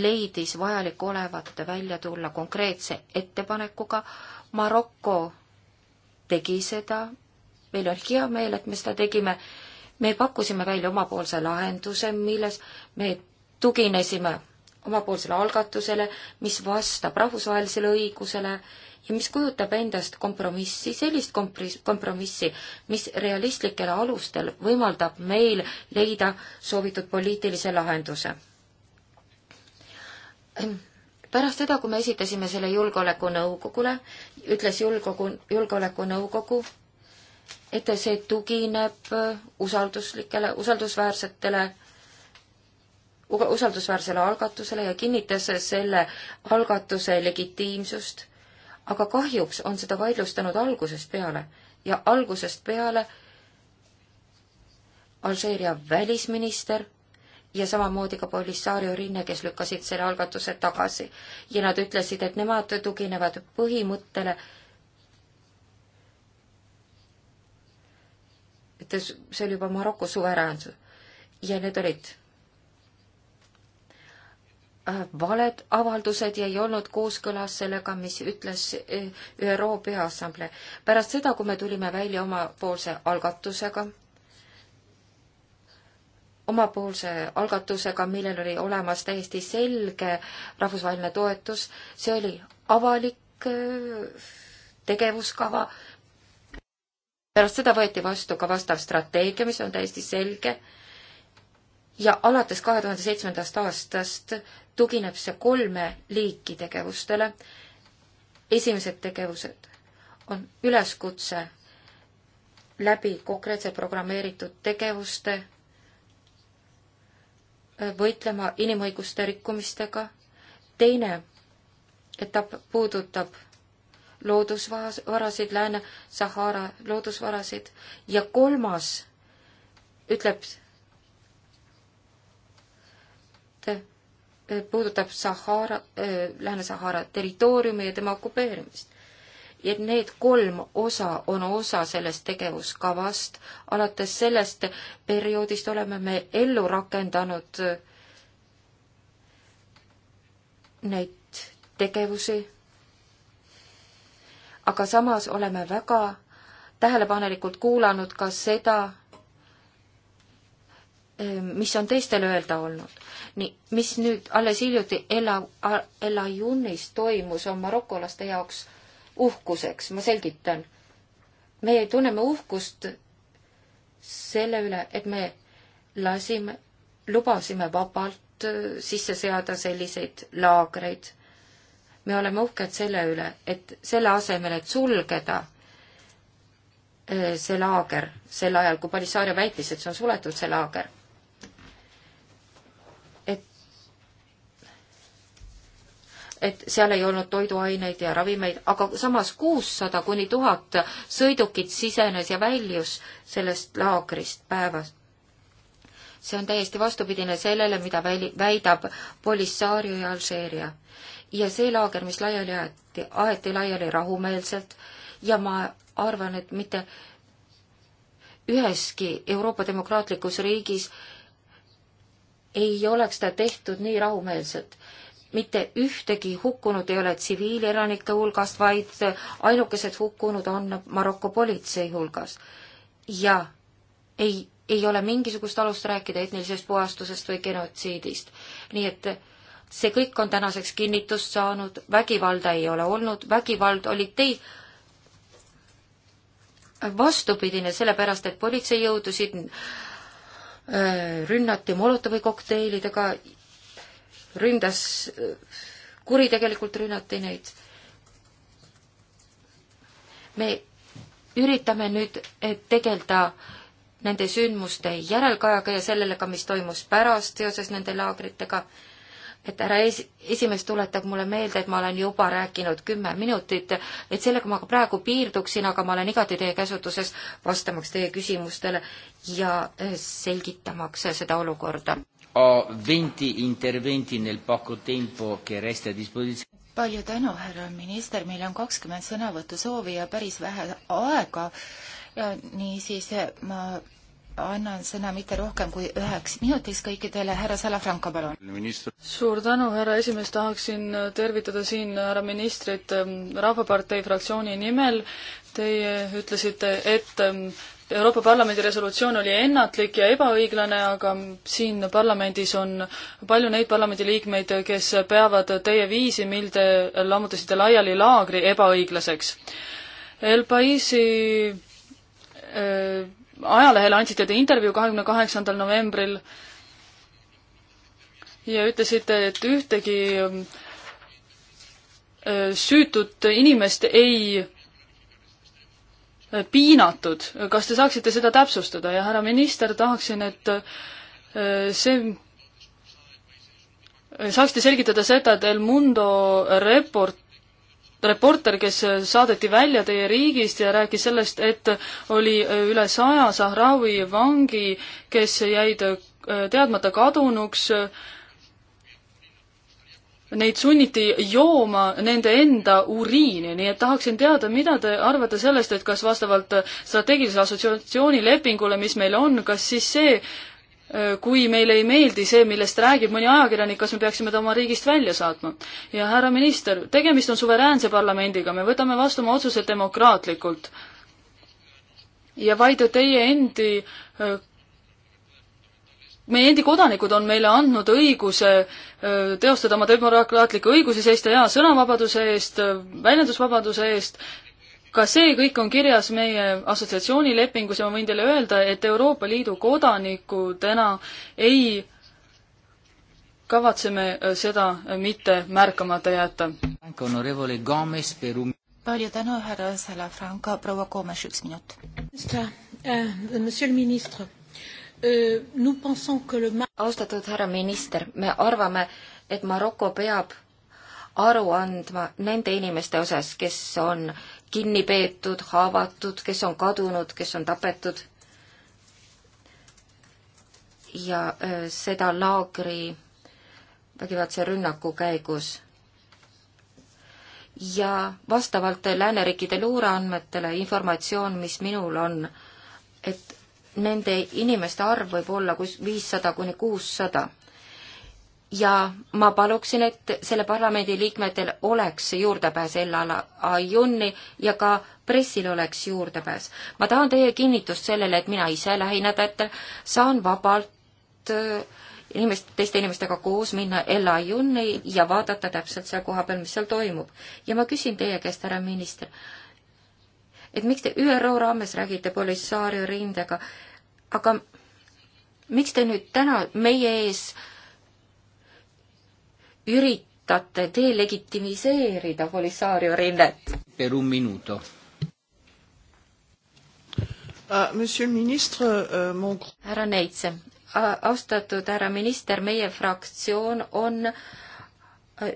leidis vajalik olevat välja tulla konkreetse ettepanekuga. Maroko tegi seda, meil on hea meel, et me seda tegime. me pakkusime välja omapoolse lahenduse, milles me tuginesime omapoolsele algatusele, mis vastab rahvusvahelisele õigusele mis kujutab endast kompromissi, sellist kompris, kompromissi, mis realistlikel alustel võimaldab meil leida soovitud poliitilise lahenduse. pärast seda, kui me esitasime selle Julgeolekunõukogule, ütles julgeoleku, Julgeolekunõukogu, et see tugineb usalduslikele, usaldusväärsetele usaldusväärsele algatusele ja kinnitas selle algatuse legitiimsust aga kahjuks on seda vaidlustanud algusest peale ja algusest peale Alžeeria välisminister ja samamoodi ka Polisario rinne, kes lükkasid selle algatuse tagasi ja nad ütlesid, et nemad tuginevad põhimõttele, et see oli juba Maroko suveräänsus ja need olid Äh, valed avaldused ja ei olnud kooskõlas sellega, mis ütles äh, ÜRO Peaassamblee. pärast seda, kui me tulime välja omapoolse algatusega, omapoolse algatusega, millel oli olemas täiesti selge rahvusvaheline toetus, see oli avalik äh, tegevuskava, pärast seda võeti vastu ka vastav strateegia, mis on täiesti selge ja alates kahe tuhande seitsmendast aastast tugineb see kolme liiki tegevustele. esimesed tegevused on üleskutse läbi konkreetselt programmeeritud tegevuste äh, võitlema inimõiguste rikkumistega. teine etapp puudutab loodusvarasid, Lääne-Sahara loodusvarasid ja kolmas ütleb puudutab Sahara äh,, Lääne-Sahara territooriumi ja tema okupeerimist. ja need kolm osa on osa sellest tegevuskavast, alates sellest perioodist oleme me ellu rakendanud äh, neid tegevusi, aga samas oleme väga tähelepanelikult kuulanud ka seda, Ehm, mis on teistel öelda olnud. nii, mis nüüd alles hiljuti Ela, Ela Junis toimus, on marokolaste jaoks uhkuseks, ma selgitan. meie tunneme uhkust selle üle, et me lasime, lubasime vabalt äh, sisse seada selliseid laagreid. me oleme uhked selle üle, et selle asemel, et sulgeda äh, see laager sel ajal, kui Palissaaria väitis, et see on suletud, see laager, et seal ei olnud toiduaineid ja ravimeid, aga samas kuussada kuni tuhat sõidukit sisenes ja väljus sellest laagrist päevas. see on täiesti vastupidine sellele, mida väli, väidab Polisario ja Alžeeria. ja see laager, mis laiali aeti, aeti laiali rahumeelselt ja ma arvan, et mitte üheski Euroopa demokraatlikus riigis ei oleks ta tehtud nii rahumeelselt mitte ühtegi hukkunud ei ole tsiviilelanike hulgast, vaid ainukesed hukkunud on Maroko politsei hulgas. ja ei, ei ole mingisugust alust rääkida etnilisest puhastusest või genotsiidist. nii et see kõik on tänaseks kinnitust saanud, vägivalda ei ole olnud, vägivald oli tei-, vastupidine, sellepärast et politseijõudusid äh, rünnati Molotovi kokteilidega ründas, kuritegelikult rünnati neid. me üritame nüüd tegeleda nende sündmuste järelkajaga ja sellele ka, mis toimus pärast seoses nende laagritega. et härra es-, esimees tuletab mulle meelde, et ma olen juba rääkinud kümme minutit, et sellega ma ka praegu piirduksin, aga ma olen igati teie käsutuses vastamaks teie küsimustele ja äh, selgitamaks seda olukorda. Ho 20 interventi nel poco tempo che resta a disposizione. palju tänu, härra minister, meil on kakskümmend sõnavõtusoovi ja päris vähe aega. ja niisiis ma annan sõna mitte rohkem kui üheks minutiks kõikidele. härra Salafranco, palun. suur tänu, härra esimees, tahaksin tervitada siin härra ministrit ehm, Rahvapartei fraktsiooni nimel. Teie ütlesite, et ehm, Euroopa Parlamendi resolutsioon oli ennatlik ja ebaõiglane, aga siin parlamendis on palju neid parlamendiliikmeid, kes peavad teie viisi, mil te lammutasite laiali laagri, ebaõiglaseks. El Paisi äh, ajalehele andsite te intervjuu kahekümne kaheksandal novembril ja ütlesite, et ühtegi äh, süütut inimest ei piinatud. kas te saaksite seda täpsustada ja härra minister, tahaksin, et äh, see, äh, saaksite selgitada seda, et El Mundo report, reporter, kes saadeti välja teie riigist ja rääkis sellest, et oli äh, üle saja Sahrawi vangi, kes jäid teadmata kadunuks äh, neid sunniti jooma nende enda uriini, nii et tahaksin teada, mida te arvate sellest, et kas vastavalt strateegilise assotsiatsiooni lepingule, mis meil on, kas siis see, kui meile ei meeldi see, millest räägib mõni ajakirjanik, kas me peaksime ta oma riigist välja saatma? ja härra minister, tegemist on suveräänse parlamendiga, me võtame vastu oma otsused demokraatlikult. ja vaid teie endi meie endi kodanikud on meile andnud õiguse teostada oma demokraatlikke õigusi, seista hea sõnavabaduse eest, väljendusvabaduse eest, ka see kõik on kirjas meie assotsiatsioonilepingus ja ma võin teile öelda, et Euroopa Liidu kodanikudena ei kavatseme seda mitte märkamata jätta. palju tänu, härra Salafranca, proua Gomes, üks minut. Äh, Euh, austatud härra minister, me arvame, et Maroko peab aru andma nende inimeste osas, kes on kinni peetud, haavatud, kes on kadunud, kes on tapetud. ja öö, äh, seda laagri vägivaldse rünnaku käigus. ja vastavalt lääneriikide luureandmetele informatsioon, mis minul on, nende inimeste arv võib olla kus viissada kuni kuussada. ja ma paluksin, et selle parlamendi liikmetel oleks juurdepääs Ella Ajunni ja ka pressil oleks juurdepääs. ma tahan teie kinnitust sellele, et mina ise lähinädalatel saan vabalt äh, inimest, teiste inimestega koos minna Ella Ajunni ja vaadata täpselt seal kohapeal, mis seal toimub. ja ma küsin teie käest, härra minister, et miks te ÜRO raames räägite Polissaario rindega, aga miks te nüüd täna meie ees üritate delegitimiseerida Polisario rinnet? Per un minuto. Ah, euh, härra Neitse, austatud härra minister, meie fraktsioon on äh,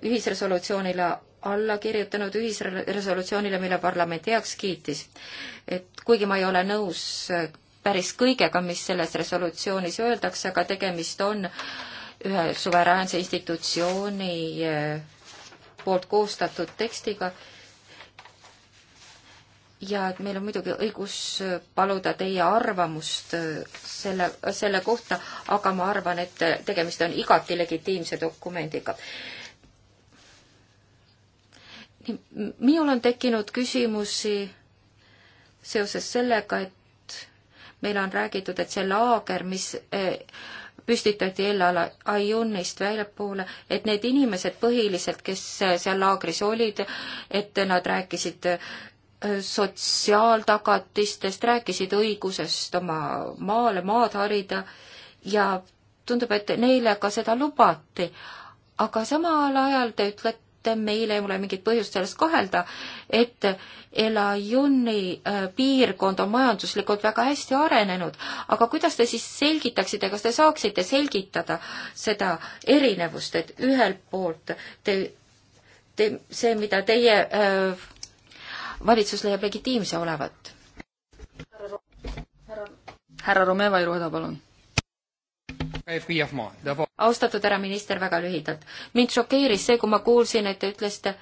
ühisresolutsioonile alla kirjutanud ühisresolutsioonile, mille parlament heaks kiitis. et kuigi ma ei ole nõus äh, päris kõigega, mis selles resolutsioonis öeldakse, aga tegemist on ühe suveräänse institutsiooni eh, poolt koostatud tekstiga. ja et meil on muidugi õigus paluda teie arvamust eh, selle, selle kohta, aga ma arvan, et tegemist on igati legitiimse dokumendiga minul on tekkinud küsimusi seoses sellega, et meile on räägitud, et see laager, mis eh, püstitati Ellala Ajunist väljapoole, et need inimesed põhiliselt, kes eh, seal laagris olid, et nad rääkisid eh, sotsiaaltagatistest, rääkisid õigusest oma maale, maad harida ja tundub, et neile ka seda lubati. aga samal ajal te ütlete, et meil ei ole mingit põhjust selles kahelda, et Elajuni äh, piirkond on majanduslikult väga hästi arenenud, aga kuidas te siis selgitaksite, kas te saaksite selgitada seda erinevust, et ühelt poolt te, te, see, mida teie öö, äh, valitsus leiab legitiimse olevat? härra Romeva Irueda, palun austatud härra minister, väga lühidalt. mind šokeeris see, kui ma kuulsin, et te ütlesite,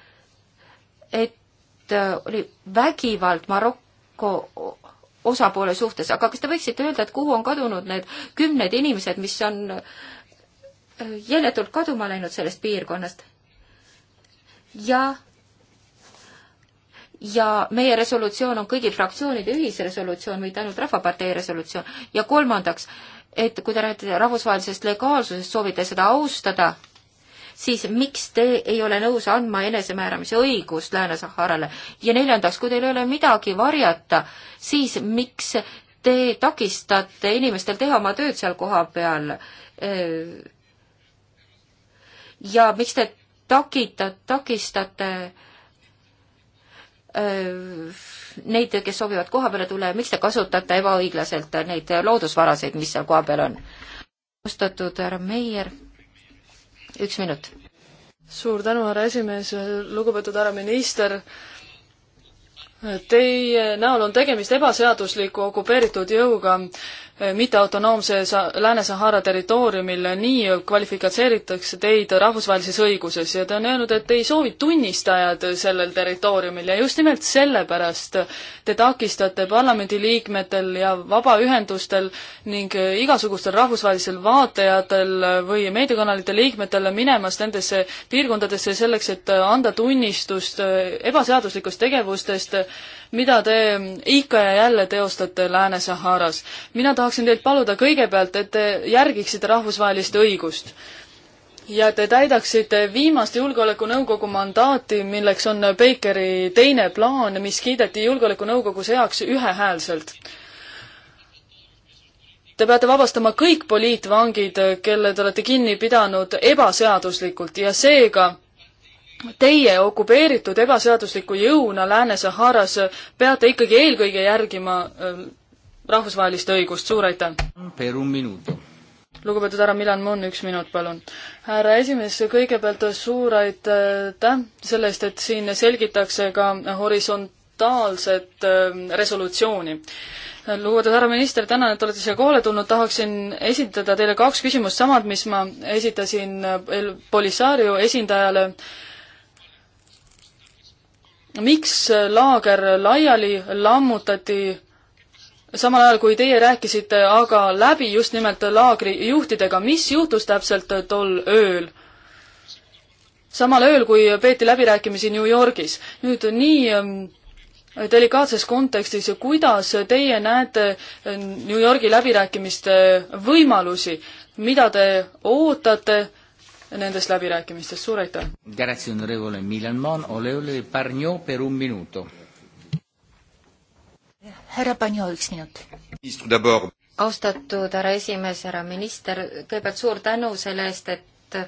et äh, oli vägivald Maroko osapoole suhtes, aga kas te võiksite öelda, et kuhu on kadunud need kümned inimesed, mis on äh, jänetult kaduma läinud sellest piirkonnast? ja ja meie resolutsioon on kõigi fraktsioonide ühisresolutsioon, mitte ainult Rahvapartei resolutsioon. ja kolmandaks äh,, et kui te räägite rahvusvahelisest legaalsusest, soovite seda austada, siis miks te ei ole nõus andma enesemääramise õigust Lääne-Saharale? ja neljandaks, kui teil ei ole midagi varjata, siis miks te takistate inimestel teha oma tööd seal kohapeal? Äh, ja miks te takita, takistate neid, kes soovivad koha peale tulla ja miks te kasutate ebaõiglaselt neid loodusvarasid, mis seal kohapeal on? austatud härra Meier, üks minut. suur tänu, härra esimees, lugupeetud härra minister. Teie näol on tegemist ebaseadusliku okupeeritud jõuga Äh, mitteautonoomse Lääne-Sahara territooriumil nii kvalifitseeritakse teid rahvusvahelises õiguses ja ta on öelnud, et ei soovi tunnistajad sellel territooriumil ja just nimelt sellepärast te takistate parlamendiliikmetel ja vabaühendustel ning igasugustel rahvusvahelisel vaatajatel või meediakanalite liikmetel minemast nendesse piirkondadesse selleks, et anda tunnistust ebaseaduslikust tegevustest mida te ikka ja jälle teostate Lääne-Saharas. mina tahaksin teilt paluda kõigepealt, et te järgiksite rahvusvahelist õigust ja te täidaksite viimast Julgeolekunõukogu mandaati, milleks on Bakeri teine plaan, mis kiideti Julgeolekunõukogus heaks ühehäälselt. Te peate vabastama kõik poliitvangid, kelle te olete kinni pidanud ebaseaduslikult ja seega teie okupeeritud ebaseadusliku jõuna Lääne-Saharas peate ikkagi eelkõige järgima rahvusvahelist õigust, suur aitäh! lugupeetud härra Milan Mon, üks minut, palun. härra esimees, kõigepealt suur aitäh selle eest, et siin selgitakse ka horisontaalset resolutsiooni. lugupeetud härra minister, tänan, et olete siia kohale tulnud, tahaksin esitada teile kaks küsimust, samad, mis ma esitasin Polisario esindajale äh, miks laager laiali lammutati samal ajal, kui teie rääkisite aga läbi just nimelt laagri juhtidega, mis juhtus täpselt tol ööl? samal ööl, kui peeti läbirääkimisi New Yorgis. nüüd nii ähm, delikaatses kontekstis, kuidas teie näete äh, New Yorgi läbirääkimiste võimalusi, mida te ootate nendes läbirääkimistes, suur aitäh! härra Panjo, üks minut austatud härra esimees, härra minister, kõigepealt suur tänu selle eest, et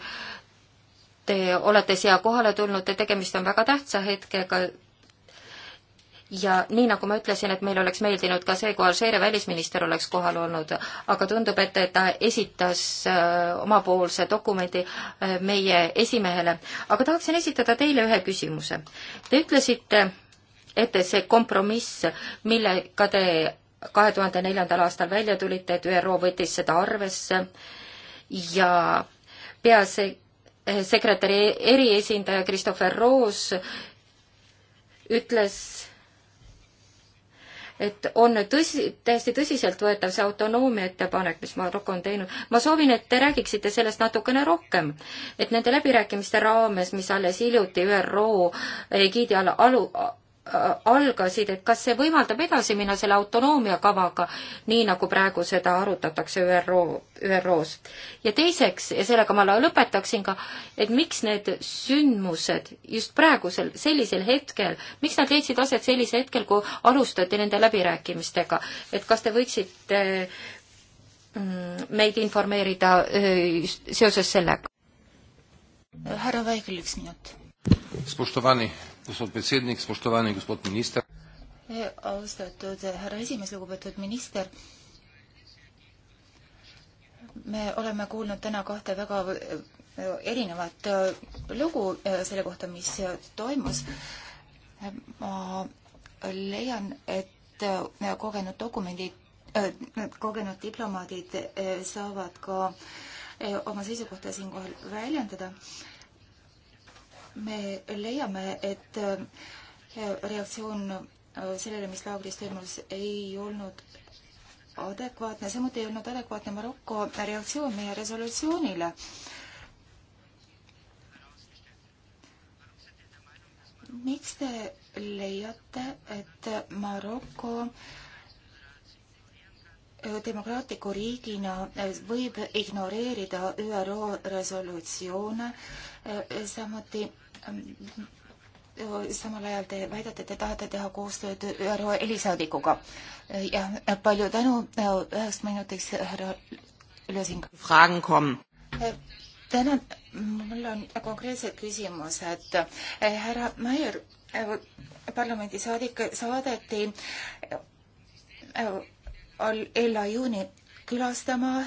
te olete siia kohale tulnud ja tegemist on väga tähtsa hetkega ja nii, nagu ma ütlesin, et meil oleks meeldinud ka see, kui Alžeeria välisminister oleks kohal olnud, aga tundub, et ta esitas äh, omapoolse dokumendi äh, meie esimehele. aga tahaksin esitada teile ühe küsimuse. Te ütlesite, et see kompromiss, millega te kahe tuhande neljandal aastal välja tulite, et ÜRO võttis seda arvesse ja peasekretäri eriesindaja Christopher Rose ütles et on tõsi, täiesti tõsiseltvõetav see autonoomia ettepanek, mis Maroko on teinud. ma soovin, et te räägiksite sellest natukene rohkem. et nende läbirääkimiste raames, mis alles hiljuti ÜRO egiidi all alu, Äh, algasid, et kas see võimaldab edasi minna selle autonoomia kavaga, nii nagu praegu seda arutatakse ÜRO, ÜRO-s. ja teiseks, ja sellega ma lõpetaksin ka, et miks need sündmused just praegusel, sellisel hetkel, miks nad leidsid aset sellisel hetkel, kui alustati nende läbirääkimistega, et kas te võiksite mm, meid informeerida seoses sellega? härra Vaigel, üks minut. Spoštovani gospod predsednik, spoštovani gospod minister. E, austatud eh, härra esimees, lugupeetud minister. me oleme kuulnud täna kahte väga eh, erinevat eh, lugu selle kohta, mis toimus. ma leian, et kogenud dokumendid, kogenud diplomaadid saavad ka oma seisukohta siinkohal väljendada me leiame, et äh, reaktsioon äh, sellele, mis laagris toimus, ei olnud adekvaatne, samuti ei olnud adekvaatne Maroko reaktsioon meie resolutsioonile. miks te leiate, et Maroko äh, demokraatliku riigina võib ignoreerida ÜRO resolutsioone, samuti Äh, samal ajal te väidate, te tahate teha koostööd ÜRO helisaadikuga. jah, äh, palju tänu, äh, üheks minutiks härra Lösing. tänan, mul on konkreetsed küsimused. härra Maier, parlamendisaadik saadeti alla juuni külastama,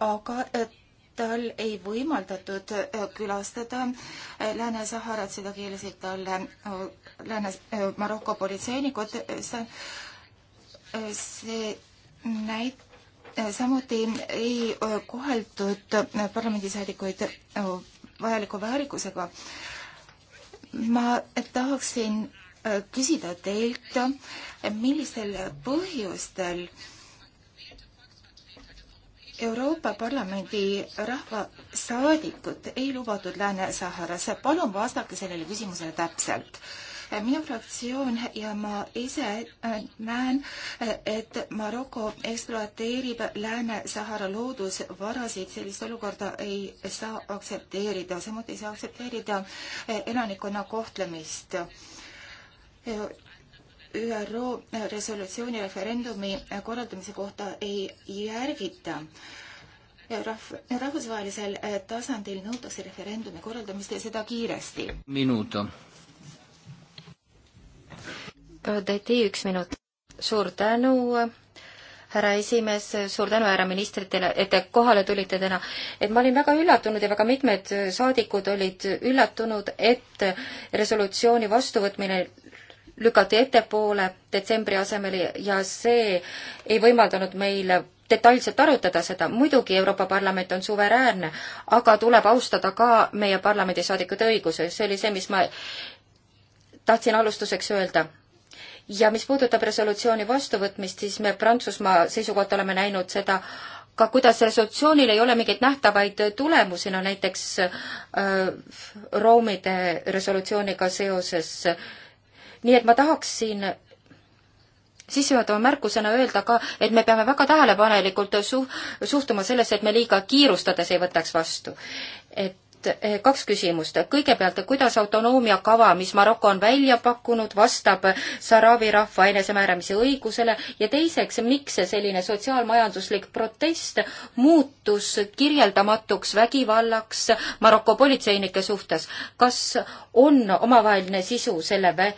aga et tal ei võimaldatud äh, külastada äh, Lääne-Saharat, seda keelasid talle äh, Lääne, Maroko politseinikud. see näit-, samuti ei koheldud parlamendisaadikuid vajaliku väärikusega. ma tahaksin küsida teilt, millistel põhjustel äh, Euroopa Parlamendi rahvasaadikut ei lubatud Lääne-Saharasse. palun vastake sellele küsimusele täpselt. minu fraktsioon ja ma ise äh, näen, äh, et Maroko ekspluateerib Lääne-Sahara loodusvarasid, sellist olukorda ei saa aktsepteerida, samuti ei saa aktsepteerida äh, elanikkonna kohtlemist ÜRO resolutsiooni referendumi korraldamise kohta ei järgita. Rahv-, rahvusvahelisel eh, tasandil nõutakse referendumi korraldamist ja seda kiiresti. minut. Dati, üks minut. suur tänu, härra esimees, suur tänu härra ministritele, et te kohale tulite täna. et ma olin väga üllatunud ja väga mitmed saadikud olid üllatunud, et resolutsiooni vastuvõtmine lükati ettepoole detsembri asemel ja see ei võimaldanud meil detailselt arutada seda, muidugi Euroopa Parlament on suveräänne, aga tuleb austada ka meie parlamendisaadikute õigusi, see oli see, mis ma tahtsin alustuseks öelda ja mis puudutab resolutsiooni vastuvõtmist, siis me Prantsusmaa seisukohalt oleme näinud seda ka kuidas resolutsioonil ei ole mingeid nähtavaid tulemusi, no näiteks äh, roomide resolutsiooniga seoses äh, nii et ma tahaksin sissejuhatava märkusena öelda ka, et me peame väga tähelepanelikult su-, suhtuma sellesse, et me liiga kiirustades ei võtaks vastu. et eh, kaks küsimust. kõigepealt, kuidas autonoomia kava, mis Maroko on välja pakkunud, vastab Saharavi rahva enesemääramise õigusele ja teiseks, miks selline sotsiaalmajanduslik protest muutus kirjeldamatuks vägivallaks Maroko politseinike suhtes? kas on omavaheline sisu selle vä-,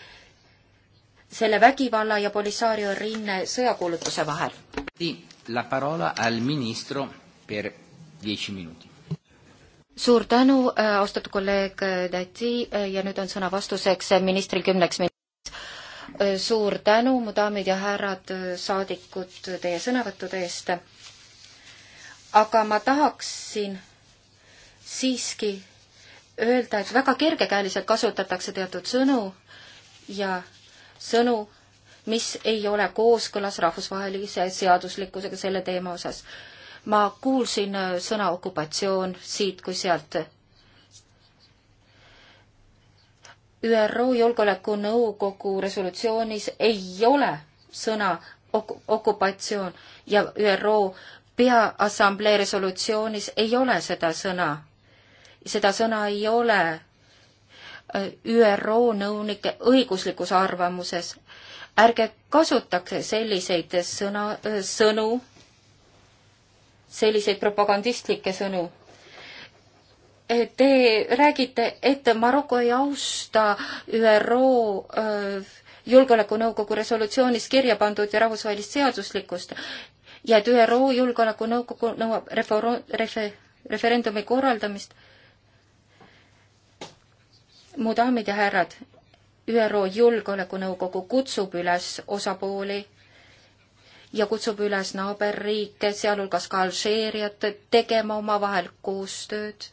selle vägivalla ja Polisario rinne sõjakuulutuse vahel. La parola al ministro per dieci minuti. suur tänu, äh, austatud kolleeg äh, Täti äh, ja nüüd on sõna vastuseks ministril kümneks minutiks. suur tänu, mu daamid ja härrad saadikud, teie sõnavõttude eest. aga ma tahaksin siiski öelda, et väga kergekäeliselt kasutatakse teatud sõnu ja sõnu, mis ei ole kooskõlas rahvusvahelise seaduslikkusega selle teema osas. ma kuulsin äh, sõna okupatsioon siit kui sealt. ÜRO Julgeolekunõukogu resolutsioonis ei ole sõna ok-, okupatsioon ja ÜRO Peaassamblee resolutsioonis ei ole seda sõna. seda sõna ei ole ÜRO nõunike õiguslikus arvamuses. ärge kasutage selliseid sõna, äh, sõnu, selliseid propagandistlikke sõnu. Äh, te räägite, et Maroko ei austa ÜRO äh, julgeolekunõukogu resolutsioonis kirja pandud ja rahvusvahelist seaduslikkust ja et ÜRO Julgeolekunõukogu nõuab refer-, refer-, referendumi korraldamist mu daamid ja härrad, ÜRO Julgeolekunõukogu kutsub üles osapooli ja kutsub üles naaberriike, sealhulgas ka Alžeeriat, tegema omavahel koostööd.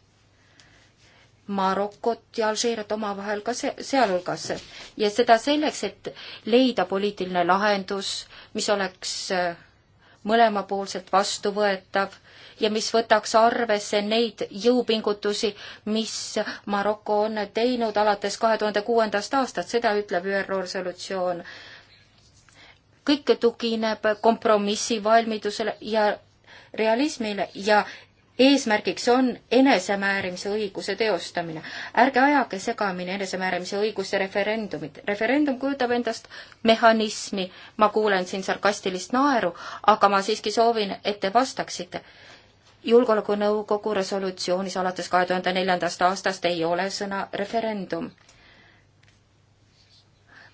Marokot ja Alžeeriat omavahel ka se-, sealhulgas. ja seda selleks, et leida poliitiline lahendus, mis oleks äh, mõlemapoolselt vastuvõetav ja mis võtaks arvesse neid jõupingutusi, mis Maroko on teinud alates kahe tuhande kuuendast aastast, seda ütleb ÜRO resolutsioon. kõik tugineb kompromissivalmidusele ja realismile ja eesmärgiks on enesemäärimise õiguse teostamine. ärge ajage segamini enesemäärimise õiguse referendumit. referendum kujutab endast mehhanismi, ma kuulen siin sarkastilist naeru, aga ma siiski soovin, et te vastaksite julgeolekunõukogu resolutsioonis alates kahe tuhande neljandast aastast ei ole sõna referendum.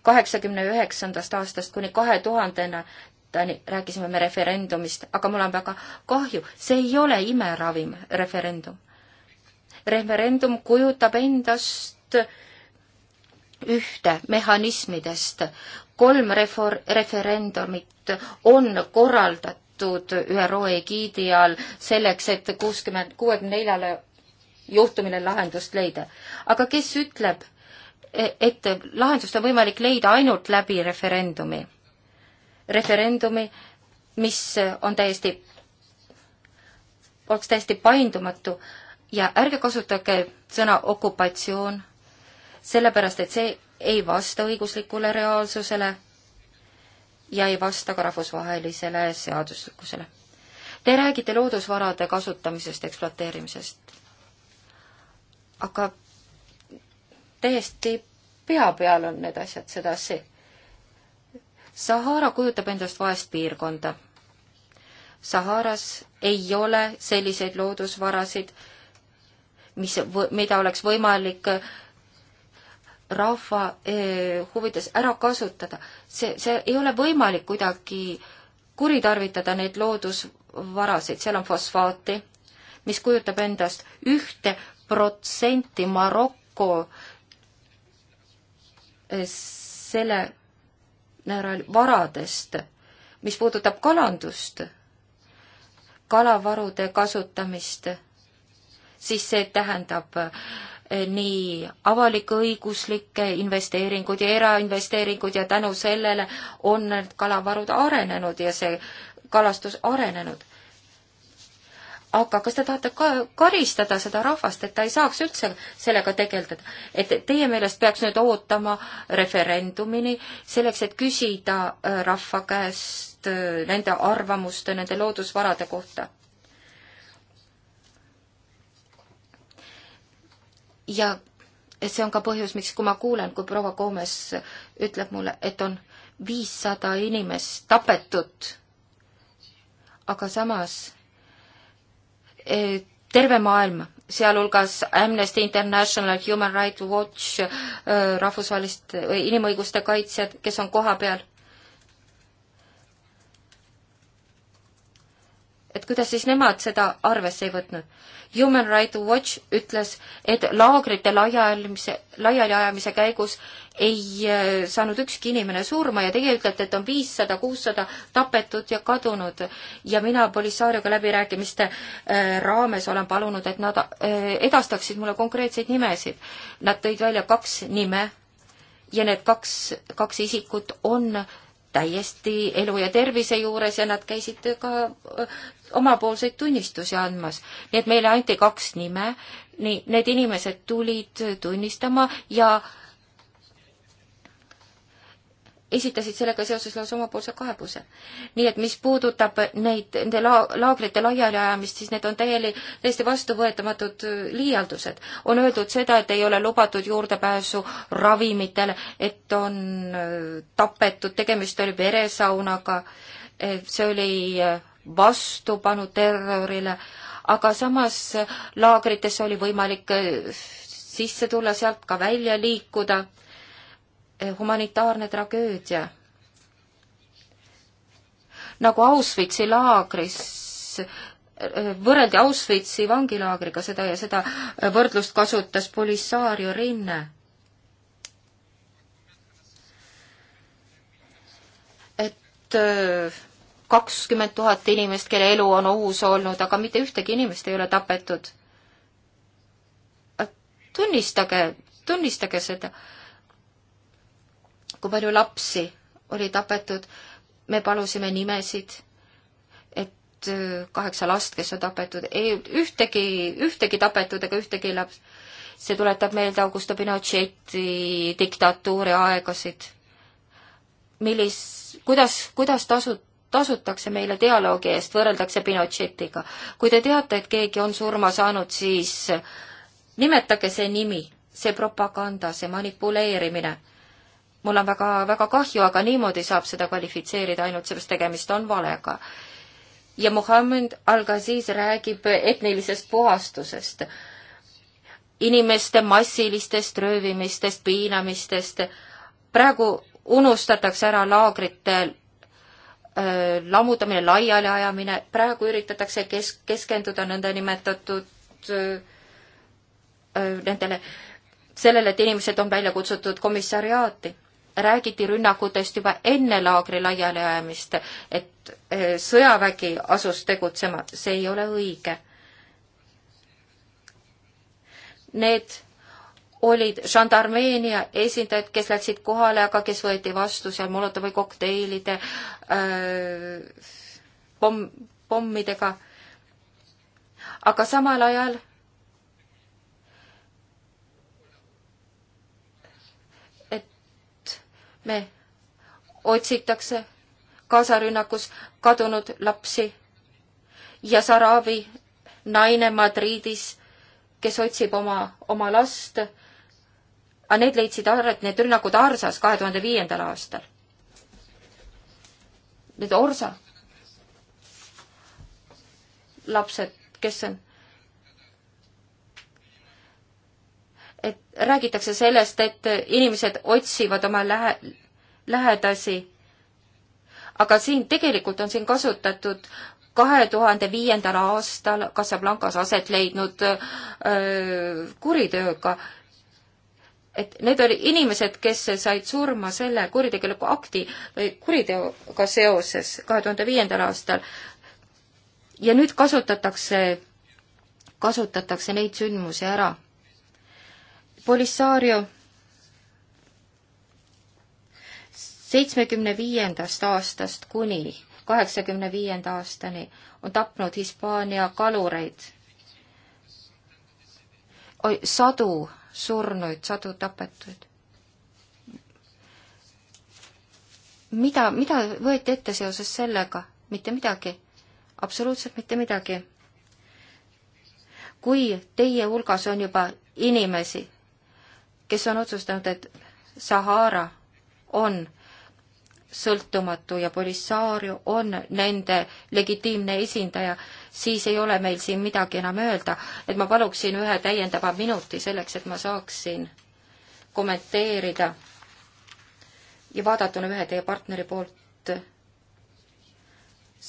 kaheksakümne üheksandast aastast kuni kahe tuhandendani rääkisime me referendumist, aga mul on väga kahju, see ei ole imeravim referendum. referendum kujutab endast ühte mehhanismidest. kolm refor-, referendumit on korraldatud tehtud ÜRO egiidi all selleks, et kuuskümmend, kuuekümne neljale juhtumile lahendust leida. aga kes ütleb, et lahendust on võimalik leida ainult läbi referendumi? referendumi, mis on täiesti, oleks täiesti paindumatu ja ärge kasutage sõna okupatsioon, sellepärast et see ei vasta õiguslikule reaalsusele ja ei vasta ka rahvusvahelisele seaduslikkusele. Te räägite loodusvarade kasutamisest, ekspluateerimisest. aga täiesti pea peal on need asjad sedasi. Sahara kujutab endast vaest piirkonda. Saharas ei ole selliseid loodusvarasid, mis, mida oleks võimalik äh, rahva eh, huvides ära kasutada. see, see ei ole võimalik kuidagi kuritarvitada neid loodusvarasid, seal on fosfaati, mis kujutab endast ühte protsenti Maroko eh, selle näral varadest, mis puudutab kalandust, kalavarude kasutamist, siis see tähendab äh, nii avalik-õiguslikke investeeringuid ja erainvesteeringuid ja tänu sellele on need kalavarud arenenud ja see kalastus arenenud. aga kas te tahate ka karistada seda rahvast, et ta ei saaks üldse sellega tegeleda? et teie meelest peaks nüüd ootama referendumini selleks, et küsida äh, rahva käest äh, nende arvamust nende loodusvarade kohta ja see on ka põhjus, miks, kui ma kuulen, kui proua Koomes ütleb mulle, et on viissada inimest tapetud, aga samas e, terve maailm, sealhulgas Amnesty International, Human Rights Watch, e, rahvusvahelist, e, inimõiguste kaitsjad, kes on koha peal, et kuidas siis nemad seda arvesse ei võtnud. Human Rights Watch ütles, et laagrite laialiajamise, laialiajamise käigus ei äh, saanud ükski inimene surma ja teie ütlete, et on viissada, kuussada tapetud ja kadunud. ja mina Polisaarioga läbirääkimiste äh, raames olen palunud, et nad äh, edastaksid mulle konkreetseid nimesid. Nad tõid välja kaks nime ja need kaks, kaks isikut on täiesti elu ja tervise juures ja nad käisid ka omapoolseid tunnistusi andmas. nii et meile anti kaks nime, nii need inimesed tulid tunnistama ja äh, esitasid sellega seoses lausa omapoolse kaebuse. nii et mis puudutab neid, nende la-, laagrite laialiajamist, siis need on täieli, täiesti vastuvõetamatud äh, liialdused. on öeldud seda, et ei ole lubatud juurdepääsu ravimitele, et on äh, tapetud, tegemist oli veresaunaga, see oli äh, vastupanu terrorile, aga samas laagritesse oli võimalik sisse tulla, sealt ka välja liikuda humanitaarne tragöödia. nagu Auschwitzi laagris, võrreldi Auschwitzi vangilaagriga seda ja seda võrdlust kasutas Polisario rinne. et äh, kakskümmend tuhat inimest, kelle elu on ohus olnud, aga mitte ühtegi inimest ei ole tapetud. Äh, tunnistage, tunnistage seda kui palju lapsi oli tapetud, me palusime nimesid, et äh, kaheksa last, kes on tapetud, ei ühtegi, ühtegi tapetud ega ühtegi laps. see tuletab meelde Augusto Pinocheti diktatuuri aegasid. millis, kuidas, kuidas tasu, tasutakse meile dialoogi eest, võrreldakse Pinochetiga. kui te teate, et keegi on surma saanud, siis nimetage see nimi, see propaganda, see manipuleerimine mul on väga, väga kahju, aga niimoodi saab seda kvalifitseerida ainult sellest tegemist on valega. ja Muhamed Al-Ghaziz räägib etnilisest puhastusest, inimeste massilistest röövimistest, piinamistest, praegu unustatakse ära laagrite äh, lammutamine, laialiajamine, praegu üritatakse kes-, keskenduda nõndanimetatud äh, nendele sellele, et inimesed on välja kutsutud komissariaati räägiti rünnakutest juba enne laagri laialiajamist, et eh, sõjavägi asus tegutsema, see ei ole õige. Need olid žandarmeenia esindajad, kes läksid kohale, aga kes võeti vastu seal Molotovi kokteilide äh, pomm, pommidega. aga samal ajal me otsitakse kaasarünnakus kadunud lapsi ja Saravi naine Madridis, kes otsib oma, oma last. aga need leidsid arvet, need rünnakud Arsas kahe tuhande viiendal aastal. nüüd Orsa lapsed, kes on et räägitakse sellest, et inimesed otsivad oma lähe, lähedasi. aga siin tegelikult on siin kasutatud kahe tuhande viiendal aastal Casablancas aset leidnud öö, kuriteoga. et need olid inimesed, kes said surma selle kuritegeliku akti või kuriteoga seoses kahe tuhande viiendal aastal. ja nüüd kasutatakse, kasutatakse neid sündmusi ära Polisario seitsmekümne viiendast aastast kuni kaheksakümne viienda aastani on tapnud Hispaania kalureid. sadu surnuid, sadu tapetuid. mida, mida võeti ette seoses sellega? mitte midagi. absoluutselt mitte midagi. kui teie hulgas on juba inimesi, kes on otsustanud, et Sahara on sõltumatu ja Polisario on nende legitiimne esindaja, siis ei ole meil siin midagi enam öelda, et ma paluksin ühe täiendava minuti selleks, et ma saaksin kommenteerida ja vaadatuna ühe teie partneri poolt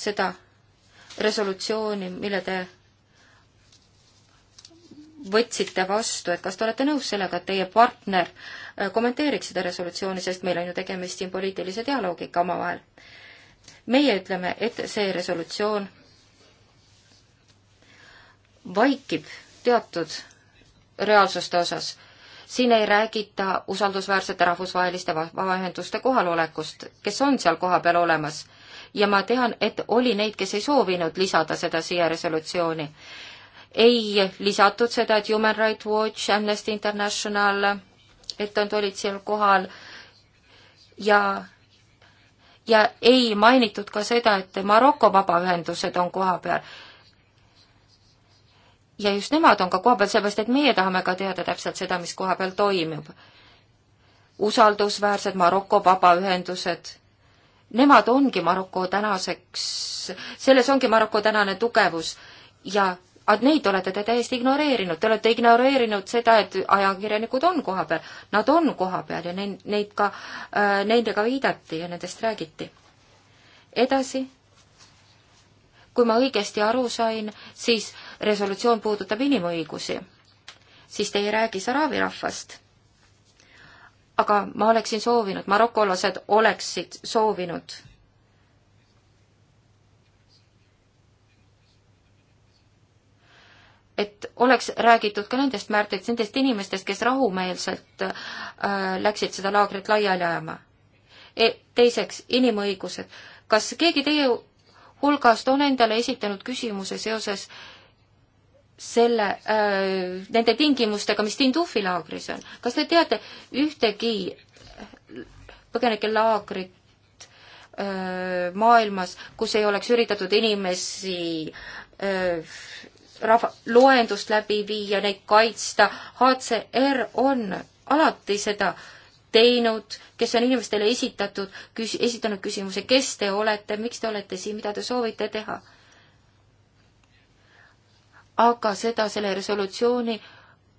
seda resolutsiooni, mille te võtsite vastu, et kas te olete nõus sellega, et teie partner äh, kommenteeriks seda resolutsiooni, sest meil on ju tegemist siin poliitilise dialoogiga omavahel. meie ütleme, et see resolutsioon vaikib teatud reaalsuste osas. siin ei räägita usaldusväärsete rahvusvaheliste vabaühenduste kohalolekust, kes on seal kohapeal olemas. ja ma tean, et oli neid, kes ei soovinud lisada seda siia resolutsiooni ei lisatud seda, et Human Rights Watch, Amnesty International, et nad olid seal kohal ja, ja ei mainitud ka seda, et Maroko vabaühendused on kohapeal. ja just nemad on ka kohapeal, sellepärast et meie tahame ka teada täpselt seda, mis kohapeal toimub. usaldusväärsed Maroko vabaühendused nemad ongi Maroko tänaseks, selles ongi Maroko tänane tugevus ja aga neid olete te täiesti ignoreerinud, te olete ignoreerinud seda, et ajakirjanikud on kohapeal. Nad on kohapeal ja neid, neid ka, äh, nendega viidati ja nendest räägiti. edasi, kui ma õigesti aru sain, siis resolutsioon puudutab inimõigusi. siis te ei räägi saraabi rahvast aga ma oleksin soovinud, marokolased oleksid soovinud et oleks räägitud ka nendest määrteks, nendest inimestest, kes rahumeelselt äh, läksid seda laagrit laiali ajama e,. teiseks, inimõigused. kas keegi teie hulgast on endale esitanud küsimuse seoses selle äh,, nende tingimustega, mis Tindufi laagris on? kas te teate ühtegi põgenikelaagrit, äh, maailmas, kus ei oleks üritatud inimesi öö, äh, rahva, loendust läbi viia, neid kaitsta, HCR on alati seda teinud, kes on inimestele esitatud, küs-, esitanud küsimuse, kes te olete, miks te olete siin, mida te soovite teha. aga seda selle resolutsiooni,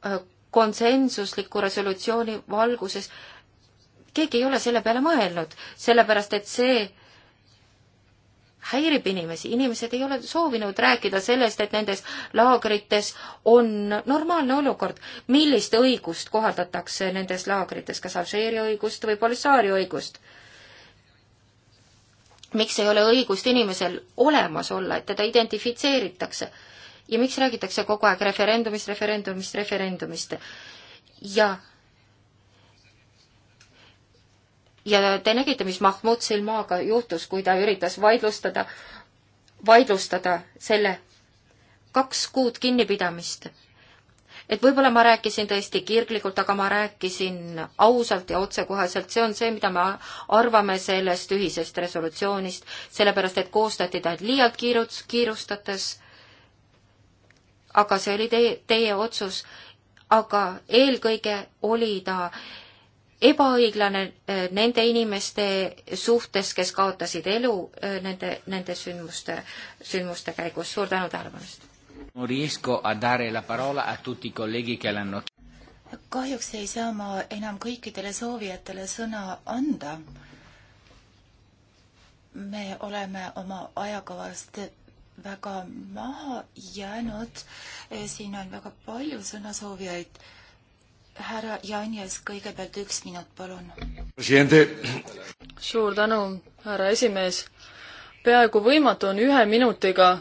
äh, konsensusliku resolutsiooni valguses keegi ei ole selle peale mõelnud, sellepärast et see häirib inimesi, inimesed ei ole soovinud rääkida sellest, et nendes laagrites on normaalne olukord. millist õigust kohaldatakse nendes laagrites, kas Alžeeri õigust või Polisaari õigust? miks ei ole õigust inimesel olemas olla, et teda identifitseeritakse? ja miks räägitakse kogu aeg referendumist, referendumist, referendumist? ja ja te nägite, mis Mahmud Silmaga juhtus, kui ta üritas vaidlustada, vaidlustada selle kaks kuud kinnipidamist. et võib-olla ma rääkisin tõesti kirglikult, aga ma rääkisin ausalt ja otsekoheselt, see on see, mida me arvame sellest ühisest resolutsioonist, sellepärast et koostati ta liialt kiiruts-, kiirustades, aga see oli teie, teie otsus, aga eelkõige oli ta äh, ebaõiglane eh, nende inimeste suhtes, kes kaotasid elu eh, nende, nende sündmuste, sündmuste käigus. suur tänu tähelepanu eest! kahjuks ei saa ma enam kõikidele soovijatele sõna anda. me oleme oma ajakavast väga maha jäänud. Eh, siin on väga palju sõnasoovijaid härra Janjes, kõigepealt üks minut, palun. suur tänu, härra esimees. peaaegu võimatu on ühe minutiga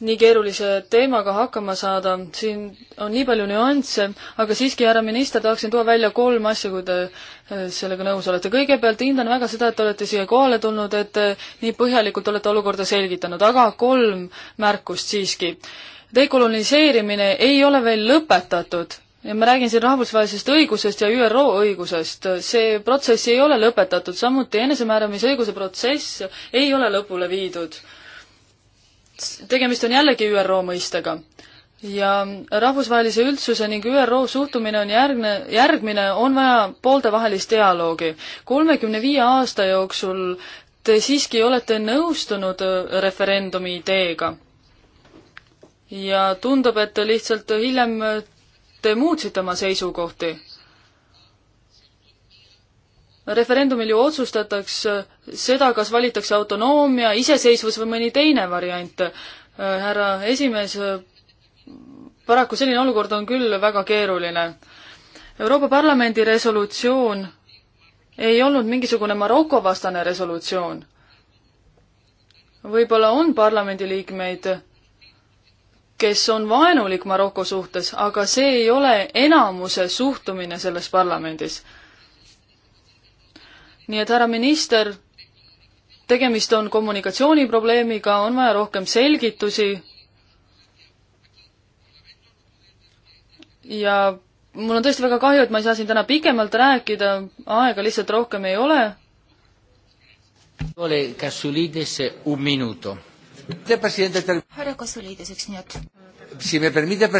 nii keerulise teemaga hakkama saada, siin on nii palju nüansse, aga siiski, härra minister, tahaksin tuua välja kolm asja, kui te äh, sellega nõus olete. kõigepealt hindan väga seda, et te olete siia kohale tulnud, et äh, nii põhjalikult olete olukorda selgitanud, aga kolm märkust siiski dekoloniseerimine ei ole veel lõpetatud ja ma räägin siin rahvusvahelisest õigusest ja ÜRO õigusest, see protsess ei ole lõpetatud, samuti enesemääramisõiguse protsess ei ole lõpule viidud. tegemist on jällegi ÜRO mõistega. ja rahvusvahelise üldsuse ning ÜRO suhtumine on järgne, järgmine, on vaja pooltevahelist dialoogi. kolmekümne viie aasta jooksul te siiski olete nõustunud referendumi ideega ja tundub, et lihtsalt hiljem te muutsite oma seisukohti. referendumil ju otsustatakse seda, kas valitakse autonoomia, iseseisvus või mõni teine variant. härra esimees, paraku selline olukord on küll väga keeruline. Euroopa Parlamendi resolutsioon ei olnud mingisugune Maroko vastane resolutsioon. võib-olla on parlamendiliikmeid, kes on vaenulik Maroko suhtes, aga see ei ole enamuse suhtumine selles parlamendis. nii et härra minister, tegemist on kommunikatsiooniprobleemiga, on vaja rohkem selgitusi ja mul on tõesti väga kahju, et ma ei saa siin täna pikemalt rääkida, aega lihtsalt rohkem ei ole. Kasulides un minuto härra Kasuliides, üks minut.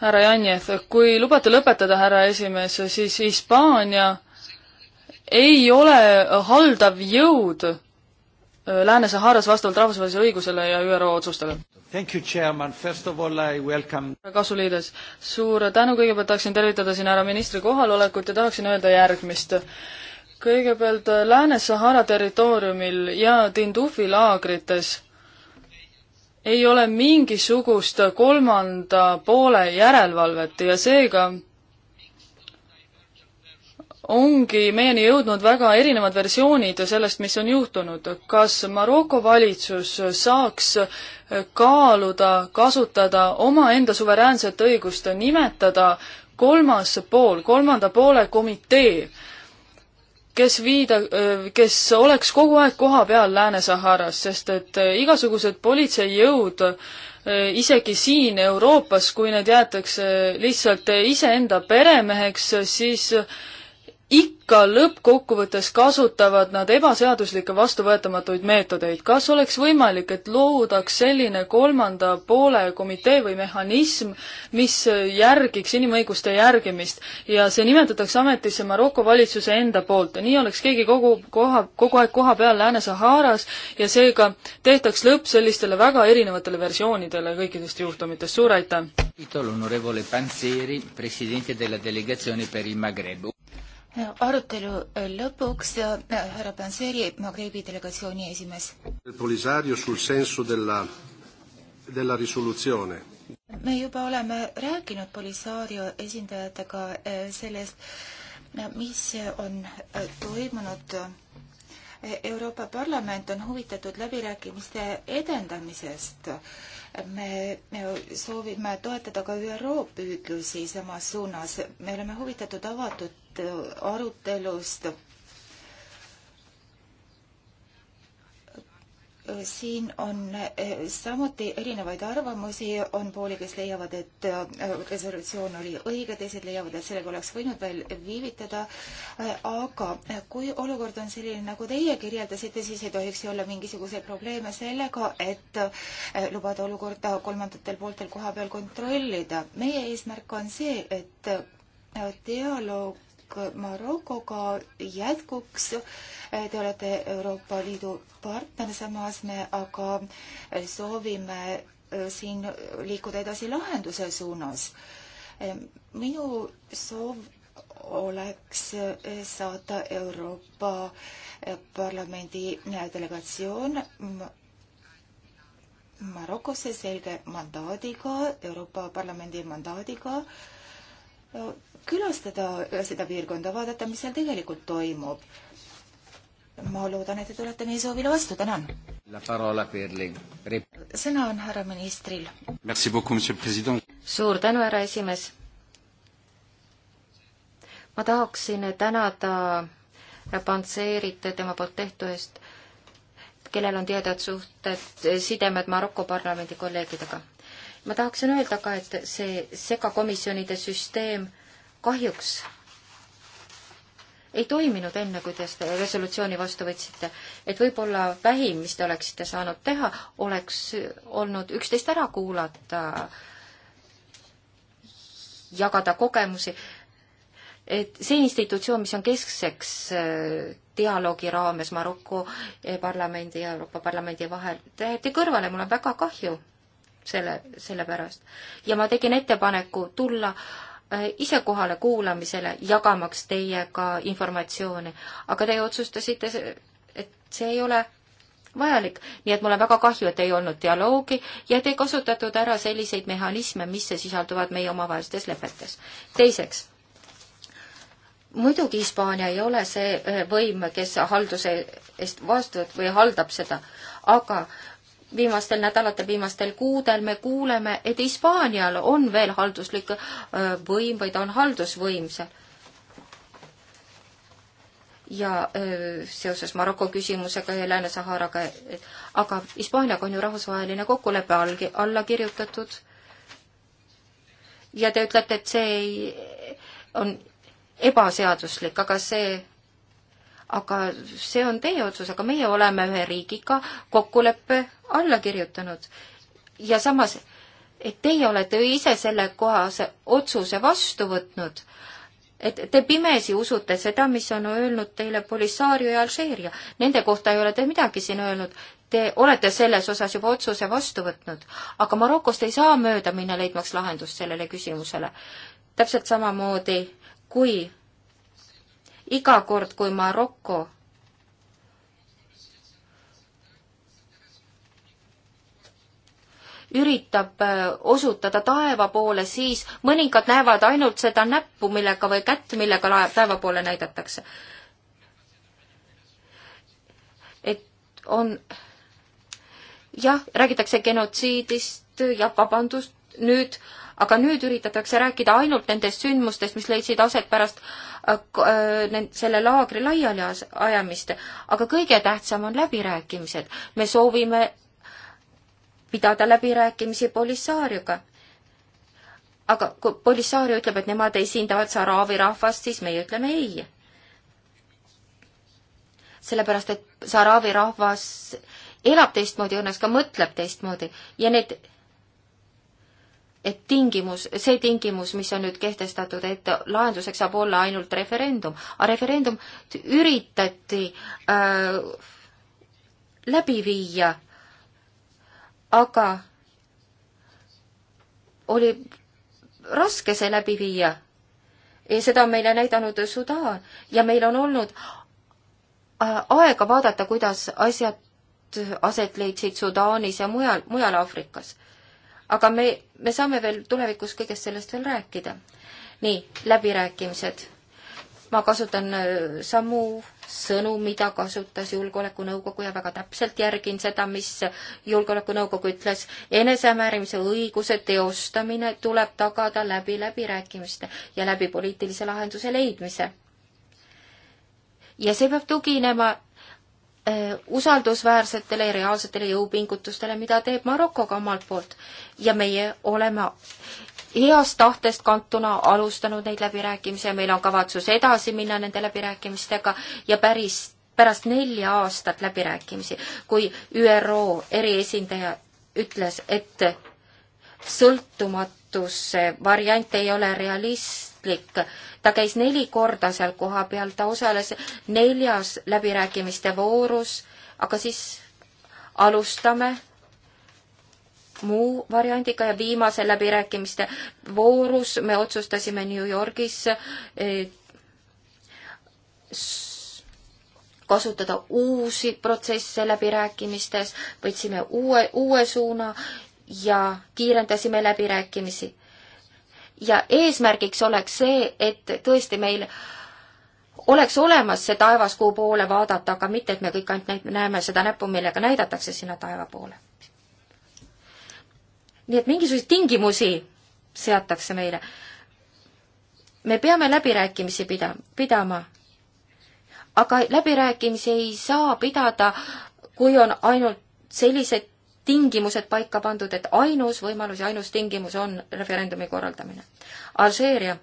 härra Janjev, kui lubate lõpetada, härra esimees, siis Hispaania ei ole haldav jõud äh, Lääne-Saharas vastavalt rahvusvahelisele õigusele ja ÜRO otsustele. kasuliides, suur tänu, kõigepealt tahaksin tervitada siin härra ministri kohalolekut ja tahaksin öelda järgmist. kõigepealt äh, Lääne-Sahara territooriumil ja Tindufi laagrites ei ole mingisugust kolmanda poole järelevalvet ja seega ongi meieni jõudnud väga erinevad versioonid sellest, mis on juhtunud. kas Maroko valitsus saaks kaaluda, kasutada omaenda suveräänset õigust nimetada kolmas pool, kolmanda poole komitee kes viida, kes oleks kogu aeg kohapeal Lääne-Saharas, sest et äh, igasugused politseijõud äh, isegi siin Euroopas, kui need jäetakse lihtsalt iseenda peremeheks, siis ikka lõppkokkuvõttes kasutavad nad ebaseaduslikke vastuvõetamatuid meetodeid. kas oleks võimalik, et loodaks selline kolmanda poole komitee või mehhanism, mis järgiks inimõiguste järgimist ja see nimetatakse ametisse Maroko valitsuse enda poolt ja nii oleks keegi kogu koha, kogu aeg koha peal Lääne-Saharas ja seega tehtaks lõpp sellistele väga erinevatele versioonidele kõikidest juhtumitest. suur aitäh! arutelu lõpuks äh, härra Panseri, Magrebi delegatsiooni esimees. me juba oleme rääkinud Polisario esindajatega äh, sellest, äh, mis on toimunud. Euroopa Parlament on huvitatud läbirääkimiste edendamisest. me, me soovime toetada ka ÜRO püüdlusi samas suunas. me oleme huvitatud avatud sellest äh, arutelust. siin on äh, samuti erinevaid arvamusi, on pooli, kes leiavad, et äh, resolutsioon oli õige, teised leiavad, et sellega oleks võinud veel viivitada. aga kui olukord on selline, nagu teie kirjeldasite, siis ei tohiks ju olla mingisuguseid probleeme sellega, et lubada olukorda kolmandatel pooltel kohapeal kontrollida. meie eesmärk on see, et dialoog dialoog Marokoga jätkuks. Eh, te olete Euroopa Liidu partner, samas me aga eh, soovime eh, siin liikuda edasi lahenduse suunas. minu soov oleks saata Euroopa Parlamendi delegatsioon Marokosse selge mandaadiga, Euroopa Parlamendi mandaadiga külastada seda piirkonda, vaadata, mis seal tegelikult toimub. ma loodan, et te tulete meie soovile vastu, tänan. sõna on härra ministril. suur tänu, härra esimees. ma tahaksin tänada Panseerit tema poolt tehtu eest, kellel on tihedad suhted, sidemed Maroko parlamendi kolleegidega ma tahaksin öelda ka, et see segakomisjonide süsteem kahjuks ei toiminud enne, kui te seda resolutsiooni vastu võtsite. et võib-olla vähim, mis te oleksite saanud teha, oleks olnud üksteist ära kuulata, jagada kogemusi, et see institutsioon, mis on keskseks äh, dialoogi raames Maroko eh, parlamendi ja Euroopa Parlamendi vahel, te jäite kõrvale, mul on väga kahju selle, selle pärast. ja ma tegin ettepaneku tulla äh, Äh, ise kohale kuulamisele, jagamaks teiega informatsiooni, aga teie otsustasite, et see ei ole vajalik, nii et mul on väga kahju, et ei olnud dialoogi ja et ei kasutatud ära selliseid mehhanisme, mis sisalduvad meie omavahelistes lepetes. teiseks, muidugi Hispaania ei ole see äh, võim, kes halduse eest vastutavad või haldab seda, aga viimastel nädalatel, viimastel kuudel me kuuleme, et Hispaanial on veel halduslik võim või ta on haldusvõim seal. ja seoses Maroko küsimusega ja Lääne-Saharaga, aga Hispaaniaga on ju rahvusvaheline kokkulepe all, alla kirjutatud. ja te ütlete, et see ei, on ebaseaduslik, aga see aga see on teie otsus, aga meie oleme ühe riigiga kokkuleppe alla kirjutanud. ja samas, et teie olete ise sellekohase otsuse vastu võtnud, et te pimesi usute seda, mis on öelnud teile Polisario ja Alžeeria. Nende kohta ei ole te midagi siin öelnud, te olete selles osas juba otsuse vastu võtnud, aga Marokost ei saa mööda minna, leidmaks lahendust sellele küsimusele. täpselt samamoodi, kui iga kord, kui Maroko üritab äh, osutada taeva poole, siis mõningad näevad ainult seda näppu, millega või kätt, millega laev taeva poole näidatakse. et on jah, räägitakse genotsiidist ja vabandust, nüüd aga nüüd üritatakse rääkida ainult nendest sündmustest, mis leidsid aset pärast äh, äh, selle laagri laialiajamist. aga kõige tähtsam on läbirääkimised. me soovime pidada läbirääkimisi Polissaariuga aga kui Polissaario ütleb, et nemad esindavad Saraavi rahvast, siis meie ütleme ei. sellepärast, et Saraavi rahvas elab teistmoodi õnnes, ka mõtleb teistmoodi ja need et tingimus, see tingimus, mis on nüüd kehtestatud, et lahenduseks saab olla ainult referendum, aga referendum üritati äh, läbi viia, aga oli raske see läbi viia. ja seda on meile näidanud Sudaan ja meil on olnud äh, aega vaadata, kuidas asjad aset leidsid Sudaanis ja mujal, mujal Aafrikas aga me, me saame veel tulevikus kõigest sellest veel rääkida. nii, läbirääkimised. ma kasutan äh, samu sõnu, mida kasutas Julgeolekunõukogu ja väga täpselt järgin seda, mis Julgeolekunõukogu ütles. enesemäärimise õiguse teostamine tuleb tagada läbi läbirääkimiste ja läbi poliitilise lahenduse leidmise. ja see peab tuginema Äh, usaldusväärsetele ja reaalsetele jõupingutustele, mida teeb Maroko ka omalt poolt. ja meie oleme heast tahtest kantuna alustanud neid läbirääkimisi ja meil on kavatsus edasi minna nende läbirääkimistega ja päris, pärast nelja aastat läbirääkimisi, kui ÜRO eriesindaja ütles, et sõltumat-, variant ei ole realistlik. ta käis neli korda seal kohapeal, ta osales neljas läbirääkimiste voorus, aga siis alustame muu variandiga ja viimase läbirääkimiste voorus me otsustasime New Yorgis eh, kasutada uusi protsesse läbirääkimistes, võtsime uue, uue suuna ja kiirendasime läbirääkimisi. ja eesmärgiks oleks see, et tõesti meil oleks olemas see taevas, kuhu poole vaadata, aga mitte, et me kõik ainult näeme seda näppu, millega näidatakse sinna taeva poole. nii et mingisuguseid tingimusi seatakse meile. me peame läbirääkimisi pida-, pidama. aga läbirääkimisi ei saa pidada, kui on ainult sellised tingimused paika pandud, et ainus võimalus ja ainus tingimus on referendumi korraldamine. Alžeeria.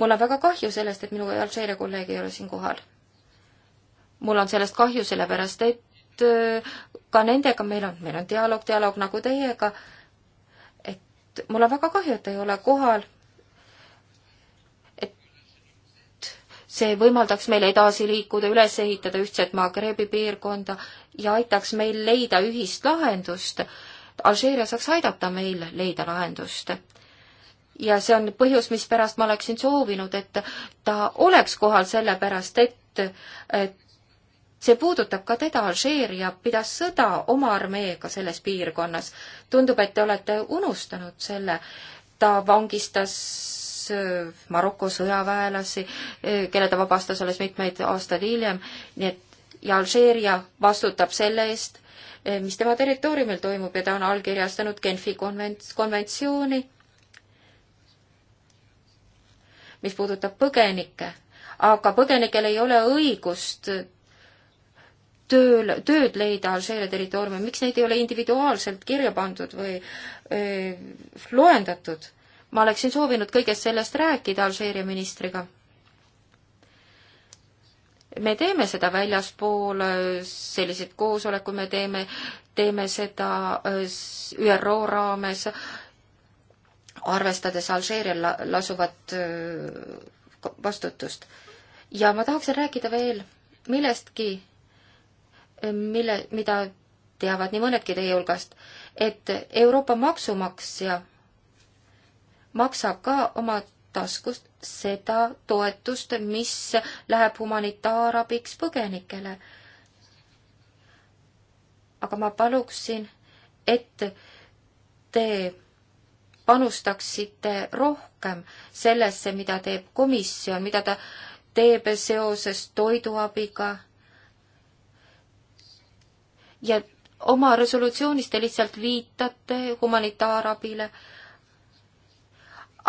mul on väga kahju sellest, et minu Alžeeria kolleeg ei ole siin kohal. mul on sellest kahju, sellepärast et äh, ka nendega meil on, meil on dialoog, dialoog nagu teiega, et mul on väga kahju, et ta ei ole kohal see võimaldaks meil edasi liikuda, üles ehitada ühtset Maghrebi piirkonda ja aitaks meil leida ühist lahendust. Alžeeria saaks aidata meil leida lahendust. ja see on põhjus, mispärast ma oleksin soovinud, et ta oleks kohal, sellepärast et, et see puudutab ka teda, Alžeeria pidas sõda oma armeega selles piirkonnas. tundub, et te olete unustanud selle. ta vangistas Maroko sõjaväelasi, kelle ta vabastas alles mitmeid aastaid hiljem, nii et ja Alžeeria vastutab selle eest, mis tema territooriumil toimub ja ta on allkirjastanud Genfi konvents-, konventsiooni, mis puudutab põgenikke. aga põgenikel ei ole õigust tööl, tööd leida Alžeeria territooriumil, miks neid ei ole individuaalselt kirja pandud või öö, eh, loendatud? ma oleksin soovinud kõigest sellest rääkida Alžeeria ministriga. me teeme seda väljaspool selliseid koosolekuid, me teeme, teeme seda äh, ÜRO raames, arvestades Alžeerial lasuvat äh, vastutust. ja ma tahaksin rääkida veel millestki, mille, mida teavad nii mõnedki teie hulgast, et Euroopa maksumaksja maksab ka oma taskust seda toetust, mis läheb humanitaarabiks põgenikele. aga ma paluksin, et te panustaksite rohkem sellesse, mida teeb komisjon, mida ta teeb seoses toiduabiga. ja oma resolutsioonis te lihtsalt viitate humanitaarabile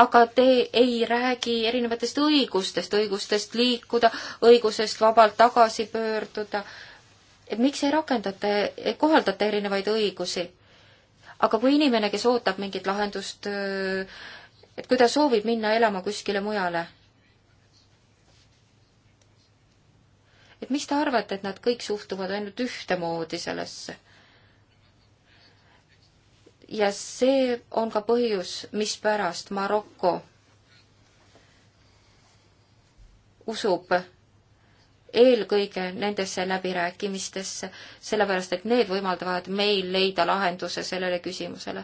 aga te ei räägi erinevatest õigustest, õigustest liikuda, õigusest vabalt tagasi pöörduda. et miks ei rakendata, kohaldata erinevaid õigusi? aga kui inimene, kes ootab mingit lahendust, et kui ta soovib minna elama kuskile mujale, et miks te arvate, et nad kõik suhtuvad ainult ühtemoodi sellesse? ja see on ka põhjus, mispärast Maroko usub eelkõige nendesse läbirääkimistesse, sellepärast et need võimaldavad meil leida lahenduse sellele küsimusele.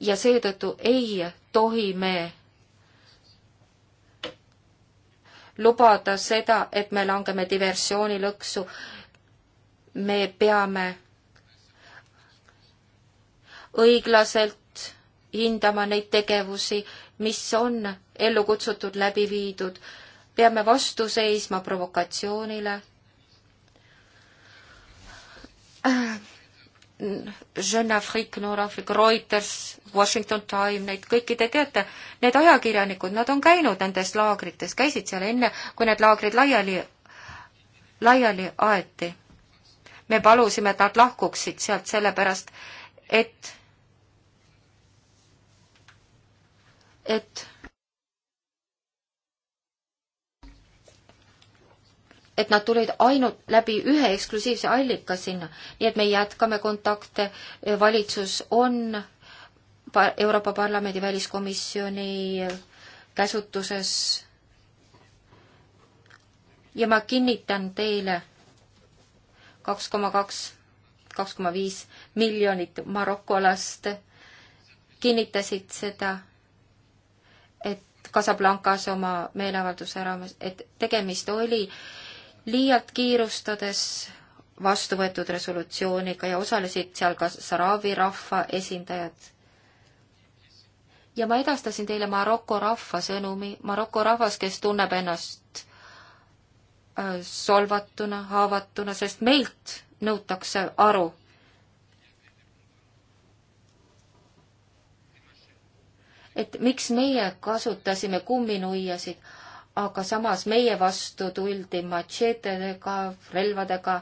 ja seetõttu ei tohi me lubada seda, et me langeme diversioonilõksu. me peame õiglaselt hindama neid tegevusi, mis on ellu kutsutud, läbi viidud. peame vastu seisma provokatsioonile. Jeune Afrique, Noor Afrique, Reuters, Washington Time, neid kõiki te teate, need ajakirjanikud, nad on käinud nendes laagrites, käisid seal enne, kui need laagrid laiali, laiali aeti. me palusime, et nad lahkuksid sealt sellepärast, et et et nad tulid ainult läbi ühe eksklusiivse allika sinna, nii et me jätkame kontakte, valitsus on Euroopa Parlamendi väliskomisjoni käsutuses ja ma kinnitan teile kaks koma kaks, kaks koma viis miljonit marokolast kinnitasid seda Casablancas oma meeleavalduse raames, et tegemist oli liialt kiirustades vastu võetud resolutsiooniga ja osalesid seal ka Saravi rahva esindajad. ja ma edastasin teile Maroko rahva sõnumi, Maroko rahvas, kes tunneb ennast äh, solvatuna, haavatuna, sest meilt nõutakse aru et miks meie kasutasime kumminuiasid, aga samas meie vastu tuldi matšeetedega, relvadega.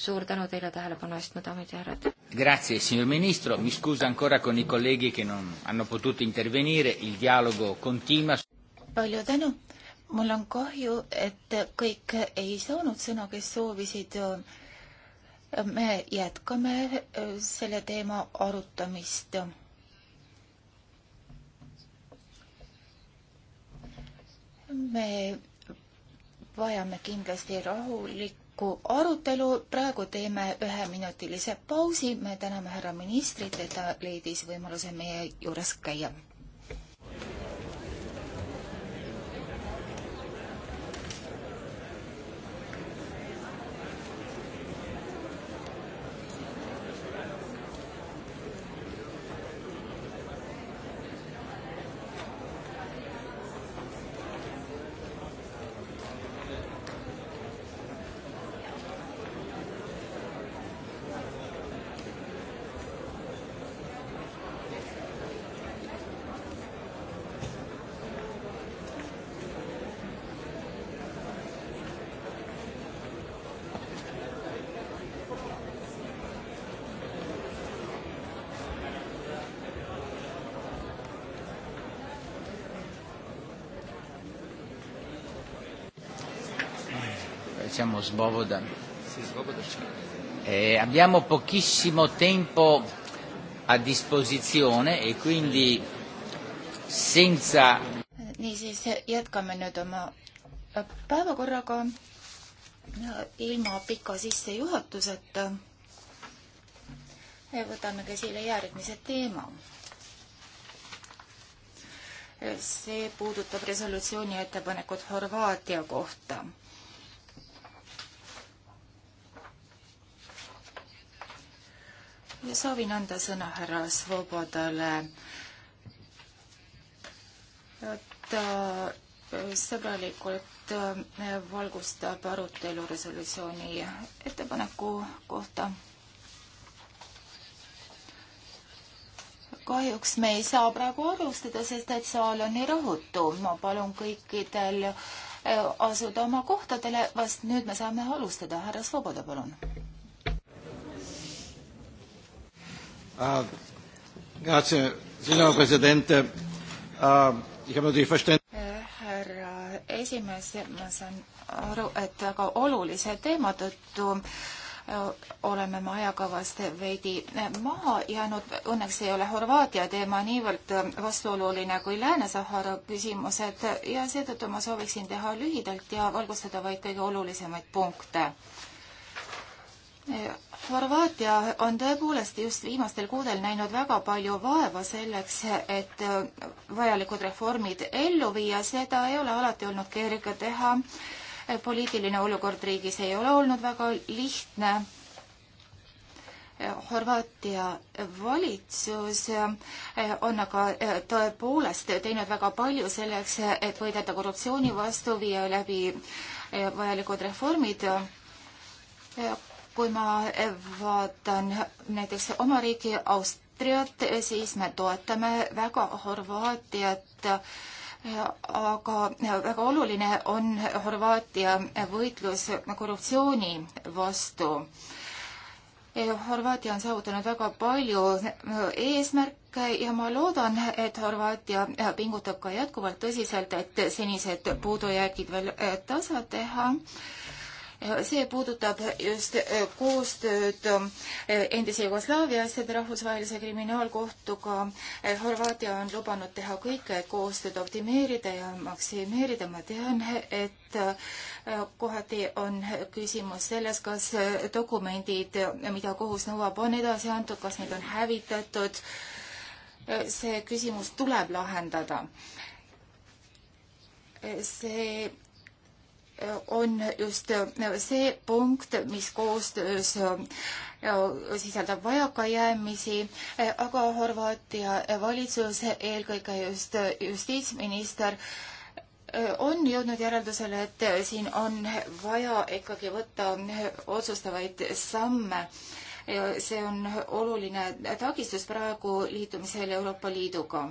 suur tänu teile tähelepanu eest, mu daamid ja härrad. Grazie, signor ministro, mi scusa ancora con i colleghi che non hanno potuto intervenire, il dialogo continua. palju tänu, mul on kahju, et kõik ei saanud sõna, kes soovisid me jätkame selle teema arutamist me vajame kindlasti rahulikku arutelu, praegu teeme üheminutilise pausi, me täname härra ministrit, et ta leidis võimaluse meie juures käia Andiamo, Svoboda. Eh, abbiamo pochissimo tempo a disposizione e quindi senza... niisiis, jätkame nüüd oma päevakorraga ilma pika sissejuhatuseta. võtame käsile järgmise teema. see puudutab resolutsiooni ettepanekut Horvaatia kohta soovin anda sõna härra Svobodale. ta äh, sõbralikult äh, valgustab arutelu resolutsiooni ettepaneku kohta. kahjuks me ei saa praegu alustada, sest et saal on nii rõhutu. ma palun kõikidel äh, asuda oma kohtadele, vast nüüd me saame alustada. härra Svoboda, palun Uh, grazie, signor Presidente. Uh, ah, ich habe natürlich verständnis härra esimees, ma saan aru, et väga olulise teema tõttu äh, oleme me ajakavast veidi äh, maha jäänud. Õnneks ei ole Horvaatia teema niivõrd äh, vastuoluline kui Lääne-Sahara küsimused ja seetõttu ma sooviksin teha lühidalt ja valgustada vaid kõige olulisemaid punkte Horvaatia on tõepoolest just viimastel kuudel näinud väga palju vaeva selleks, et vajalikud reformid ellu viia, seda ei ole alati olnud kerge teha. poliitiline olukord riigis ei ole olnud väga lihtne. Horvaatia valitsus on aga tõepoolest teinud väga palju selleks, et võidelda korruptsiooni vastu, viia läbi vajalikud reformid kui ma vaatan näiteks oma riigi Austriat, siis me toetame väga Horvaatiat, aga väga oluline on Horvaatia võitlus korruptsiooni vastu. Horvaatia on saavutanud väga palju eesmärke ja ma loodan, et Horvaatia pingutab ka jätkuvalt tõsiselt, et senised puudujäägid veel tasa teha see puudutab just äh, koostööd äh, endise Jugoslaavia asjade rahvusvahelise kriminaalkohtuga. Äh, Horvaatia on lubanud teha kõike, et koostööd optimeerida ja maksimeerida. ma tean, et kohati on küsimus selles, kas dokumendid, mida kohus nõuab, on edasi antud, kas neid on hävitatud. see küsimus tuleb lahendada see on just see punkt, mis koostöös äh, sisaldab vajakajäämisi, äh, aga Horvaatia valitsus, eelkõige just justiitsminister, äh, on jõudnud järeldusele, et siin on vaja ikkagi võtta otsustavaid samme. see on oluline takistus praegu liitumisel Euroopa Liiduga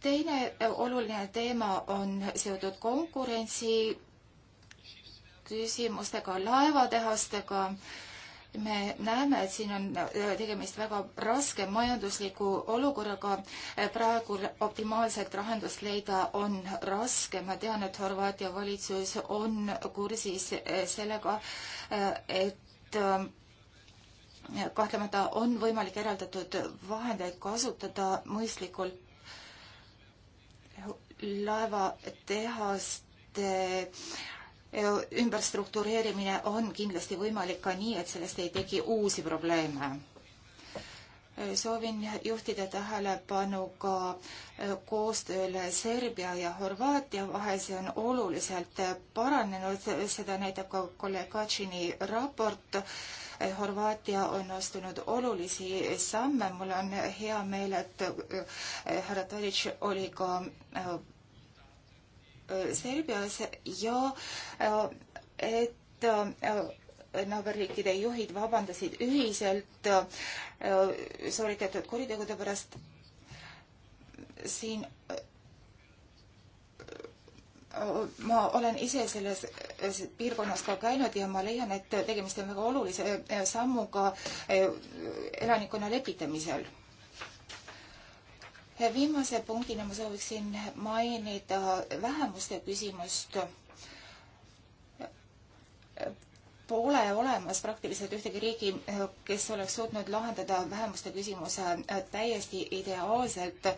teine oluline teema on seotud konkurentsi küsimustega, laevatehastega. me näeme, et siin on äh, tegemist väga raske majandusliku olukorraga. Äh, praegu optimaalset lahendust leida on raske. ma tean, et Horvaatia valitsus on kursis äh, sellega, et kahtlemata on võimalik eraldatud vahendeid kasutada mõistlikult laevatehaste ümberstruktureerimine on kindlasti võimalik ka nii, et sellest ei teki uusi probleeme. soovin juhtida tähelepanu ka äh, koostööle Serbia ja Horvaatia vahel, see on oluliselt paranenud, seda näitab ka kolleeg Kacini raport. Äh, Horvaatia on astunud olulisi samme, mul on hea meel, et äh, härra Tadic oli ka Serbias ja äh, et äh, naaberriikide juhid vabandasid ühiselt äh, sooritatud kuritegude pärast. siin ma olen ise selles piirkonnas ka käinud ja ma leian, et tegemist on väga olulise sammuga elanikkonna lepitamisel viimase punktina ma sooviksin mainida vähemuste küsimust. Pole olemas praktiliselt ühtegi riigi, kes oleks suutnud lahendada vähemuste küsimuse täiesti ideaalselt.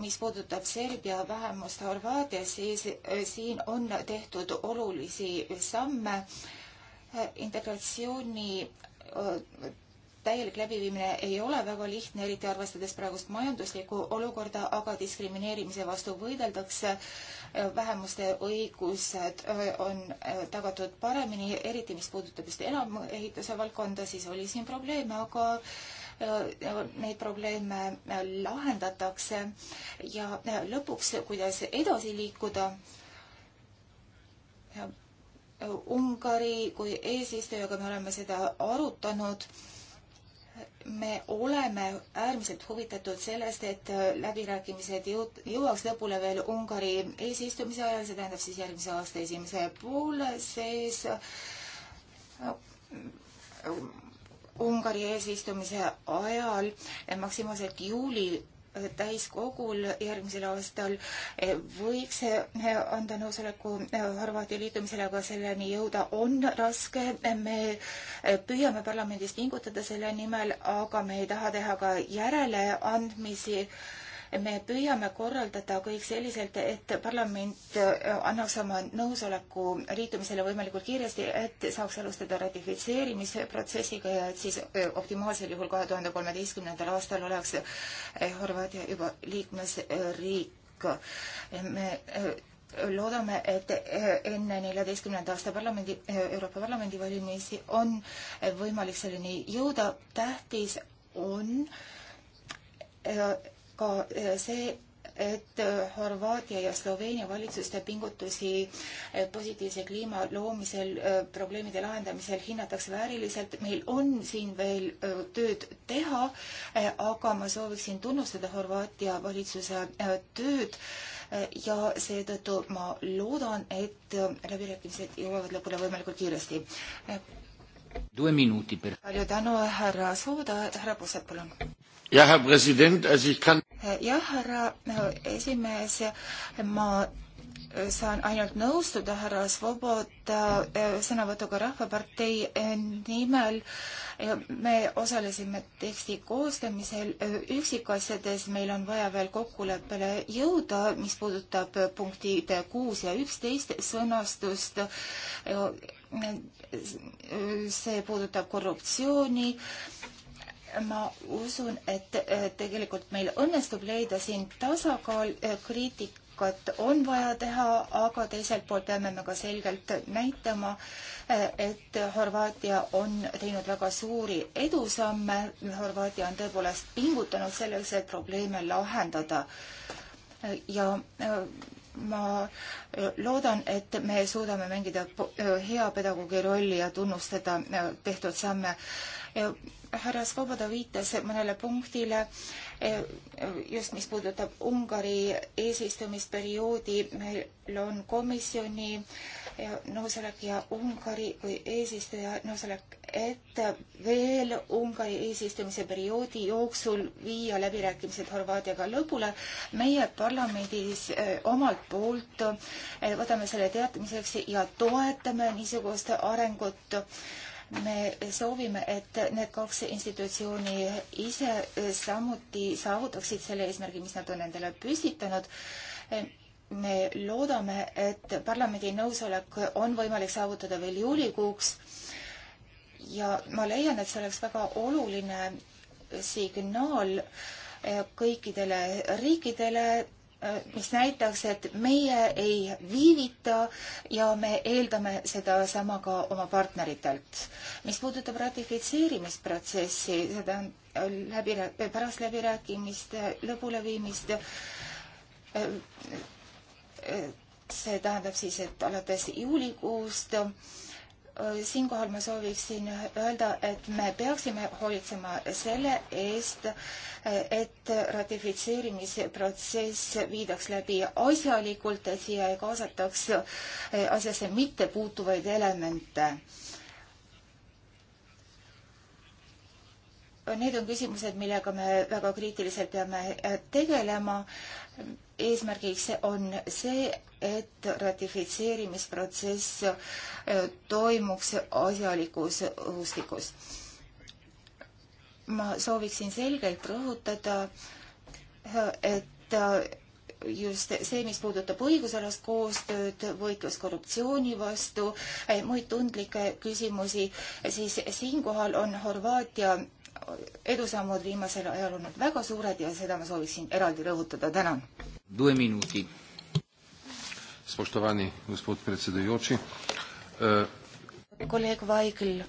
mis puudutab Serbia vähemust Horvaatias, siis siin on tehtud olulisi samme integratsiooni täielik läbiviimine ei ole väga lihtne, eriti arvestades praegust majanduslikku olukorda, aga diskrimineerimise vastu võideldakse. vähemuste õigused äh, on äh, tagatud paremini, eriti mis puudutab just elamuehituse valdkonda, siis oli siin probleeme, aga äh, neid probleeme lahendatakse ja lõpuks, kuidas edasi liikuda. Ungari kui eesistujaga me oleme seda arutanud me oleme äärmiselt huvitatud sellest, et äh, läbirääkimised jõud, jõuaks lõpule veel Ungari eesistumise ajal, see tähendab siis järgmise aasta esimese poole sees. Äh, äh, Ungari eesistumise ajal maksimaalselt juuli täiskogul järgmisel aastal eh, võiks eh, anda nõusoleku eh, Horvaatia liitumisele, aga selleni jõuda on raske. me püüame parlamendis pingutada selle nimel, aga me ei taha teha ka järeleandmisi me püüame korraldada kõik selliselt, et parlament äh, annaks oma nõusoleku liitumisele võimalikult kiiresti, et saaks alustada ratifitseerimisprotsessiga ja et siis äh, optimaalsel juhul kahe tuhande kolmeteistkümnendal aastal oleks äh, Horvaatia juba liikmesriik. me loodame, et enne neljateistkümnenda aasta parlamendi, Euroopa Parlamendi valimisi on võimalik selleni jõuda. tähtis on ka eh, see, et eh, Horvaatia ja Sloveenia valitsuste pingutusi eh, positiivse kliima loomisel, probleemide lahendamisel hinnatakse vääriliselt. meil on siin veel tööd teha, aga ma sooviksin tunnustada Horvaatia valitsuse tööd ja seetõttu ma loodan, et läbirääkimised jõuavad lõpule võimalikult kiiresti. palju tänu, härra Sooda, härra Pusset, palun. jah, härra president, siis kann- jah, härra äh, esimees, ma äh, saan ainult nõustuda härra Svoboda äh, sõnavõtuga Rahvapartei nimel. me osalesime teksti koostamisel üksikasjades, meil on vaja veel kokkuleppele jõuda, mis puudutab punktid kuus ja üksteist sõnastust. see puudutab korruptsiooni ma usun, et äh, tegelikult meil õnnestub leida siin tasakaal, äh, kriitikat on vaja teha, aga teiselt poolt peame me ka selgelt näitama, äh, et Horvaatia on teinud väga suuri edusamme, Horvaatia on tõepoolest pingutanud selleks, et probleeme lahendada ja ma äh, loodan, et me suudame mängida äh, hea pedagoogi rolli ja tunnustada äh, tehtud samme. härra Svoboda viitas mõnele punktile, just mis puudutab Ungari eesistumisperioodi, meil on komisjoni äh, nõusolek ja Ungari kui eesistuja nõusolek, et veel Ungari eesistumise perioodi jooksul viia läbirääkimised Horvaatiaga lõpule. meie parlamendis eh, omalt poolt eh, võtame selle teatamiseks ja toetame niisugust arengut me soovime, et need kaks institutsiooni ise samuti saavutaksid selle eesmärgi, mis nad on endale püstitanud me loodame, et parlamendi nõusolek on võimalik saavutada veel juulikuuks ja ma leian, et see oleks väga oluline signaal eh, kõikidele riikidele, eh, mis näitaks, et meie ei viivita ja me eeldame sedasama ka oma partneritelt. mis puudutab ratifitseerimisprotsessi, seda läbi, pärast läbirääkimiste lõpuleviimist, eh, see tähendab siis, et alates juulikuust äh, siinkohal ma sooviksin öelda, et me peaksime hoolitsema selle eest, äh, et ratifitseerimisprotsess viidaks läbi asjalikult, et siia ei kaasataks äh, asjasse mittepuutuvaid elemente need on küsimused, millega me väga kriitiliselt peame äh, tegelema. eesmärgiks on see, et ratifitseerimisprotsess äh, toimuks asjalikus õhustikus. ma sooviksin selgelt rõhutada, äh, et just see, mis puudutab õigusalast koostööd, võitlus korruptsiooni vastu, muid tundlikke küsimusi, siis siinkohal on Horvaatia edusammud viimasel ajal olnud väga suured ja seda ma sooviksin eraldi rõhutada, tänan. Due minuti. Spoštovani gospod predsedujoči. Eh, kolleeg Vaigel.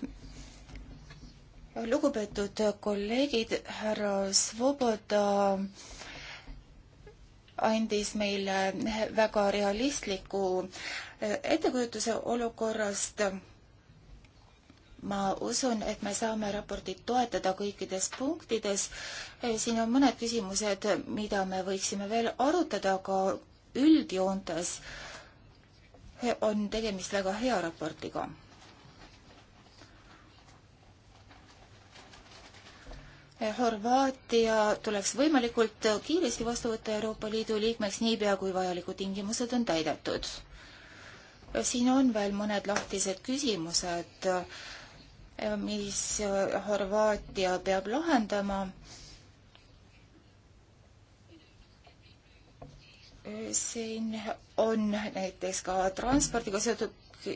lugupeetud kolleegid, härra Svoboda andis meile väga realistliku eh, ettekujutuse olukorrast ma usun, et me saame raportit toetada kõikides punktides. Eh, siin on mõned küsimused, mida me võiksime veel arutada, aga üldjoontes eh, on tegemist väga hea raportiga. Eh, Horvaatia tuleks võimalikult kiiresti vastu võtta Euroopa Liidu liikmeks niipea, kui vajalikud tingimused on täidetud. siin on veel mõned lahtised küsimused mis äh, Horvaatia peab lahendama. siin on näiteks ka transpordiga seotud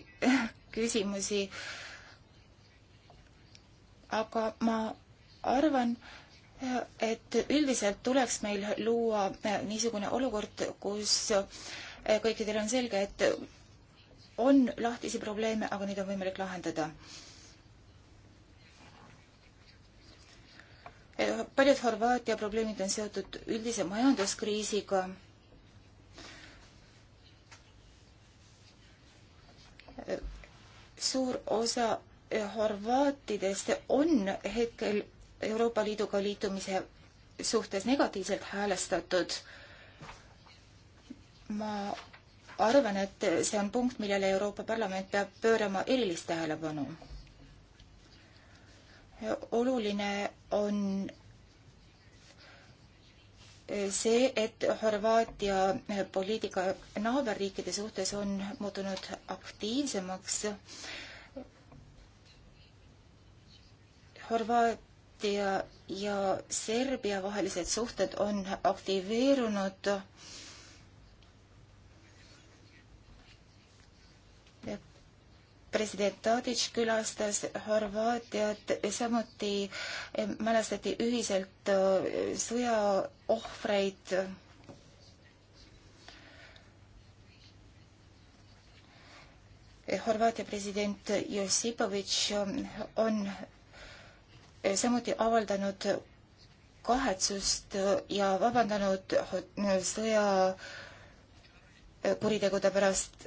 küsimusi. aga ma arvan, et üldiselt tuleks meil luua äh, niisugune olukord, kus äh, kõikidel on selge, et on lahtisi probleeme, aga neid on võimalik lahendada paljud Horvaatia probleemid on seotud üldise majanduskriisiga. suur osa horvaatidest on hetkel Euroopa Liiduga liitumise suhtes negatiivselt häälestatud. ma arvan, et see on punkt, millele Euroopa Parlament peab pöörama erilist tähelepanu oluline on see, et Horvaatia poliitika naaberriikide suhtes on muutunud aktiivsemaks. Horvaatia ja Serbia vahelised suhted on aktiveerunud president Tadic külastas Horvaatiat, samuti eh, mälestati ühiselt eh, sõjaohvreid. Horvaatia president Josipovitš eh, on samuti avaldanud kahetsust ja vabandanud sõja kuritegude pärast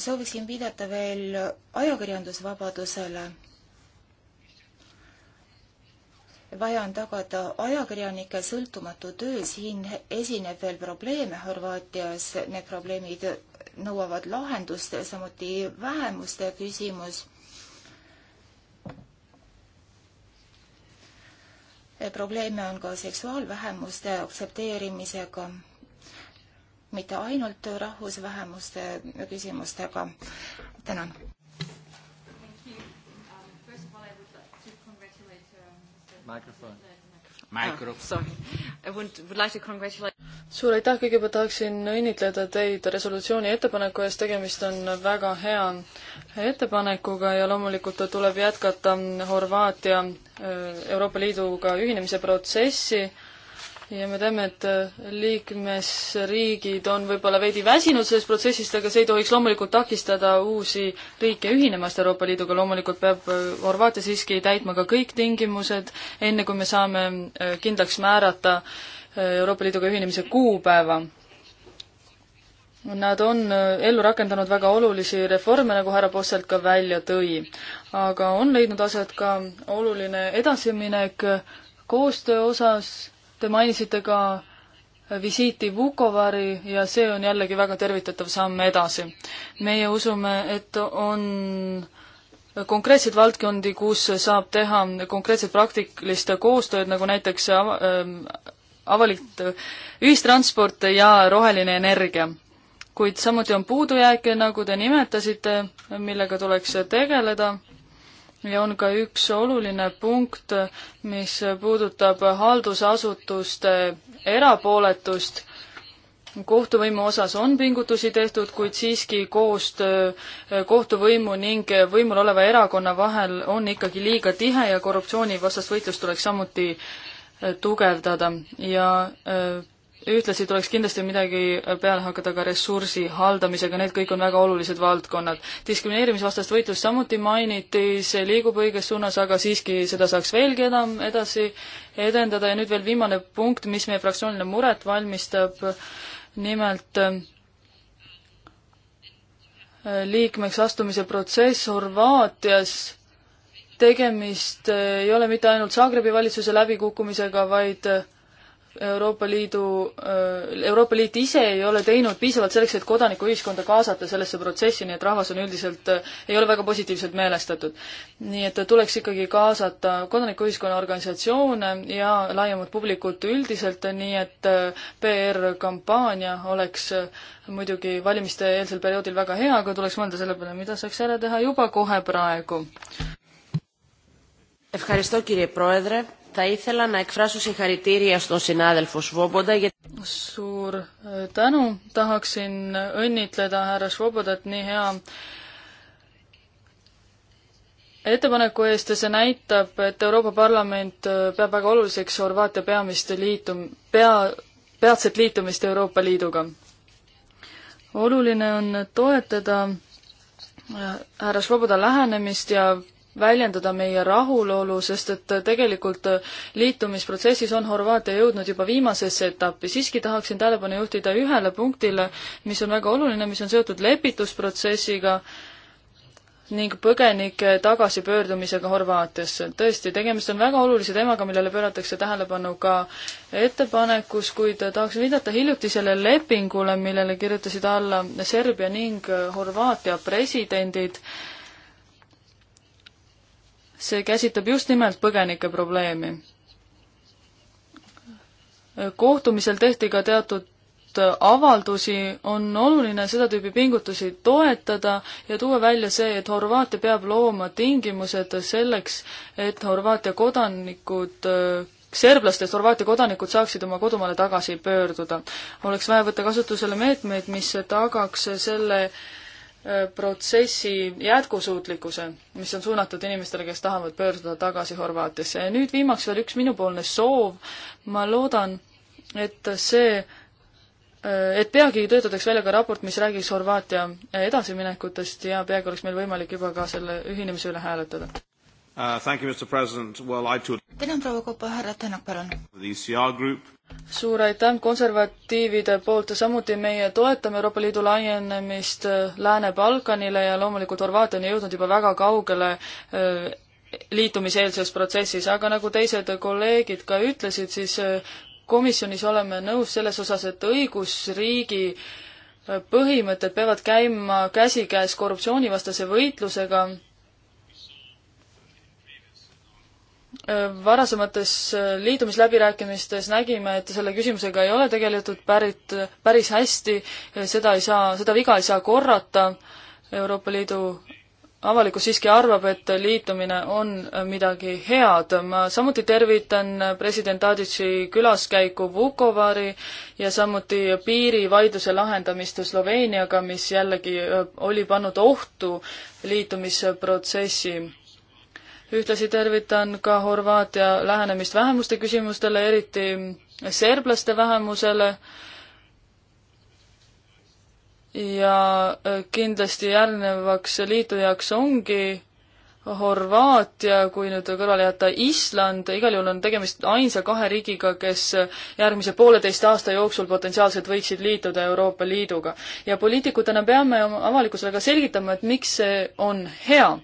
sooviksin viidata veel ajakirjandusvabadusele. vaja on tagada ajakirjanike sõltumatu töö, siin esineb veel probleeme Horvaatias, need probleemid nõuavad lahendust, samuti vähemuste küsimus. probleeme on ka seksuaalvähemuste aktsepteerimisega mitte ainult rahvusvähemuste küsimustega. tänan. mikrofon. Mikrofon. Ah, suur aitäh, kõigepealt tahaksin õnnitleda teid resolutsiooni ettepaneku eest, tegemist on väga hea ettepanekuga ja loomulikult tuleb jätkata Horvaatia äh, Euroopa Liiduga ühinemise protsessi ja me teame, et äh, liikmesriigid on võib-olla veidi väsinud sellest protsessist, aga see ei tohiks loomulikult takistada uusi riike ühinemast Euroopa Liiduga, loomulikult peab äh, Horvaatia siiski täitma ka kõik tingimused, enne kui me saame äh, kindlaks määrata Euroopa Liiduga ühinemise kuupäeva. Nad on ellu rakendanud väga olulisi reforme, nagu härra Posselt ka välja tõi. aga on leidnud aset ka oluline edasiminek koostöö osas Te mainisite ka visiiti Vukovari ja see on jällegi väga tervitatav samm edasi. meie usume, et on konkreetseid valdkondi, kus saab teha konkreetset praktilist koostööd, nagu näiteks ava, äh, avalik ühistransport ja roheline energia. kuid samuti on puudujääke, nagu te nimetasite, millega tuleks tegeleda ja on ka üks oluline punkt, mis puudutab haldusasutuste erapooletust. kohtuvõimu osas on pingutusi tehtud, kuid siiski koostöö kohtuvõimu ning võimul oleva erakonna vahel on ikkagi liiga tihe ja korruptsioonivastast võitlust tuleks samuti tugevdada ja äh, ühtlasi tuleks kindlasti midagi peale hakata ka ressursi haldamisega, need kõik on väga olulised valdkonnad. diskrimineerimisvastast võitlust samuti mainiti, see liigub õiges suunas, aga siiski seda saaks veelgi enam edasi edendada ja nüüd veel viimane punkt, mis meie fraktsioonile muret valmistab, nimelt äh, liikmeks astumise protsess Horvaatias tegemist äh, ei ole mitte ainult Zagrebi valitsuse läbikukkumisega, vaid äh, Euroopa Liidu, Euroopa Liit ise ei ole teinud piisavalt selleks, et kodanikuühiskonda kaasata sellesse protsessi, nii et rahvas on üldiselt, ei ole väga positiivselt meelestatud. nii et tuleks ikkagi kaasata kodanikuühiskonna organisatsioone ja laiemat publikut üldiselt, nii et PR-kampaania oleks muidugi valimiste eelsel perioodil väga hea, aga tuleks mõelda selle peale, mida saaks ära teha juba kohe praegu. Ευχαριστώ κύριε Πρόεδρε. Θα ήθελα να εκφράσω συγχαρητήρια στον συνάδελφο Σβόμποντα για... Suur tänu, tahaksin õnnitleda härra Svobodat nii hea ettepaneku eest ja see näitab, et Euroopa Parlament äh, peab väga oluliseks Horvaatia peamist liitum-, pea, peatset liitumist Euroopa Liiduga. oluline on toetada äh, härra Svoboda lähenemist ja väljendada meie rahulolu, sest et tegelikult liitumisprotsessis on Horvaatia jõudnud juba viimasesse etappi. siiski tahaksin tähelepanu juhtida ühele punktile, mis on väga oluline, mis on seotud lepitusprotsessiga ning põgenike tagasipöördumisega Horvaatiasse. tõesti, tegemist on väga olulise teemaga, millele pööratakse tähelepanu ka ettepanekus, kuid tahaksin viidata hiljutisele lepingule, millele kirjutasid alla Serbia ning Horvaatia presidendid see käsitleb just nimelt põgenike probleemi. kohtumisel tehti ka teatud avaldusi, on oluline seda tüüpi pingutusi toetada ja tuua välja see, et Horvaatia peab looma tingimused selleks, et Horvaatia kodanikud serblastest Horvaatia kodanikud saaksid oma kodumaale tagasi pöörduda. oleks vaja võtta kasutusele meetmeid, mis tagaks selle äh, Äh, protsessi jätkusuutlikkuse, mis on suunatud inimestele, kes tahavad pöörduda tagasi Horvaatiasse. ja nüüd viimaks veel üks minupoolne soov, ma loodan, et see, äh, et peagi töötatakse välja ka raport, mis räägiks Horvaatia edasiminekutest ja peagi oleks meil võimalik juba ka selle ühinemise üle hääletada. Uh, thank you, Mr President, well I too tänan proua Kopa, härra Tänak, palun. The ECR Group suur aitäh konservatiivide poolt ja samuti meie toetame Euroopa Liidu laienemist äh, Lääne-Balkanile ja loomulikult Horvaatia on jõudnud juba väga kaugele äh, liitumiseelses protsessis, aga nagu teised kolleegid ka ütlesid, siis äh, komisjonis oleme nõus selles osas, et õigusriigi põhimõtted peavad käima käsikäes korruptsioonivastase võitlusega Äh, varasemates äh, liidumisläbirääkimistes nägime, et selle küsimusega ei ole tegeletud pärit, päris hästi, äh, seda ei saa, seda viga ei saa korrata. Euroopa Liidu avalikkus siiski arvab, et liitumine on midagi head. ma samuti tervitan president Tadici külaskäiku Vukovari ja samuti piirivaidluse lahendamist Sloveeniaga, mis jällegi oli pannud ohtu liitumisprotsessi ühtlasi tervitan ka Horvaatia lähenemist vähemuste küsimustele, eriti serblaste vähemusele. ja kindlasti järgnevaks liitujaks ongi Horvaatia, kui nüüd kõrvale jätta Island, igal juhul on tegemist ainsa kahe riigiga, kes järgmise pooleteist aasta jooksul potentsiaalselt võiksid liituda Euroopa Liiduga. ja poliitikutena peame avalikkusele ka selgitama, et miks see on hea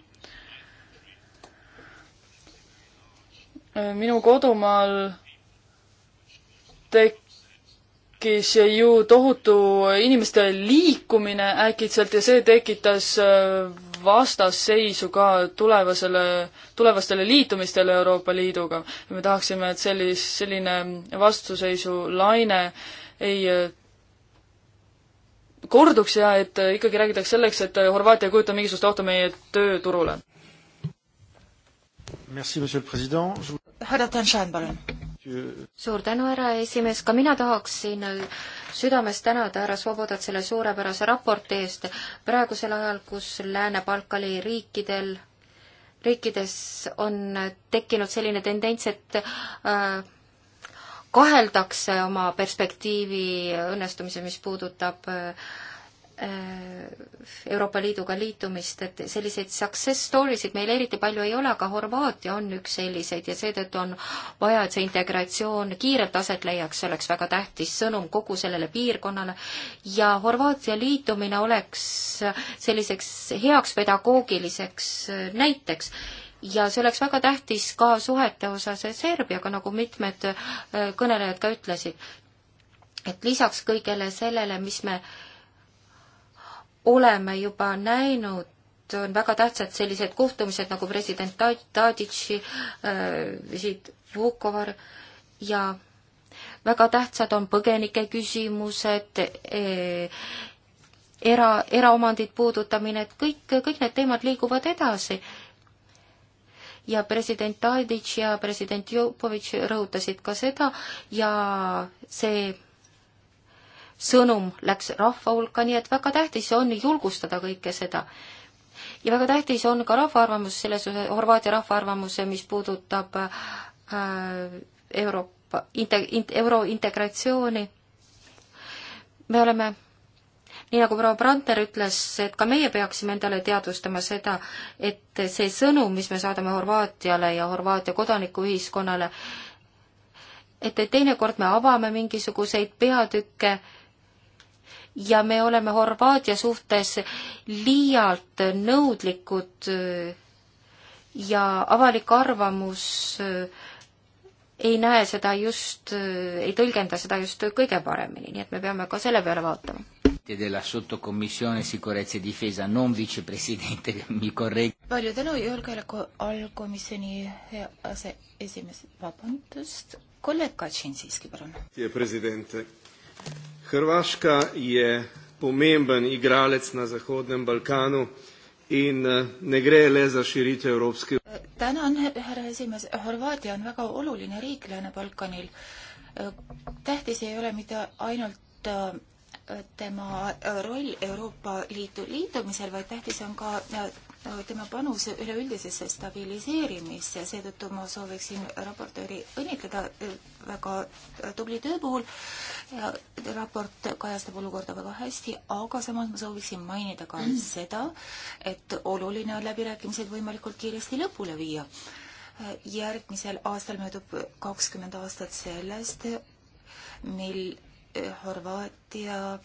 minu kodumaal tekkis ju tohutu inimeste liikumine äkitselt ja see tekitas äh, vastasseisu ka tulevasele, tulevastele liitumistele Euroopa Liiduga. me tahaksime, et sellis-, selline vastuseisu laine ei äh, korduks ja et äh, ikkagi räägitakse selleks, et Horvaatia ei kujuta mingisugust ohtu meie tööturule. Merci, monsieur le président härra Tanšan, palun. suur tänu, härra esimees, ka mina tahaksin südamest tänada härra Svobodat selle suurepärase raporti eest. praegusel ajal, kus Lääne-Balkani riikidel, riikides on tekkinud selline tendents, et äh, kaheldakse oma perspektiivi õnnestumise, mis puudutab äh, Äh, Euroopa Liiduga liitumist, et selliseid success story sid meil eriti palju ei ole, aga Horvaatia on üks selliseid ja seetõttu on vaja, et see integratsioon kiirelt aset leiaks, see oleks väga tähtis sõnum kogu sellele piirkonnale ja Horvaatia liitumine oleks selliseks heaks pedagoogiliseks äh, näiteks ja see oleks väga tähtis ka suhete osas Serbiaga, nagu mitmed äh, kõnelejad ka ütlesid. et lisaks kõigele sellele, mis me äh, oleme juba näinud, on väga tähtsad sellised kohtumised nagu president Taditši äh, visiit Vukovar ja väga tähtsad on põgenike küsimused, äh, era, eraomandit puudutamine, et kõik, kõik need teemad liiguvad edasi. ja president Taditš ja president Jopovitš rõhutasid ka seda ja see sõnum läks rahva hulka, nii et väga tähtis on julgustada kõike seda. ja väga tähtis on ka rahva arvamus, selles osas, Horvaatia rahva arvamus, mis puudutab äh, Euroopa, eurointegratsiooni. me oleme nii nagu proua Brandner ütles, et ka meie peaksime endale teadvustama seda, et see sõnum, mis me saadame Horvaatiale ja Horvaatia kodanikuühiskonnale, et teinekord me avame mingisuguseid peatükke ja me oleme Horvaatia suhtes liialt nõudlikud äh, ja avalik arvamus äh, ei näe seda just, äh, ei tõlgenda seda just kõige paremini, nii et me peame ka selle peale vaatama. della sottokomissione sicurezza e difesa, non vicepresidente, mi corregge. palju tänu, julgeoleku allkomisjoni aseesimees, vabandust, kolleeg Katšin siiski, palun. President Hrvaška je pomemben igralec na Zahodnem Balkanu in eh, ne gre le za širitev Evropske unije. tänan, härra esimees, Horvaatia on väga oluline riik Lääne-Balkanil. Eh, tähtis ei ole mitte ainult eh, tema roll Euroopa Liidu liitumisel, vaid tähtis on ka tema panuse üleüldisesse stabiliseerimisse, seetõttu ma sooviksin raportööri õnnitleda eh, väga eh, tubli töö puhul. raport kajastab olukorda väga hästi, aga samas ma sooviksin mainida ka mm. seda, et oluline on läbirääkimised võimalikult kiiresti lõpule viia. Eh, järgmisel aastal möödub kakskümmend aastat sellest, mil Eh, Horvaatia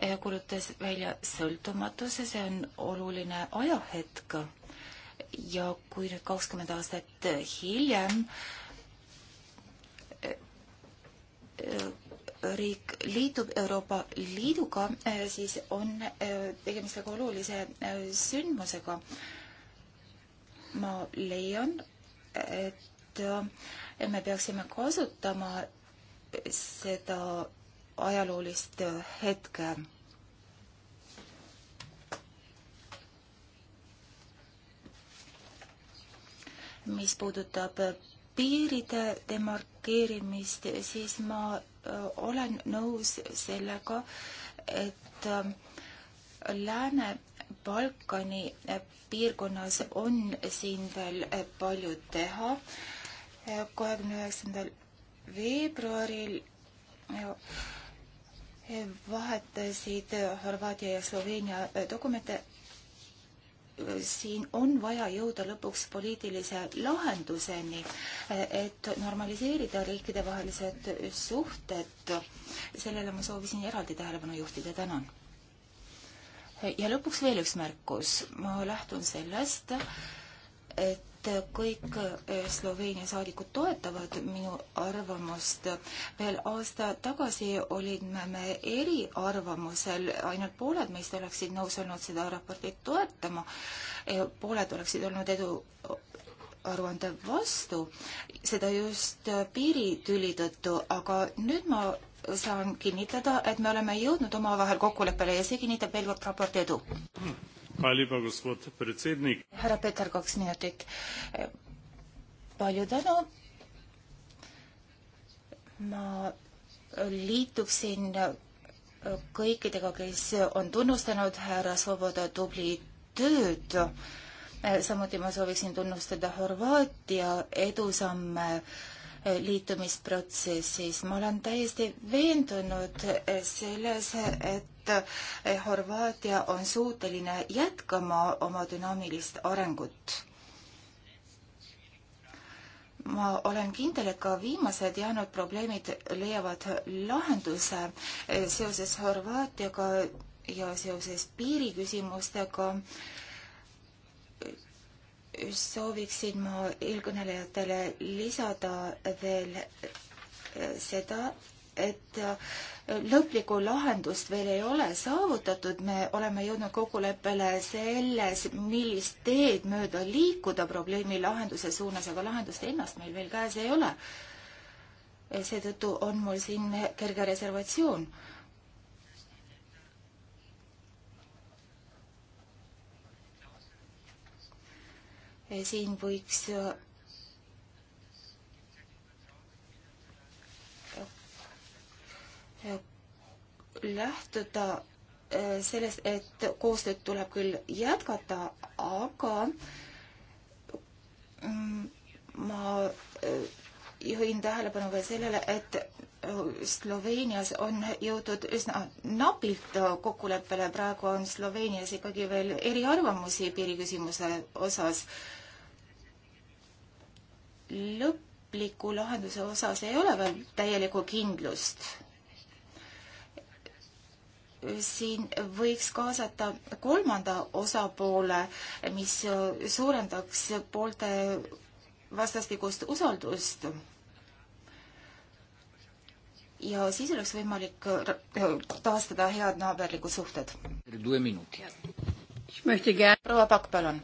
eh, kuulutas välja sõltumatuse, see on oluline ajahetk ja kui nüüd kakskümmend aastat hiljem eh, riik liitub Euroopa Liiduga, siis on tegemist väga olulise sündmusega. ma leian, et me peaksime kasutama seda ajaloolist äh, hetke. mis puudutab äh, piiride demarkeerimist, siis ma äh, olen nõus sellega, et Lääne-Balkani piirkonnas on siin veel palju teha. kahekümne üheksandal veebruaril vahetasid Horvaatia ja Sloveenia äh, dokumente. siin on vaja jõuda lõpuks poliitilise lahenduseni, äh, et normaliseerida riikidevahelised suhted. sellele ma soovisin eraldi tähelepanu juhtida, tänan. ja lõpuks veel üks märkus, ma lähtun sellest, et et kõik äh, Sloveenia saadikud toetavad minu arvamust. veel aasta tagasi olime me eriarvamusel, ainult pooled meist oleksid nõus olnud seda raportit toetama, äh, pooled oleksid olnud edu äh, aruande vastu, seda just piiritüli tõttu, aga nüüd ma saan kinnitada, et me oleme jõudnud omavahel kokkuleppele ja see kinnitab veel kord raporti edu mm Hvala lepa, gospod predsednik. härra Peeter, kaks minutit. palju tänu. ma liituksin kõikidega, kes on tunnustanud härra Svoboda tubli tööd. samuti ma sooviksin tunnustada Horvaatia edusamme liitumisprotsessis. ma olen täiesti veendunud selles, et et eh, Horvaatia on suuteline jätkama oma dünaamilist arengut. ma olen kindel, et ka viimased jäänud probleemid leiavad lahenduse eh, seoses Horvaatiaga ja seoses piiriküsimustega sooviksin ma eelkõnelejatele lisada veel eh, seda, et äh, lõplikku lahendust veel ei ole saavutatud, me oleme jõudnud kokkuleppele selles, millist teed mööda liikuda probleemi lahenduse suunas, aga lahendust ennast meil veel käes ei ole. seetõttu on mul siin kerge reservatsioon siin võiks äh, lähtuda äh, sellest, et koostööd tuleb küll jätkata, aga mm, ma äh, juhin tähelepanu ka sellele, et äh, Sloveenias on jõutud üsna napilt kokkuleppele, praegu on Sloveenias ikkagi veel eriarvamusi piiriküsimuse osas. lõpliku lahenduse osas ei ole veel täielikku kindlust siin võiks kaasata kolmanda osapoole, mis suurendaks poolte vastastikust usaldust. ja siis oleks võimalik taastada head naaberlikud suhted. proua Pakk, palun.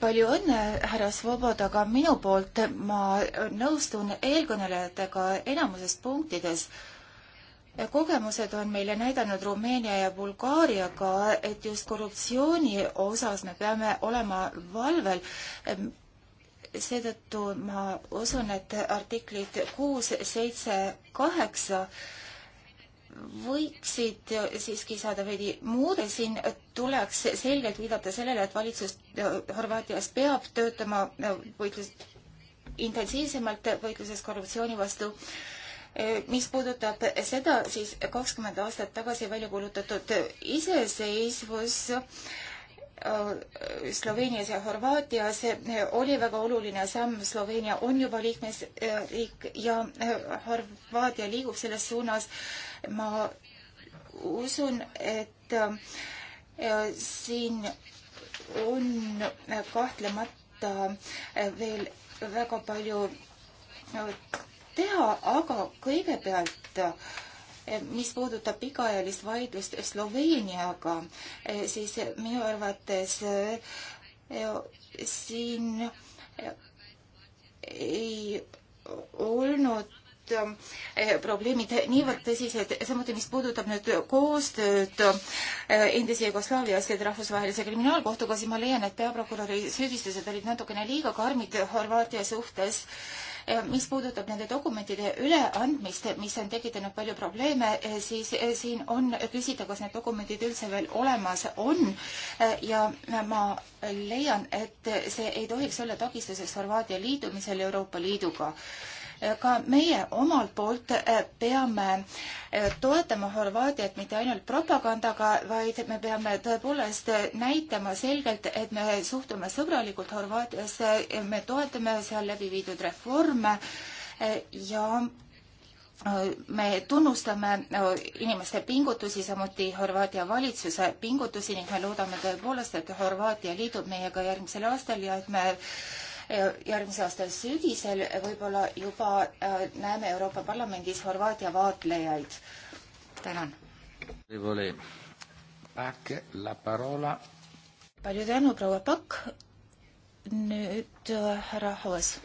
palju õnne, härra Svobod, aga minu poolt ma nõustun eelkõnelejatega enamusest punktides kogemused on meile näidanud Rumeenia ja Bulgaariaga, et just korruptsiooni osas me peame olema valvel. seetõttu ma usun, et artiklid kuus, seitse, kaheksa võiksid siiski saada veidi muude, siin tuleks selgelt viidata sellele, et valitsus Horvaatias peab töötama võitlus, intensiivsemalt võitluses korruptsiooni vastu mis puudutab seda, siis kakskümmend aastat tagasi välja kuulutatud iseseisvus äh, Sloveenias ja Horvaatias oli väga oluline samm, Sloveenia on juba liikmesriik äh, ja äh, Horvaatia liigub selles suunas. ma usun, et siin on kahtlemata veel väga palju teha, aga kõigepealt eh, mis puudutab pikaajalist vaidlust Sloveeniaga, eh, siis minu arvates eh, siin ei olnud probleemid niivõrd tõsised, samuti mis puudutab nüüd koostööd endise Jugoslaavia asjade rahvusvahelise kriminaalkohtuga, siis ma leian, et peaprokuröri süüdistused olid natukene liiga karmid Horvaatia suhtes Äh, mis puudutab nende dokumentide üleandmist, mis on tekitanud palju probleeme, äh, siis äh, siin on küsida, kas need dokumendid üldse veel olemas on ja ma leian, et see ei tohiks olla takistuseks Horvaatia liitumisel Euroopa Liiduga ka meie omalt poolt eh, peame eh, toetama Horvaatiat mitte ainult propagandaga, vaid me peame tõepoolest eh, näitama selgelt, et me suhtume sõbralikult Horvaatiasse, me toetame seal läbi viidud reforme ja me tunnustame inimeste pingutusi, samuti Horvaatia valitsuse pingutusi ning me loodame tõepoolest, et Horvaatia liitub meiega järgmisel aastal ja et me järgmise aasta sügisel võib-olla juba äh, näeme Euroopa Parlamendis Horvaatia vaatlejaid. tänan. palju tänu, proua Pakk. nüüd äh, härra Hoas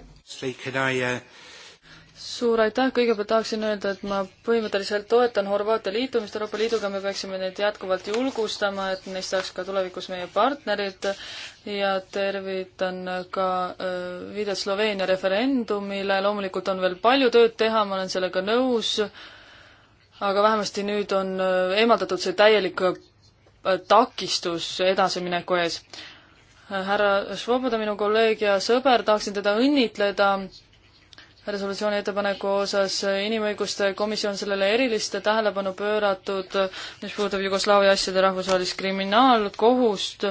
suur aitäh, kõigepealt tahaksin öelda, et ma põhimõtteliselt toetan Horvaatia liitumist Euroopa Liiduga, me peaksime neid jätkuvalt julgustama, et neist saaks ka tulevikus meie partnerid ja tervitan ka äh, viidet Sloveenia referendumile, loomulikult on veel palju tööd teha, ma olen sellega nõus, aga vähemasti nüüd on äh, eemaldatud see täielik äh, takistus edasimineku ees härra Svoboda, minu kolleeg ja sõber, tahaksin teda õnnitleda resolutsiooni ettepaneku osas Inimõiguste Komisjon sellele erilist tähelepanu pööratud, mis puudutab Jugoslaavia asjade rahvusvahelist kriminaalkohust,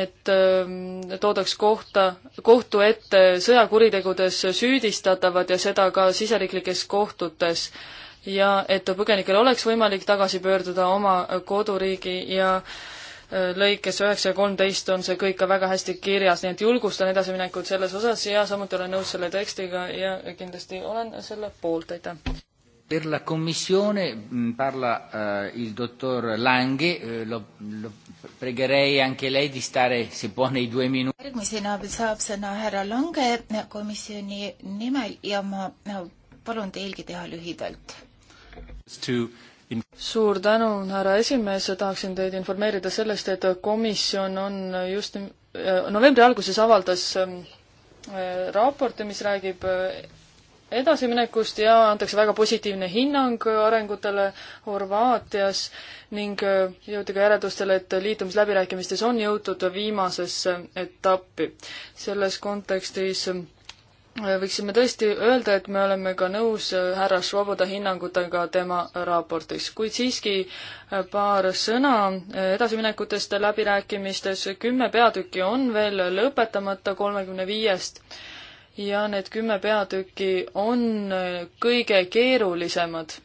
et ähm, toodaks kohta, kohtu ette sõjakuritegudes süüdistatavad ja seda ka siseriiklikes kohtutes. ja et põgenikel oleks võimalik tagasi pöörduda oma koduriigi ja äh, lõikes üheksa ja kolmteist on see kõik ka väga hästi kirjas, nii et julgustan edasiminekut selles osas ja samuti olen nõus selle tekstiga ja kindlasti olen selle poolt, aitäh! Per la Commissione mh, mm, parla eh, il dottor Lange, eh, lo, lo pregherei anche lei di stare, se può, nei due minuti. Järgmisena saab sõna härra Lange komisjoni nimel ja ma no, palun teilgi teha lühidalt. To suur tänu, härra esimees, tahaksin teid informeerida sellest, et komisjon on just äh, novembri alguses avaldas ähm, äh, raporti, mis räägib äh, edasiminekust ja antakse väga positiivne hinnang arengutele Horvaatias ning jõuti ka järeldustele, et liitumisläbirääkimistes on jõutud viimasesse etappi. selles kontekstis ähm, võiksime tõesti öelda, et me oleme ka nõus äh, härra Švoboda hinnangutega tema raportis, kuid siiski äh, paar sõna äh, edasiminekutest läbirääkimistes. kümme peatükki on veel lõpetamata kolmekümne viiest ja need kümme peatükki on kõige keerulisemad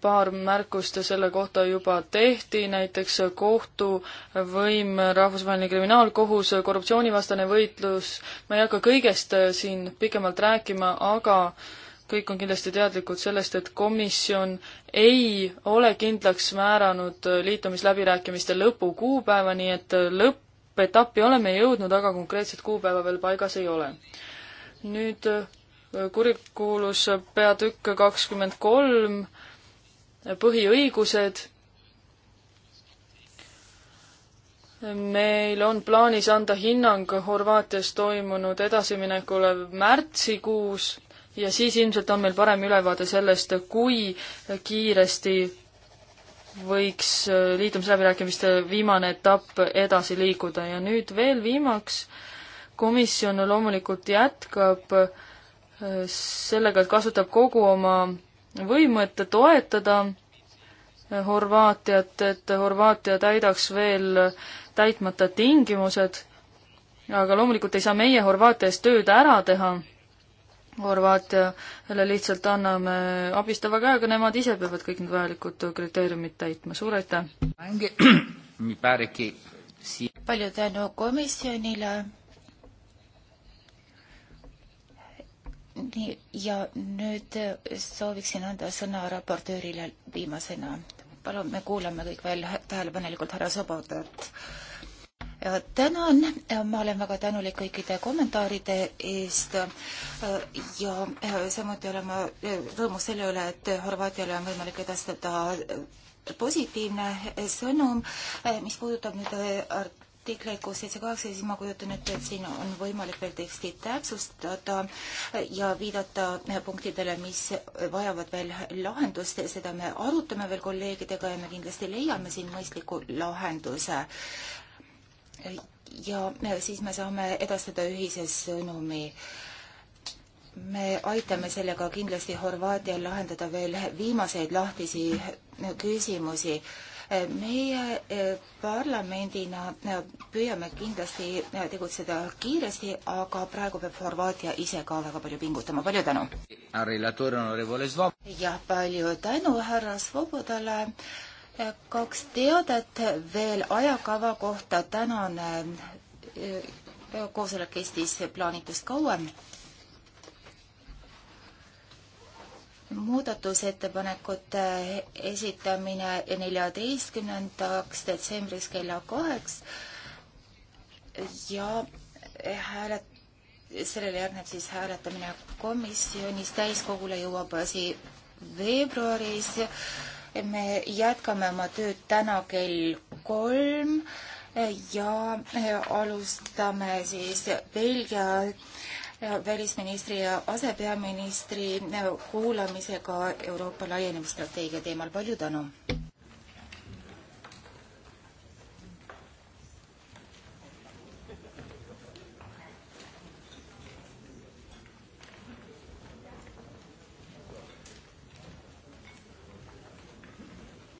paar märkust selle kohta juba tehti, näiteks kohtuvõim, Rahvusvaheline Kriminaalkohus, korruptsioonivastane võitlus, ma ei hakka kõigest äh, siin pikemalt rääkima, aga kõik on kindlasti teadlikud sellest, et komisjon ei ole kindlaks määranud äh, liitumisläbirääkimiste lõpukuupäeva, nii et äh, lõppetappi oleme jõudnud, aga konkreetset kuupäeva veel paigas ei ole. nüüd kurikuulus peatükk kakskümmend kolm põhiõigused. meil on plaanis anda hinnang Horvaatias toimunud edasiminekule märtsikuus ja siis ilmselt on meil parem ülevaade sellest, kui kiiresti võiks liitumisläbirääkimiste viimane etapp edasi liikuda ja nüüd veel viimaks, komisjon loomulikult jätkab sellega, et kasutab kogu oma võimet toetada Horvaatiat, et Horvaatia täidaks veel täitmata tingimused, aga loomulikult ei saa meie Horvaatia eest tööd ära teha. Horvaatiale lihtsalt anname abistava käega, nemad ise peavad kõik need vajalikud kriteeriumid täitma, suur aitäh! palju tänu komisjonile nii, ja nüüd äh, sooviksin anda sõna raportöörile viimasena. palun, me kuulame kõik veel tähelepanelikult härra Sobodat. tänan, ma olen väga tänulik kõikide kommentaaride eest äh, ja äh, samuti olen ma rõõmus selle üle, et Horvaatiale on võimalik edastada positiivne sõnum, mis puudutab nüüd artikleid kuus, seitse, kaheksa, siis ma kujutan ette, et siin on võimalik veel teksti täpsustada ja viidata punktidele, mis vajavad veel lahendust, seda me arutame veel kolleegidega ja me kindlasti leiame siin mõistliku lahenduse ja siis me saame edastada ühise sõnumi. me aitame sellega kindlasti Horvaatial lahendada veel viimaseid lahtisi küsimusi meie eh, parlamendina eh, püüame kindlasti eh, tegutseda kiiresti, aga praegu peab Horvaatia ise ka väga palju pingutama, palju tänu! jah, palju tänu härra Svobodale, kaks teadet veel ajakava kohta, tänane koosolek kestis plaanitust kauem muudatusettepanekute esitamine neljateistkümnendaks detsembriks kella kaheks ja hääled, sellele järgneb siis hääletamine komisjonis, täiskogule jõuab asi veebruaris. me jätkame oma tööd täna kell kolm ja alustame siis Belgia välisministri ja asepeaministri kuulamisega Euroopa laienemisstrateegia teemal. palju tänu!